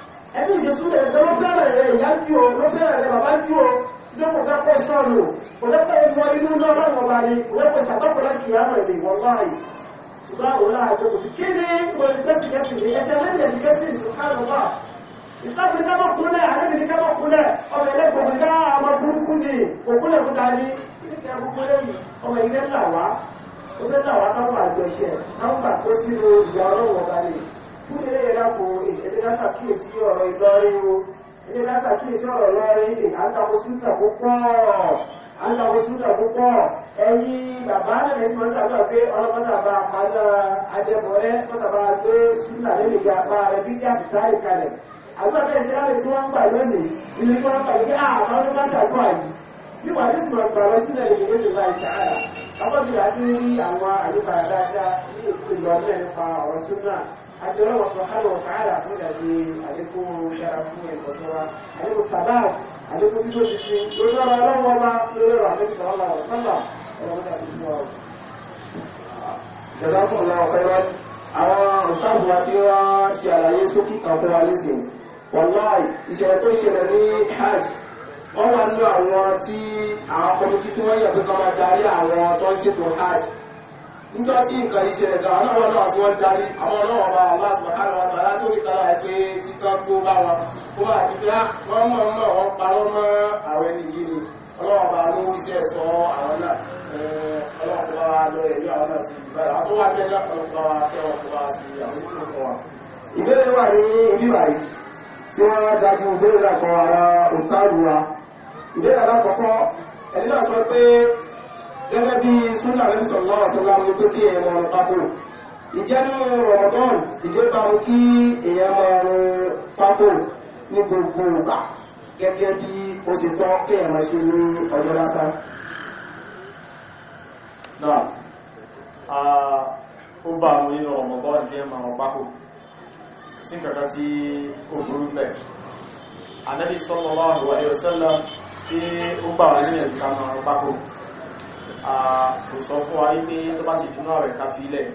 ẹni ìṣesúlẹ̀ ẹ̀dọ́ ló fẹ́rẹ̀ rẹ̀ ìyá jù ọ ló fẹ́rẹ̀ rẹ̀ bàbá jù ọ lókùn kápẹ́ sọ́ọ̀lù òlẹ́fẹ́ ìwọ inú náà láwọn ọba ni òlẹ́fẹ́ sàtọ́kùnrin kìíyàwó ẹ̀dẹ̀ ìwọ̀n láàyè ṣùgbọ́n òun láàjọ kò fi kí ni wọ́n tẹ́sìkẹ́sì ní ẹsẹ̀ lẹ́yìn ẹ̀sìkẹ́sì ìṣùkánùbà ìsáàbì kábọ̀ kúnlẹ̀ àrẹ́bì ní kábọ̀ kúnlẹ̀ ọmọ ẹlẹ́gbọ̀n ká ọmọ burúkú ni òkúnlẹ̀ fúta ní ìkẹ́ gbogbo lẹ́yìn ọmọ ilẹ̀ làwá ó fẹ́ làwá kábọ̀ àjọṣe àwọn gbà kó sínú ìyá ọlọ́run ọba ni fún ilé yẹn lápò èdè lásà ọ̀rọ̀ Ìlọrin o èdè lásà kíyèsí ọ̀rọ̀ Ìlọrin ni à púpọ̀ à púpọ̀ ẹ̀yin bàbá náà ti máa ṣàdúrà pé ọlọ́mọdà bá àpáná adẹ́bọ̀rẹ́ mọ́tà bá gbé súnà lẹ́nu ìgbà apá rẹ̀ bí kí àsìkò kalẹ̀ àdúrà bẹ́ẹ̀ ṣe láti tí wọ́n ń gbà lónìí ìlú tí bí wàá yóò sì máa gbàwé sílẹ̀ ní ilé ìlú láì sàárà abọ́dé àti rí àwọn àyípadà dáadáa ní èkó ìlọrin nípa ọ̀rọ̀ súnà àjọyọ̀ wọ̀sán kálù ọ̀sán àrà fún ìdàgbé àlékún yára fún ẹ̀kọ́ tó wa àlékún tàbáà àlékún tí ó ti fi lórí ọba ọlọ́wọ́ bá lórí ọ̀rọ̀ àti sọ̀rọ̀ ọ̀rọ̀ sọ́lọ̀ ọ̀rọ̀ mọ́ta ti fún ọ. ìjọba náà fẹ́ lọ àwọn ọ̀sáàbù àti wọ́n ṣe àlàyé sókè kan fún wa nísìnyí wọ́n láì ìṣẹ̀lẹ̀ tó ṣẹlẹ̀ ní hajj wọ́n wà nínú àwọn tí àwọn kọ́mítì tí wọ́n yàn máa darí àwọn tó ń ṣètò hajj nígbà tí nǹkan yìí ṣẹlẹ̀ gan àwọn náà tí wọ́n darí àwọn ọlọ́wọ́ bá wọn láti wọ́n wọn pé títàn tó bá wọn ó máa ti gbá wọ́n mọ̀ mọ̀ wọ́n parọ́ mọ́ àwọn ẹni ṣe sọ ìbéèrè alákọ̀ọ́kọ́ ẹni náà sọ pé gẹ́gẹ́ bí súnà rẹ̀ sọ̀rọ̀ ọ̀sọ̀lá ní pé kí èèyàn ọ̀rọ̀ papò ìjẹ́ nínú rọ̀mọ̀dán ìjọba ohun kí èèyàn ọ̀rọ̀ papò ní gbogbo ìgbà gẹ́gẹ́ bí ó sì tọ́ kí èèyàn ṣe ní ọjọ́ lásán. náà ó bá àwọn nínú rọ̀mọ̀dán jẹ́ ọ̀rọ̀ papò sí kàkà tí ó burú bẹ́ẹ̀ Ànábì sallallahu alaihi wasallam tí ó gbà wọ́n ní ẹ̀dùn kan máa pákó kò sọ fún wa wípé tó bá ti dúnú àwẹ̀ ká fi ilẹ̀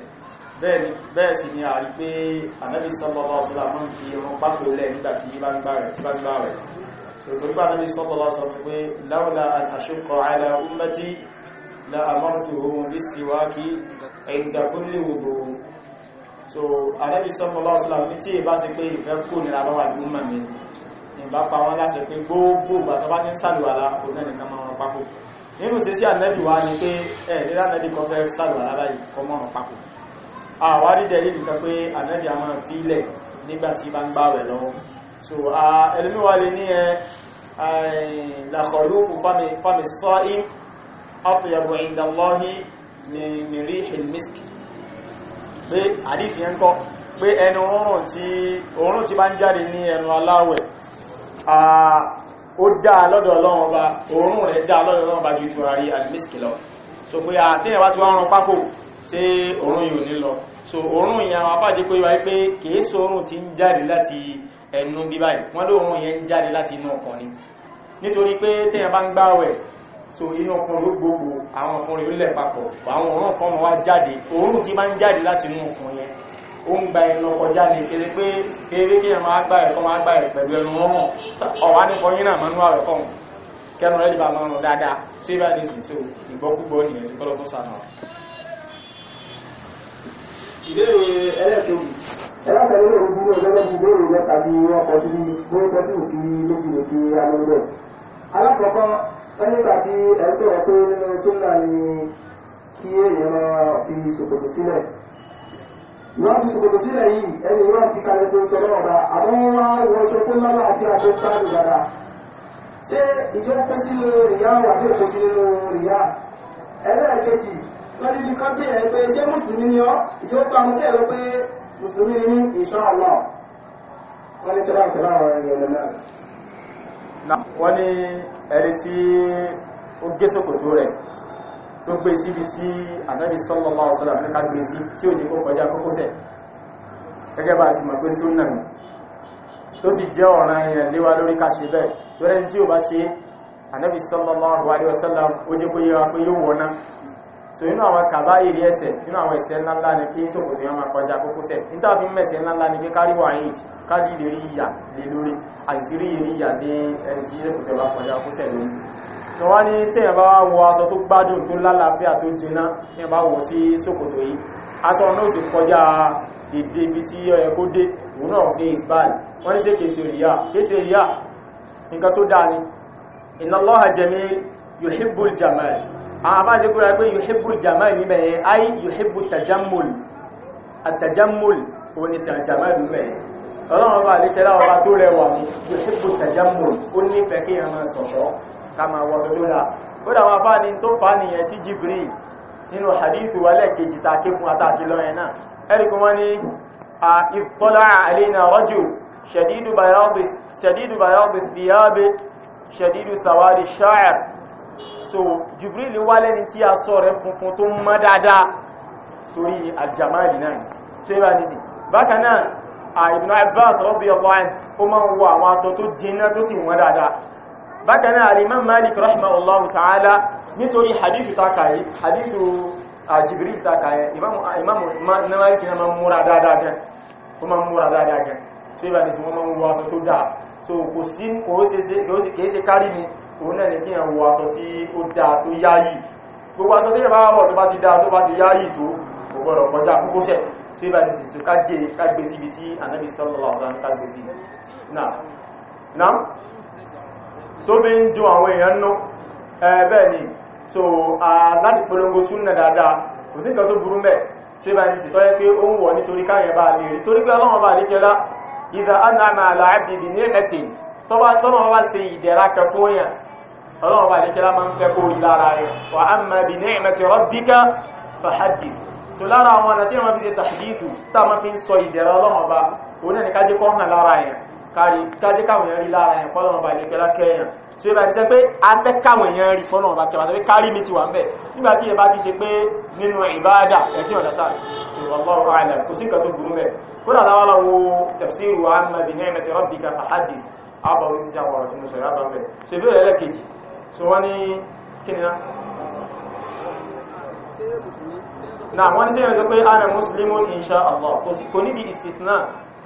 bẹ́ẹ̀ sì ni àrí pé ànábì sallallahu alaihi wasallam ń fi ẹran pákó lẹ̀ nígbà tí bá ń gbà rẹ̀ tí bá ń gbà rẹ̀ sọ̀rọ̀ nípa ànábì sallallahu alaihi wasallam sọ pé lawla an ashqa ala ummati bá pa wọ́n láṣẹ pé gbogbo àtọ́ bá ti ń sàlùwàlá kò náà nìkan máa wọn papò nínú sí sí ànẹ́bì wá ní pé ẹ̀ nílá ànẹ́bì kan fẹ́ sàlùwàlá báyìí kọ mọ́ wọn papò àwárí dẹ̀rí nìkan pé ànẹ́bì àmọ́ fílẹ̀ nígbà tí bá ń gbà rẹ̀ lọ́wọ́ so ẹlẹ́mìwá lè ní ẹ làkọ̀lú fami sọ im atyabu inda Allahi min rihil miski pé àdífì ẹ̀ ń kọ́ pé ẹnu oòrùn tí bá ń jáde ní ẹnu aláwẹ̀ ó dá lọ́dọ̀ ọlọ́run ọba òórùn rẹ̀ dá lọ́dọ̀ ọlọ́run ọba ju tùràrí àdìmísìkì lọ so pé àtẹ́yẹ̀ bá ti wá rán pákó ṣé òórùn yìí ò ní lọ so òórùn yẹn àwọn afáàjẹ́ pé wáyé pé kìí so òórùn ti ń jáde láti ẹnu bí báyìí wọ́n ló òórùn yẹn ń jáde láti inú ọkàn ni nítorí pé tẹ́yẹ̀ bá ń gbáwẹ̀ so inú ọkàn ló gbogbo àwọn ọkùnrin orílẹ̀ papọ̀ àwọn òórùn kan wá jáde òórùn ti máa ń jáde láti inú ọkàn ó ń gba ẹnu kọjá ní kéré pé eré kí ẹ máa gbà rẹ̀ kọ́ máa gbà rẹ̀ pẹ̀lú ẹnu wọn hàn ọ̀wá ní fọyín náà máa ń wà rẹ̀ kọ́ kẹnu rẹ̀ lè máa rùn dáadáa sí ibà ní ìsìn tó ìgbọ́kúgbọ́ nìyẹn ti kọ́lọ́ fún sànà. ìbéèrè ẹlẹ́kẹ̀ẹ́jì ẹlẹ́kẹ̀ẹ́ ló ń dúró gẹ́gẹ́ bí ìbéèrè rẹ̀ tàbí ọkọ̀ sí gbogbo sí òfin lójúlòkè alẹ́ alákọ̀ọ́kọ́ wọ́n nígbà tí ẹ̀sọ́ ọ̀pẹ́ nínú sólà ni kí èèyàn máa fi ṣòkòtò sílẹ̀ wọ́n ti ṣòkòtò sílẹ̀ yìí ẹni wọ́n fi kalẹ̀ tó ń tọ́lọ́ ọ̀dà àwọn wá wọṣọ tó lọ́lá àti àjọ táàbù dáadáa ṣé ìjọ kó sínú rìyá wà bí èkó sínú rìyá ẹlẹ́ẹ̀kejì wọ́n ti fi kán bí ẹ̀ pé ṣé mùsùlùmí ni ọ́ ìjọ pa mú kẹ́ẹ̀rọ pé mùsùlùmí ni mí insha Allah wọ́n ní tẹ́lá tẹ́lá àwọn ẹgbẹ̀rún náà wọ́n ní ẹni tí ó gé ṣòkòtò rẹ̀ tó gbé síbi tí ànábì sallallahu alaihi wasallam ká gbé sí tí ò ní kó kọjá kókósẹ̀ gẹ́gẹ́ bá ti mọ̀ pé súnnà ni tó sì jẹ́ ọ̀ràn ìrìn léwá lórí ká ṣe bẹ́ẹ̀ tó rẹ́ni tí ò bá ṣe ànábì sallallahu alaihi wasallam ó jẹ́ kó yẹra pé yóò wọná so inú àwọn kàbá ìrí ẹsẹ̀ inú àwọn ẹsẹ̀ ńláńlá ni kí sòkòtò yẹn máa kọjá kókósẹ̀ níta fi mẹ́sẹ̀ ńláńlá ni kí kárí wà ní ìjì kárí ìlérí ìyà lé lórí àìsírí ìrí ìyà lé ẹni tí sòkòtò yẹn máa kọjá kókósẹ̀ lórí wọ́n ní tí ẹ̀ bá wọ aṣọ tó gbádùn tó lálàáfíà tó jiná ní ẹ̀ bá wọ sí ṣòkòtò yìí aṣọ náà sì kọjá dèdè ibi tí ọyẹ kó dé òun náà sí isbal wọ́n ní ṣe kèsè ríyà kèsè ríyà nǹkan tó dáa ni inna Allaha jamil yuhibbul jamal àwọn àbájẹ́ kúrò pé yuhibbul jamal níbẹ̀ yẹn ay yuhibbu tajammul àtajammul òun ni tajamal níbẹ̀ yẹn ọlọ́run ọba àlẹ́kẹ́lá ọba tó rẹwà ni yuhibbu tajammul ó nífẹ̀ẹ́ kí ẹ̀ máa sọ̀ṣọ́ kama máa wọ tó dá ó dà wọn fáni tó fà nìyẹn tí Jibril nínú hadithu wa lẹ́ẹ̀kejì ta ké fún atáṣe lọ́yẹn náà ẹ̀ríkù wọn ni ìfọ́lá àlẹ́nà rọ́jù ṣẹ̀dídù bayọ́bì fìyàbì ṣẹ̀dídù sàwádì ṣáàr so Jibril wá lẹ́ni tí a sọ rẹ̀ funfun tó mọ́ dáadáa torí aljamali náà ṣe bá nìsí bákan náà Ibn Abbas radiyallahu anhu ó máa ń wọ àwọn aṣọ tó jiná tó sì wọ́n dáadáa bákanáà alimán malik rahimahullahu ta'ala nítorí hadithu takayi hadithu jibril takayi imamu malik na ma múra dáadáa gan o ma múra dáadáa gan so ibà ní sí wọ́n ma ń wọ aṣọ tó dáa so kò sí kìí ṣe kárí mi òun náà ní kí yàn wọ aṣọ tí ó dáa tó yáyì gbogbo aṣọ tí yàn bá wọ̀ tó bá ti dáa tó bí ń jù àwọn èèyàn nú ẹ̀ẹ́bẹ̀ ni so láti polongo súnnà dáadáa kò sí nǹkan tó burú mẹ́ ṣe bá ní sìtọ́ yẹ́ pé ó ń wọ̀ nítorí káyẹ̀ bá lè rí torí pé ọlọ́run bá lékẹ́lá ìdá anáàmà àlàábì bí ní ẹ̀tì tọ́lọ́run bá ṣe ìdẹ̀ra kẹ fún yàn ọlọ́run bá lékẹ́lá máa ń fẹ́ kó rí lára rẹ̀ wà á mọ̀ bí ní ẹ̀mẹ̀tì rabbika kárí kájé káwọn èèyàn rí lára ẹ̀ fọ́lọ́run ọba ìdẹ́gbẹ́ lákẹ́ èèyàn so ìbá ti ṣe pé a fẹ́ káwọn èèyàn rí fọ́lọ́run ọba kẹwàá sọ pé kárí mi ti wà ń bẹ̀ nígbà tí ìbá ti ṣe pé nínú ìbáadà ẹ̀kí ọ̀dà sáà sí ọlọ́run àìlẹ̀ kò sí nǹkan tó burú mẹ́ kódà láwọn lọ wo tafsiru amma bi ni'mati rabbika fahadis àbá ti ṣe àwọn ọ̀rọ̀ tí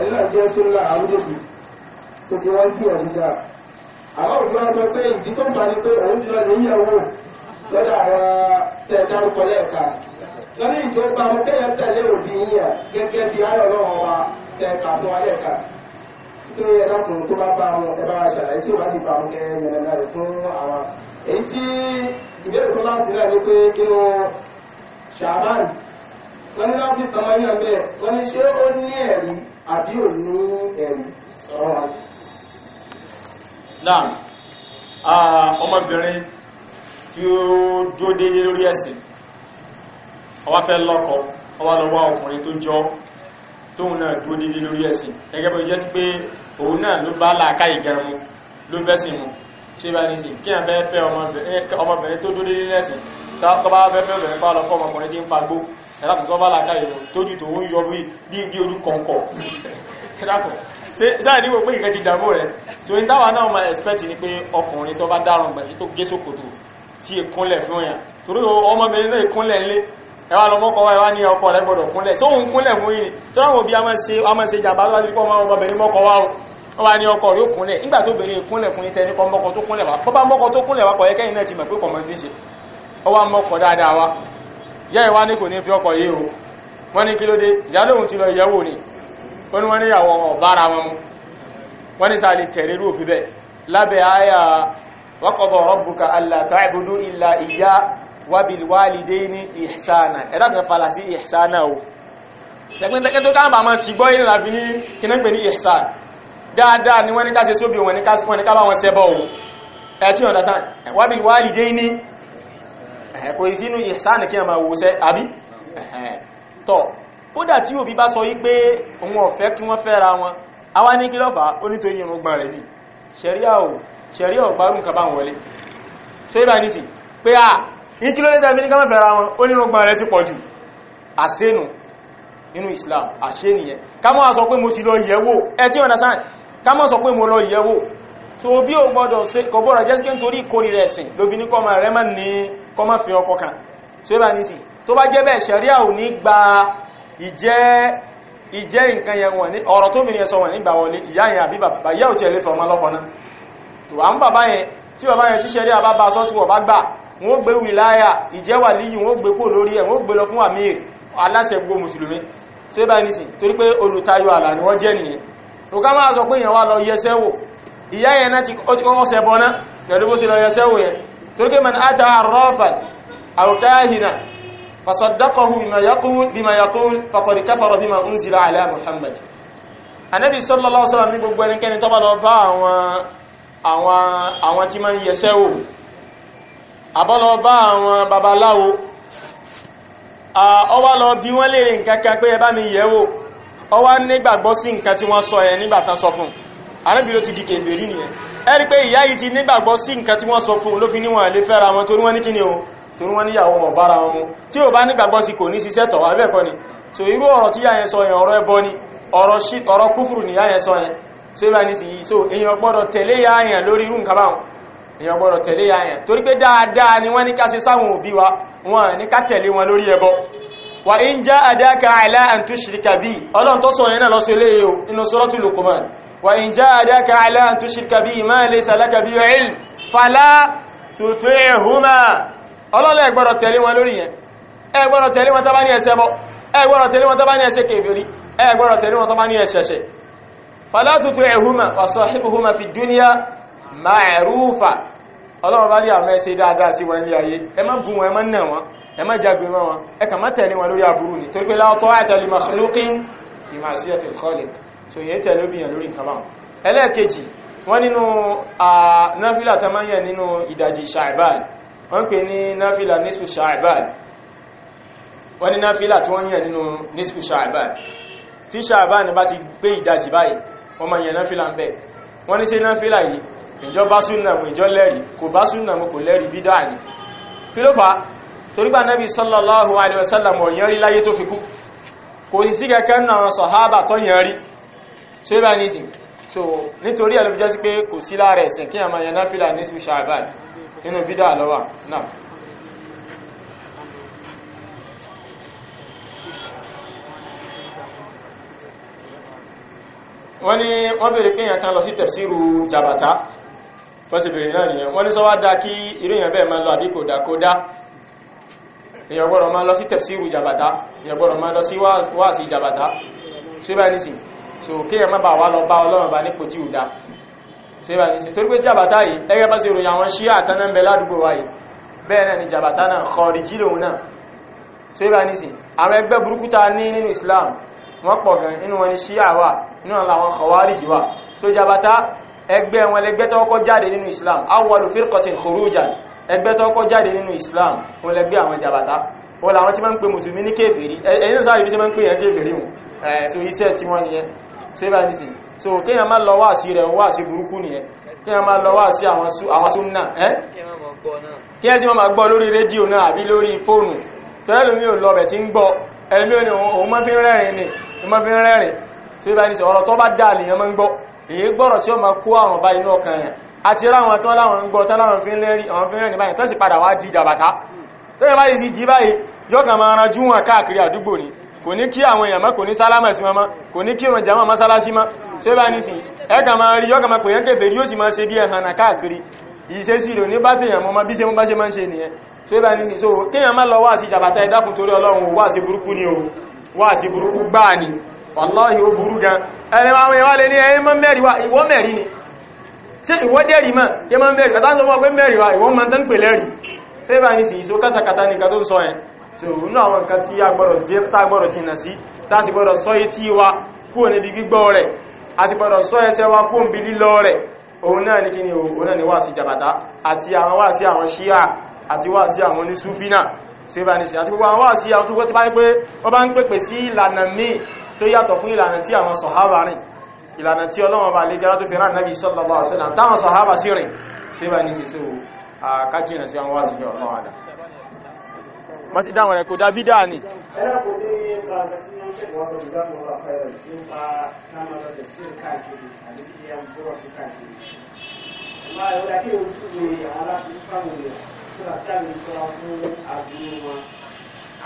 ẹni náà jẹ́ súnlá àwùjọ́sì tó ti wọ́n kí àbújá àwọn òfin wọn sọ pé ìdí tó máa ní pé òun ti lọ sí ìyàwó lọ́dọ̀ àwọn tẹ̀ dárúkọ lẹ́ẹ̀ka lọ́dọ̀ ìjọba mo kẹ́yẹ tẹ̀lé òfin yíyà gẹ́gẹ́ bí ayọ̀ lọ́wọ́ wa tẹ̀ kà fún wa lẹ́ẹ̀ka pé ẹlọ́kùnrin tó bá bá wọn ẹ bá wa ṣàlàyé tí wọ́n bá wọn kẹ́ yẹnlẹ́nà rẹ̀ fún àwọn èyí tí ìbéèrè tó láti rẹ̀ ni pé nínú wọ́n ní láti tàn máa yàn bẹ́ẹ̀ wọ́n ní ṣé ó ní ẹ̀rí àbí ò ní ẹ̀rí sọ̀rọ̀ wọn. náà ọmọbìnrin tí ó dúró déédé lórí ẹ̀sìn ó wá fẹ́ lọ́kọ ó wá lọ wá ọkùnrin tó jọ tóun náà dúró déédé lórí ẹ̀sìn gẹ́gẹ́ bó jẹ́ sí pé òun náà ló bá làákà ìgẹrun mu ló bẹ́sìn mu ṣé bá ní sí kí n fẹ́ fẹ́ ọmọbìnrin tó dúró déédé lẹ́sìn tó bá fẹ́ fẹ́ obìnrin pa lọ fọ́ ọmọkùnrin tí ń pagbó ẹ̀lápùsọ́ bá làkà ìrọ̀ tójú tó ń yọ bí i orí kọ̀ọ̀kọ̀ ẹ̀lápùsọ́ sáà ní wọ́n pé ìkẹ́ ti dàbò rẹ̀ tí ń dáwà náà ma expect ni pé ọkùnrin tó bá dárùn gbà tí tó gé sókòtò tí ìkúnlẹ̀ fún èèyàn torí ọmọbìnrin náà ìkúnlẹ̀ ńlé ẹwà lọmọkọ wa ẹwà ní ọkọ rẹ gbọdọ̀ kúnlẹ̀ tó ń kúnlẹ̀ fún yìí tó ráwọ̀ bí a máa ṣe jàmbá lọ́wọ́ pípọ́ ọmọ ọmọbìnrin mọ́kọ wa ó wà ní ọkọ yóò kúnlẹ̀ nígbà tó bèèrè ìkúnlẹ̀ fún ìtẹ́ nípa mọ́kọ tó kúnlẹ̀ wá bọ́bá mọ́kọ tó kúnlẹ̀ wá kọ̀ yẹ́kẹ́yìn náà ti mọ̀ pé kọ̀mọ̀ ti ṣe ọwá mọ́kọ dáadáa wa ìyá ìwá ní kò ní fi ọkọ̀ yìí o wọ́n ní kí ló dé ìyálóhun ti lọ ìyẹ́wò ni ó ní wọ́n ní ìyàwó ọ̀bára wọn wọ́n ní sáà lè tẹ̀rẹ̀ rú òfin bẹ́ẹ̀ lábẹ́ àyà wa qada rabbuka alla ta'budu illa iya wa bil walidayni ihsana ẹ̀dá kan fàlà sí ihsana o ṣẹ̀gbẹ́ntẹ́kẹ́ tó dáàbà máa sì kò sínú ìsáàni kí a máa wòsẹ́ àbí tọ́ kódà tí òbí bá sọ wípé òun ọ̀fẹ́ kí wọ́n fẹ́ra wọn awá ní kí lọ́fà onítorí irùngbọ̀n rẹ̀ ní ṣẹ̀ríà ọ̀gbárùn kaba wọlé ṣe ibà ní sí pé à ní kí ní ká Islam àṣẹ́ nìyẹn ká mọ́ sọ pé mo ti lọ yẹ̀wò ẹ tí ọ̀nà sáà ká mọ́ sọ pé mo lọ yẹ̀wò tó bí ò gbọ́dọ̀ kọ̀bọ̀rọ̀ jẹ́síkẹ́ nítorí ìkórìrẹ̀ kọ́ má fi ọkọ̀ kan tí ó bá ní sí tó bá jẹ́ bẹ́ẹ̀ ṣẹ̀ríà ò ní gba ìjẹ́ ìjẹ́ nǹkan yẹn wọ̀n ní ọ̀rọ̀ tó mìíràn sọ wọ̀n nígbà wọlé ìyá yẹn àbí bàbá yẹ́ ò tí ẹ̀lẹ́fẹ̀ ọmọ lọ́kọ̀ náà tó wà ń bàbá yẹn tí bàbá yẹn ṣíṣẹ́rí àbá bá sọ́ tí wọ́n bá gbà wọ́n gbé wìláyà ìjẹ́ wà líyìn wọ́n gbé kó lórí ẹ̀ wọ́n gbé lọ fún àmìr aláṣẹ gbogbo mùsùlùmí tí ó bá ní sí torí pé olùtayọ àlà ni wọ́n jẹ́ nìyẹn tó ká máa sọ pé èèyàn wá lọ yẹsẹ́ wò ìyá yẹn náà ti kọ́kọ́ sẹ́bọ náà pẹ̀lú bó ṣe torí man ata arrafan aw kahina fasaddaqahu bima yaqul bima yaqul faqad kafara bima unzila ala muhammad anabi sallallahu alaihi wasallam ní gbogbo ẹni kẹ́ni tó bá lọ bá àwọn àwọn àwọn tí man yese wo abo lọ bá àwọn babaláwo a ó wá lọ bi wọ́n lere nǹkan kan pé ẹ bá mi yẹ̀wò ó wá ní gbàgbọ́ sí nǹkan tí wọ́n sọ yẹn nígbà tán sọ fún anabi ló ti di keberi nìyẹn ẹ̀rí pé ìyá yìí ti nígbàgbọ́ sí nǹkan tí wọ́n sọ fún ló fi níwọ̀n lè fẹ́ra wọn torí wọ́n ní kíni o torí wọ́n níyàwó wọn bára wọn mú tí ò bá nígbàgbọ́ sí kò ní ṣiṣẹ́ tọ̀ wá ni so irú ọ̀rọ̀ tí yáyẹn sọ yẹn ọ̀rọ̀ ni ọ̀rọ̀ so ìbá ní sì yìí so èyàn gbọ́dọ̀ tẹ̀lé yáyẹn lórí irú nǹkan báwọn èyàn gbọ́dọ̀ tẹ̀lé yáyẹn torí pé dáadáa ni wọ́n ní ká ṣe sáwọn wà in já àdáka àìlá àn tó ṣìríkà bí ọlọ́run tó sọ yẹnà lọ́sọ ilé yóò inú sọ́rọ́tù Luqman wà in já àdáka àìlá àn tó ṣìríkà bí ma lè sàlákà bí ilm fàlá tuntun ehuma ọlọ́lẹ̀ gbọ́dọ̀ tẹ̀lé wọn lórí yẹn ẹ gbọ́dọ̀ tẹ̀lé wọn tàbá ní ẹsẹ̀ bọ́ ẹ gbọ́dọ̀ tẹ̀lé wọn tàbá ní ẹsẹ̀ kèfèrí ẹ gbọ́dọ̀ tẹ̀lé wọn tàbá ní ẹsẹ̀ṣẹ̀ fàlá tuntun ẹ má jagbe mọ́ wọn ẹ kà má tẹ̀lé wọn lórí aburú ni torí pé la ta'ata li makhluqin fi ma'siyati al-khaliq so yẹ tẹ̀lé obìyàn lórí nǹkan báwọn ẹlẹ́ẹ̀kejì wọ́n nínú náfílà tó máa yẹ nínú ìdajì Sha'ban wọ́n pè ní náfílà nisfu Sha'ban wọ́n ní náfílà tí wọ́n yẹ nínú nisfu Sha'ban tí Sha'ban bá ti gbé ìdajì báyìí wọ́n máa torípa nẹ́bí sallallahu alaihi wasallam ọ̀yẹ́ rí láyé tó fi kú kò sì sí kẹ́kẹ́ náà àwọn sọ̀hábà tó yẹn rí so ibà ní ìsìn so nítorí ẹ̀lú jẹ́ sí pé kò sí lára ẹ̀sìn kí àmà yẹn náfìlà ní sí ṣàbà nínú bídà lọ́wà náà wọ́n ní wọ́n bèèrè èyàn gbọ́dọ̀ máa lọ sí tẹ̀síru jàbàtà èyàn gbọ́dọ̀ máa lọ sí wáàsí jàbàtà ṣébà ní sí so kéèyàn má bà wá lọ bá ọlọ́run bá nípò tí ò dá ṣébà ní sí torí pé jàbàtà yìí ẹgẹ́ bá sí ròyìn àwọn ṣí àtànà ń bẹ ládùúgbò wa yìí bẹ́ẹ̀ náà ni jàbàtà náà kọ̀ọ̀rìjì lòun náà ṣébà ní sí àwọn ẹgbẹ́ burúkú ta ní nínú ẹgbẹ́ tó kọ́ jáde nínú Islam o lẹ́gbẹ́ àwọn jàbàtà o làwọn tí ma ń pè mùsùlùmí ní kéfèrí ẹ̀yìn sáà tí ma pè yẹn kéfèrí wọn so iṣẹ́ tí wọ́n nìyẹn so ibà nìsí so kéèyàn má lọ wá sí rẹ̀ wá sí burúkú nìyẹn kéèyàn má lọ wá sí àwọn súnnà kéèyàn sì máa gbọ́ lórí rédíò náà àbí ni òun ni òun mọ́ fi rẹ́rìn so ibà nìsí ọ̀rọ̀ tó bá dáa lèèyàn àti ráwọn tán láwọn ń gbọ́ tán fi ń rẹ́rìn àwọn fi ń rẹ́rìn báyìí tán sì padà wá di jàbàtá tó yẹ báyìí jí báyìí yọ́kàn máa ranjú wọn káàkiri àdúgbò ni kò ní kí àwọn èèyàn mọ́ kò ní sálámà sí mọ́ kò ní kí ìrọ̀jà mọ́ mọ́sálásí mọ́ ṣé bá ní sìn ẹ̀kà máa rí yọ́kàn máa pè yẹn kẹfẹ́ rí ó sì máa ṣe bí ẹ̀hànà káàkiri ìṣesí ìrò ní bá tèèyàn mọ́ bí ṣe mọ́ bá ṣe so kéèyàn má lọ wá sí jàbàtà ẹ dákun torí Ọlọ́run wá sí burúkú ni o wá sí burúkú gbáà ni mẹ́rin ni ṣe ìwọ́ dẹ́rì máa yẹ máa ń bẹ̀rì àtàkùn tó mọ́ pé mẹ́rì wa ìwọ́n máa ń tán pè lẹ́rì ṣe bá ní sí ìṣó kátàkátà nìkan tó sọ ẹ̀ so inú àwọn nǹkan tí a gbọ́dọ̀ jìnà sí tá sì gbọ́dọ̀ sọ etí wa kúrò níbi gbígbọ́ rẹ̀ a sì gbọ́dọ̀ sọ ẹsẹ̀ wa kúrò níbi lílọ rẹ̀ òun náà ní kíni òun náà ni wà sí jàbàtà àti àwọn wà sí àwọn ṣíà àti wà sí àwọn ní súfínà sí bá ní sí àti gbogbo àwọn wà sí àwọn tó gbọ́ ti bá ń pè sí ìlànà míì tó yàtọ̀ fún ìlànà tí àwọn sọ̀hábà rìn ìlànà tí ọlọ́wọ́ bá lè jẹ́lá tó fi rán nábi sallallahu alaihi wasallam táwọn sọ̀hábà sí rìn ṣe bá ní ṣe sí àkájìnà sí àwọn wáṣífẹ́ ọlọ́wọ́ àdá ma ti dáwọn ẹ̀kọ́ dábídà ní ẹ̀lẹ́kùn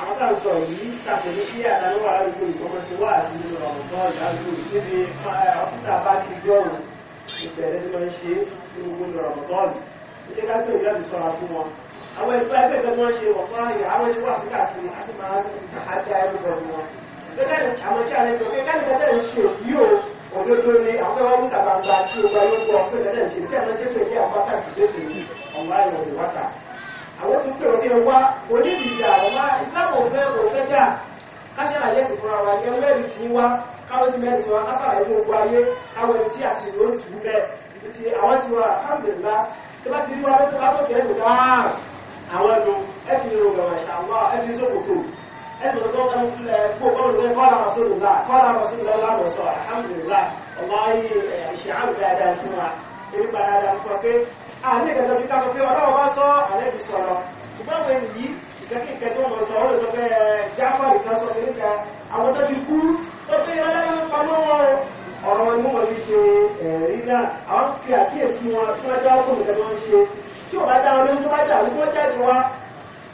àwọn tá a sọ yìí tàbí sí àdánwò àdúgbò ìfọmọsí wà sí ọ̀pọ̀ ìdádúgbò níbi ọ́fíìsà bá ti gbé ọ̀rùn ìbẹ̀rẹ̀ tí wọ́n ṣe ní gbogbo ọ̀rọ̀mọ̀tọ́ọ̀lù ilé ká tó ìlànà sọ̀rọ̀ fún wọn àwọn ẹgbẹ́ ẹgbẹ́ ìgbẹ́ wọn ṣe wọ̀pọ̀ ayọ̀ àwọn ṣe wà sí káàkiri a sì máa ń dá ẹrú bọ̀ wọn gẹ́gẹ́ àwọn tí a lè sọ pé káàkiri tẹ́lẹ̀ ń ṣe òbí o òdodo ni àwọn tó wá ń tàbàǹgbà tí o bá yóò gbọ́ pé tẹ́lẹ̀ ń ṣe bí àwọn ṣe pé kí àwọn bá tàṣì dé àwọn ti pè ó ní wá onídìí ìjà àwọn máa islam ò fẹ́ kò fẹ́ jà káṣẹ́ àyẹ́ sì fúnra wa jẹ́ mẹ́rin tí wá káwọ́ sí mẹ́rin tí wá kásàlàyé fún ogun ayé káwọ́ ẹni tí àti ìlú òtù bẹ́ẹ̀ ibi tí àwọn ti wá alhamdulillah tó bá ti rí wa lọ́tọ́ bá tó kẹ́rẹ́ kò dáa àwọn ẹnu ẹ ti rí ogun ẹ̀ṣà wá ẹ ti sókòtò ẹ ti sọ tó ń kó kọ́lù pé kọ́lá rasulullah kọ́lá rasulullah lọ́wọ́ sọ alhamdulillah ọ̀gbá yìí ṣe àrùn dáadáa fún wa èyí padà dà fún ọ pé àní ìdájọ́ bí ká sọ pé ọlọ́run bá sọ àlẹ́ fi sọ̀rọ̀ ṣùgbọ́n àwọn ẹni yìí ìkẹ́kẹ́ ìkẹ́jọ́ wọn sọ ọ́ lè sọ pé eh, jáfàlì kan sọ pé níta àwọn tó ti kú tó fi ọlọ́run pamọ́ wọn ọ̀rọ̀ wọn mú wọn fi ṣe ẹ̀rí náà àwọn fi àkíyèsí wọn tí wọ́n já ọkùnrin tẹ́lẹ̀ wọ́n ṣe tí ò bá dá wọn lóhun tó bá dà wọ́n tó jáde wá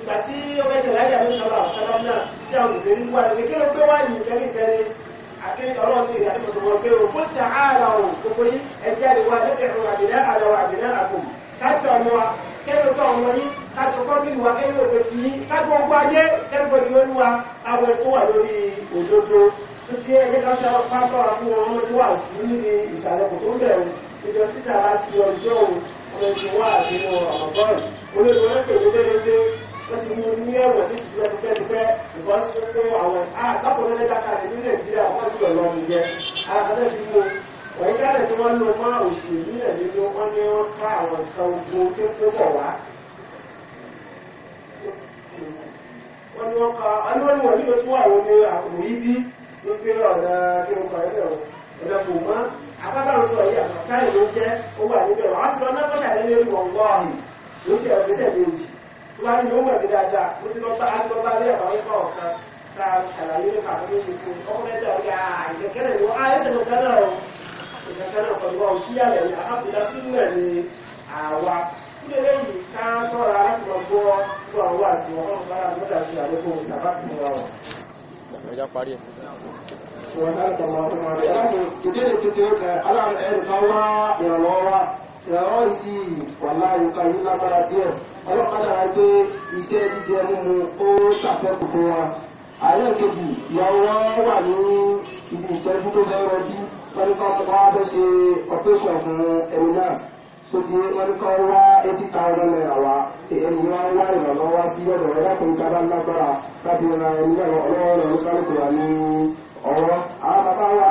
ìgbà tí ó fẹ́ ṣe láyé àdúgbò sábà sábà náà tí àwọn òṣèré ń wá ní kékeré pé wá ní ìkẹ́kẹ́ àkéjì ọlọ́run ní ìdájọ́ tó wọ́n fẹ́ o fún tààrà o gbogbo yín ẹjẹ́ àdìwọ́ àdẹ́tẹ̀ ìrùn àdìdá àdàwọ̀ àdìdá àkùn kájọ ọmọ wa kẹ́lẹ́ tó ọmọ yín kájọ kọ́bìnì wa kẹ́lẹ́ òwe ti yín kájọ ogun ayé kẹ́lẹ́ òwe olúwa awẹ tó wà lórí òdodo títí ẹgbẹ́ káṣọ pátọ́ àfún ọmọ tí wà sí níbi ìsàlẹ̀ kò tó bẹ̀rù ìjọ títà láti ọjọ́ òun ọmọ tí wà nínú ún olóògbé wọ́n ti mú ní ẹ̀wọ̀n tó sì fẹ́ fẹ́ fẹ́ ìbọn sí pé àwọn àgbàkùnrin lẹ́dàkà ní nàìjíríà wọ́n ti lọ́ọ́ mi jẹ alákàtà ti mú ọ̀gádẹ̀ tí wọ́n lọ máa òṣèlú nílẹ̀ nínú wọ́n ní wọ́n ká àwọn nǹkan ogun tí ó bọ̀ wá wọ́n ní wọ́n ká alóòlùwọ̀ nílò tí wà wọ́n ní àkùnrin yìí bí ní pé ọ̀nà kí wọ́n kọ̀ ẹ̀rọ kò mọ́ àbábàrún sọ yìí àbátáyì ló jẹ́ ó wà níbẹ̀ wọ́n á ti lọ náà kọ́ṣà lẹ́lẹ́rù ọ̀gbọ́n ló sì ẹ̀rọ wọ́n á ní òun ẹ̀mí dáadáa mo ti lọ bá a lọ bá rí àwọn ẹ̀kọ́ ọ̀kan tá a ṣàlàyé nípa àwọn méjì fún ọmọ mẹ́ta ọ̀gá ìkẹ́kẹ́rẹ́ ìwọ ayẹsẹ̀ ah, ló fẹ́ náà ìkẹ́kẹ́ náà pẹ̀lú ọ̀hún sí yàrá yìí àkàbùdá sínú ẹ̀ ní àwa ilé lẹ́yìn ká sọ́ra láti lọ gbọ́ fún àwọn àti ọ̀hún bára mẹ́ta ṣe àlékò ìtàbá fún wa. ẹja ìrànwọ́ ìsì wàhálà ìka yìí lágbára díẹ̀ ọlọ́kadà rẹ̀ pé iṣẹ́ jíjẹ mímu ó ṣàfẹ́kù fún wa ààrẹ kejì ìyàwó wọn wà ní ibi ìtọ́jú tó fẹ́ rọjú wọn ní kọ́ wá fẹ́ ṣe operation fún ẹni náà tó ti wọn ní kọ́ wá eighty thousand naira wá èmi wọn wá ìrànlọ́wọ́ wá sí ọ̀dọ̀ rẹ̀ láti lágbára láti ran ẹni náà ọlọ́wọ́ wa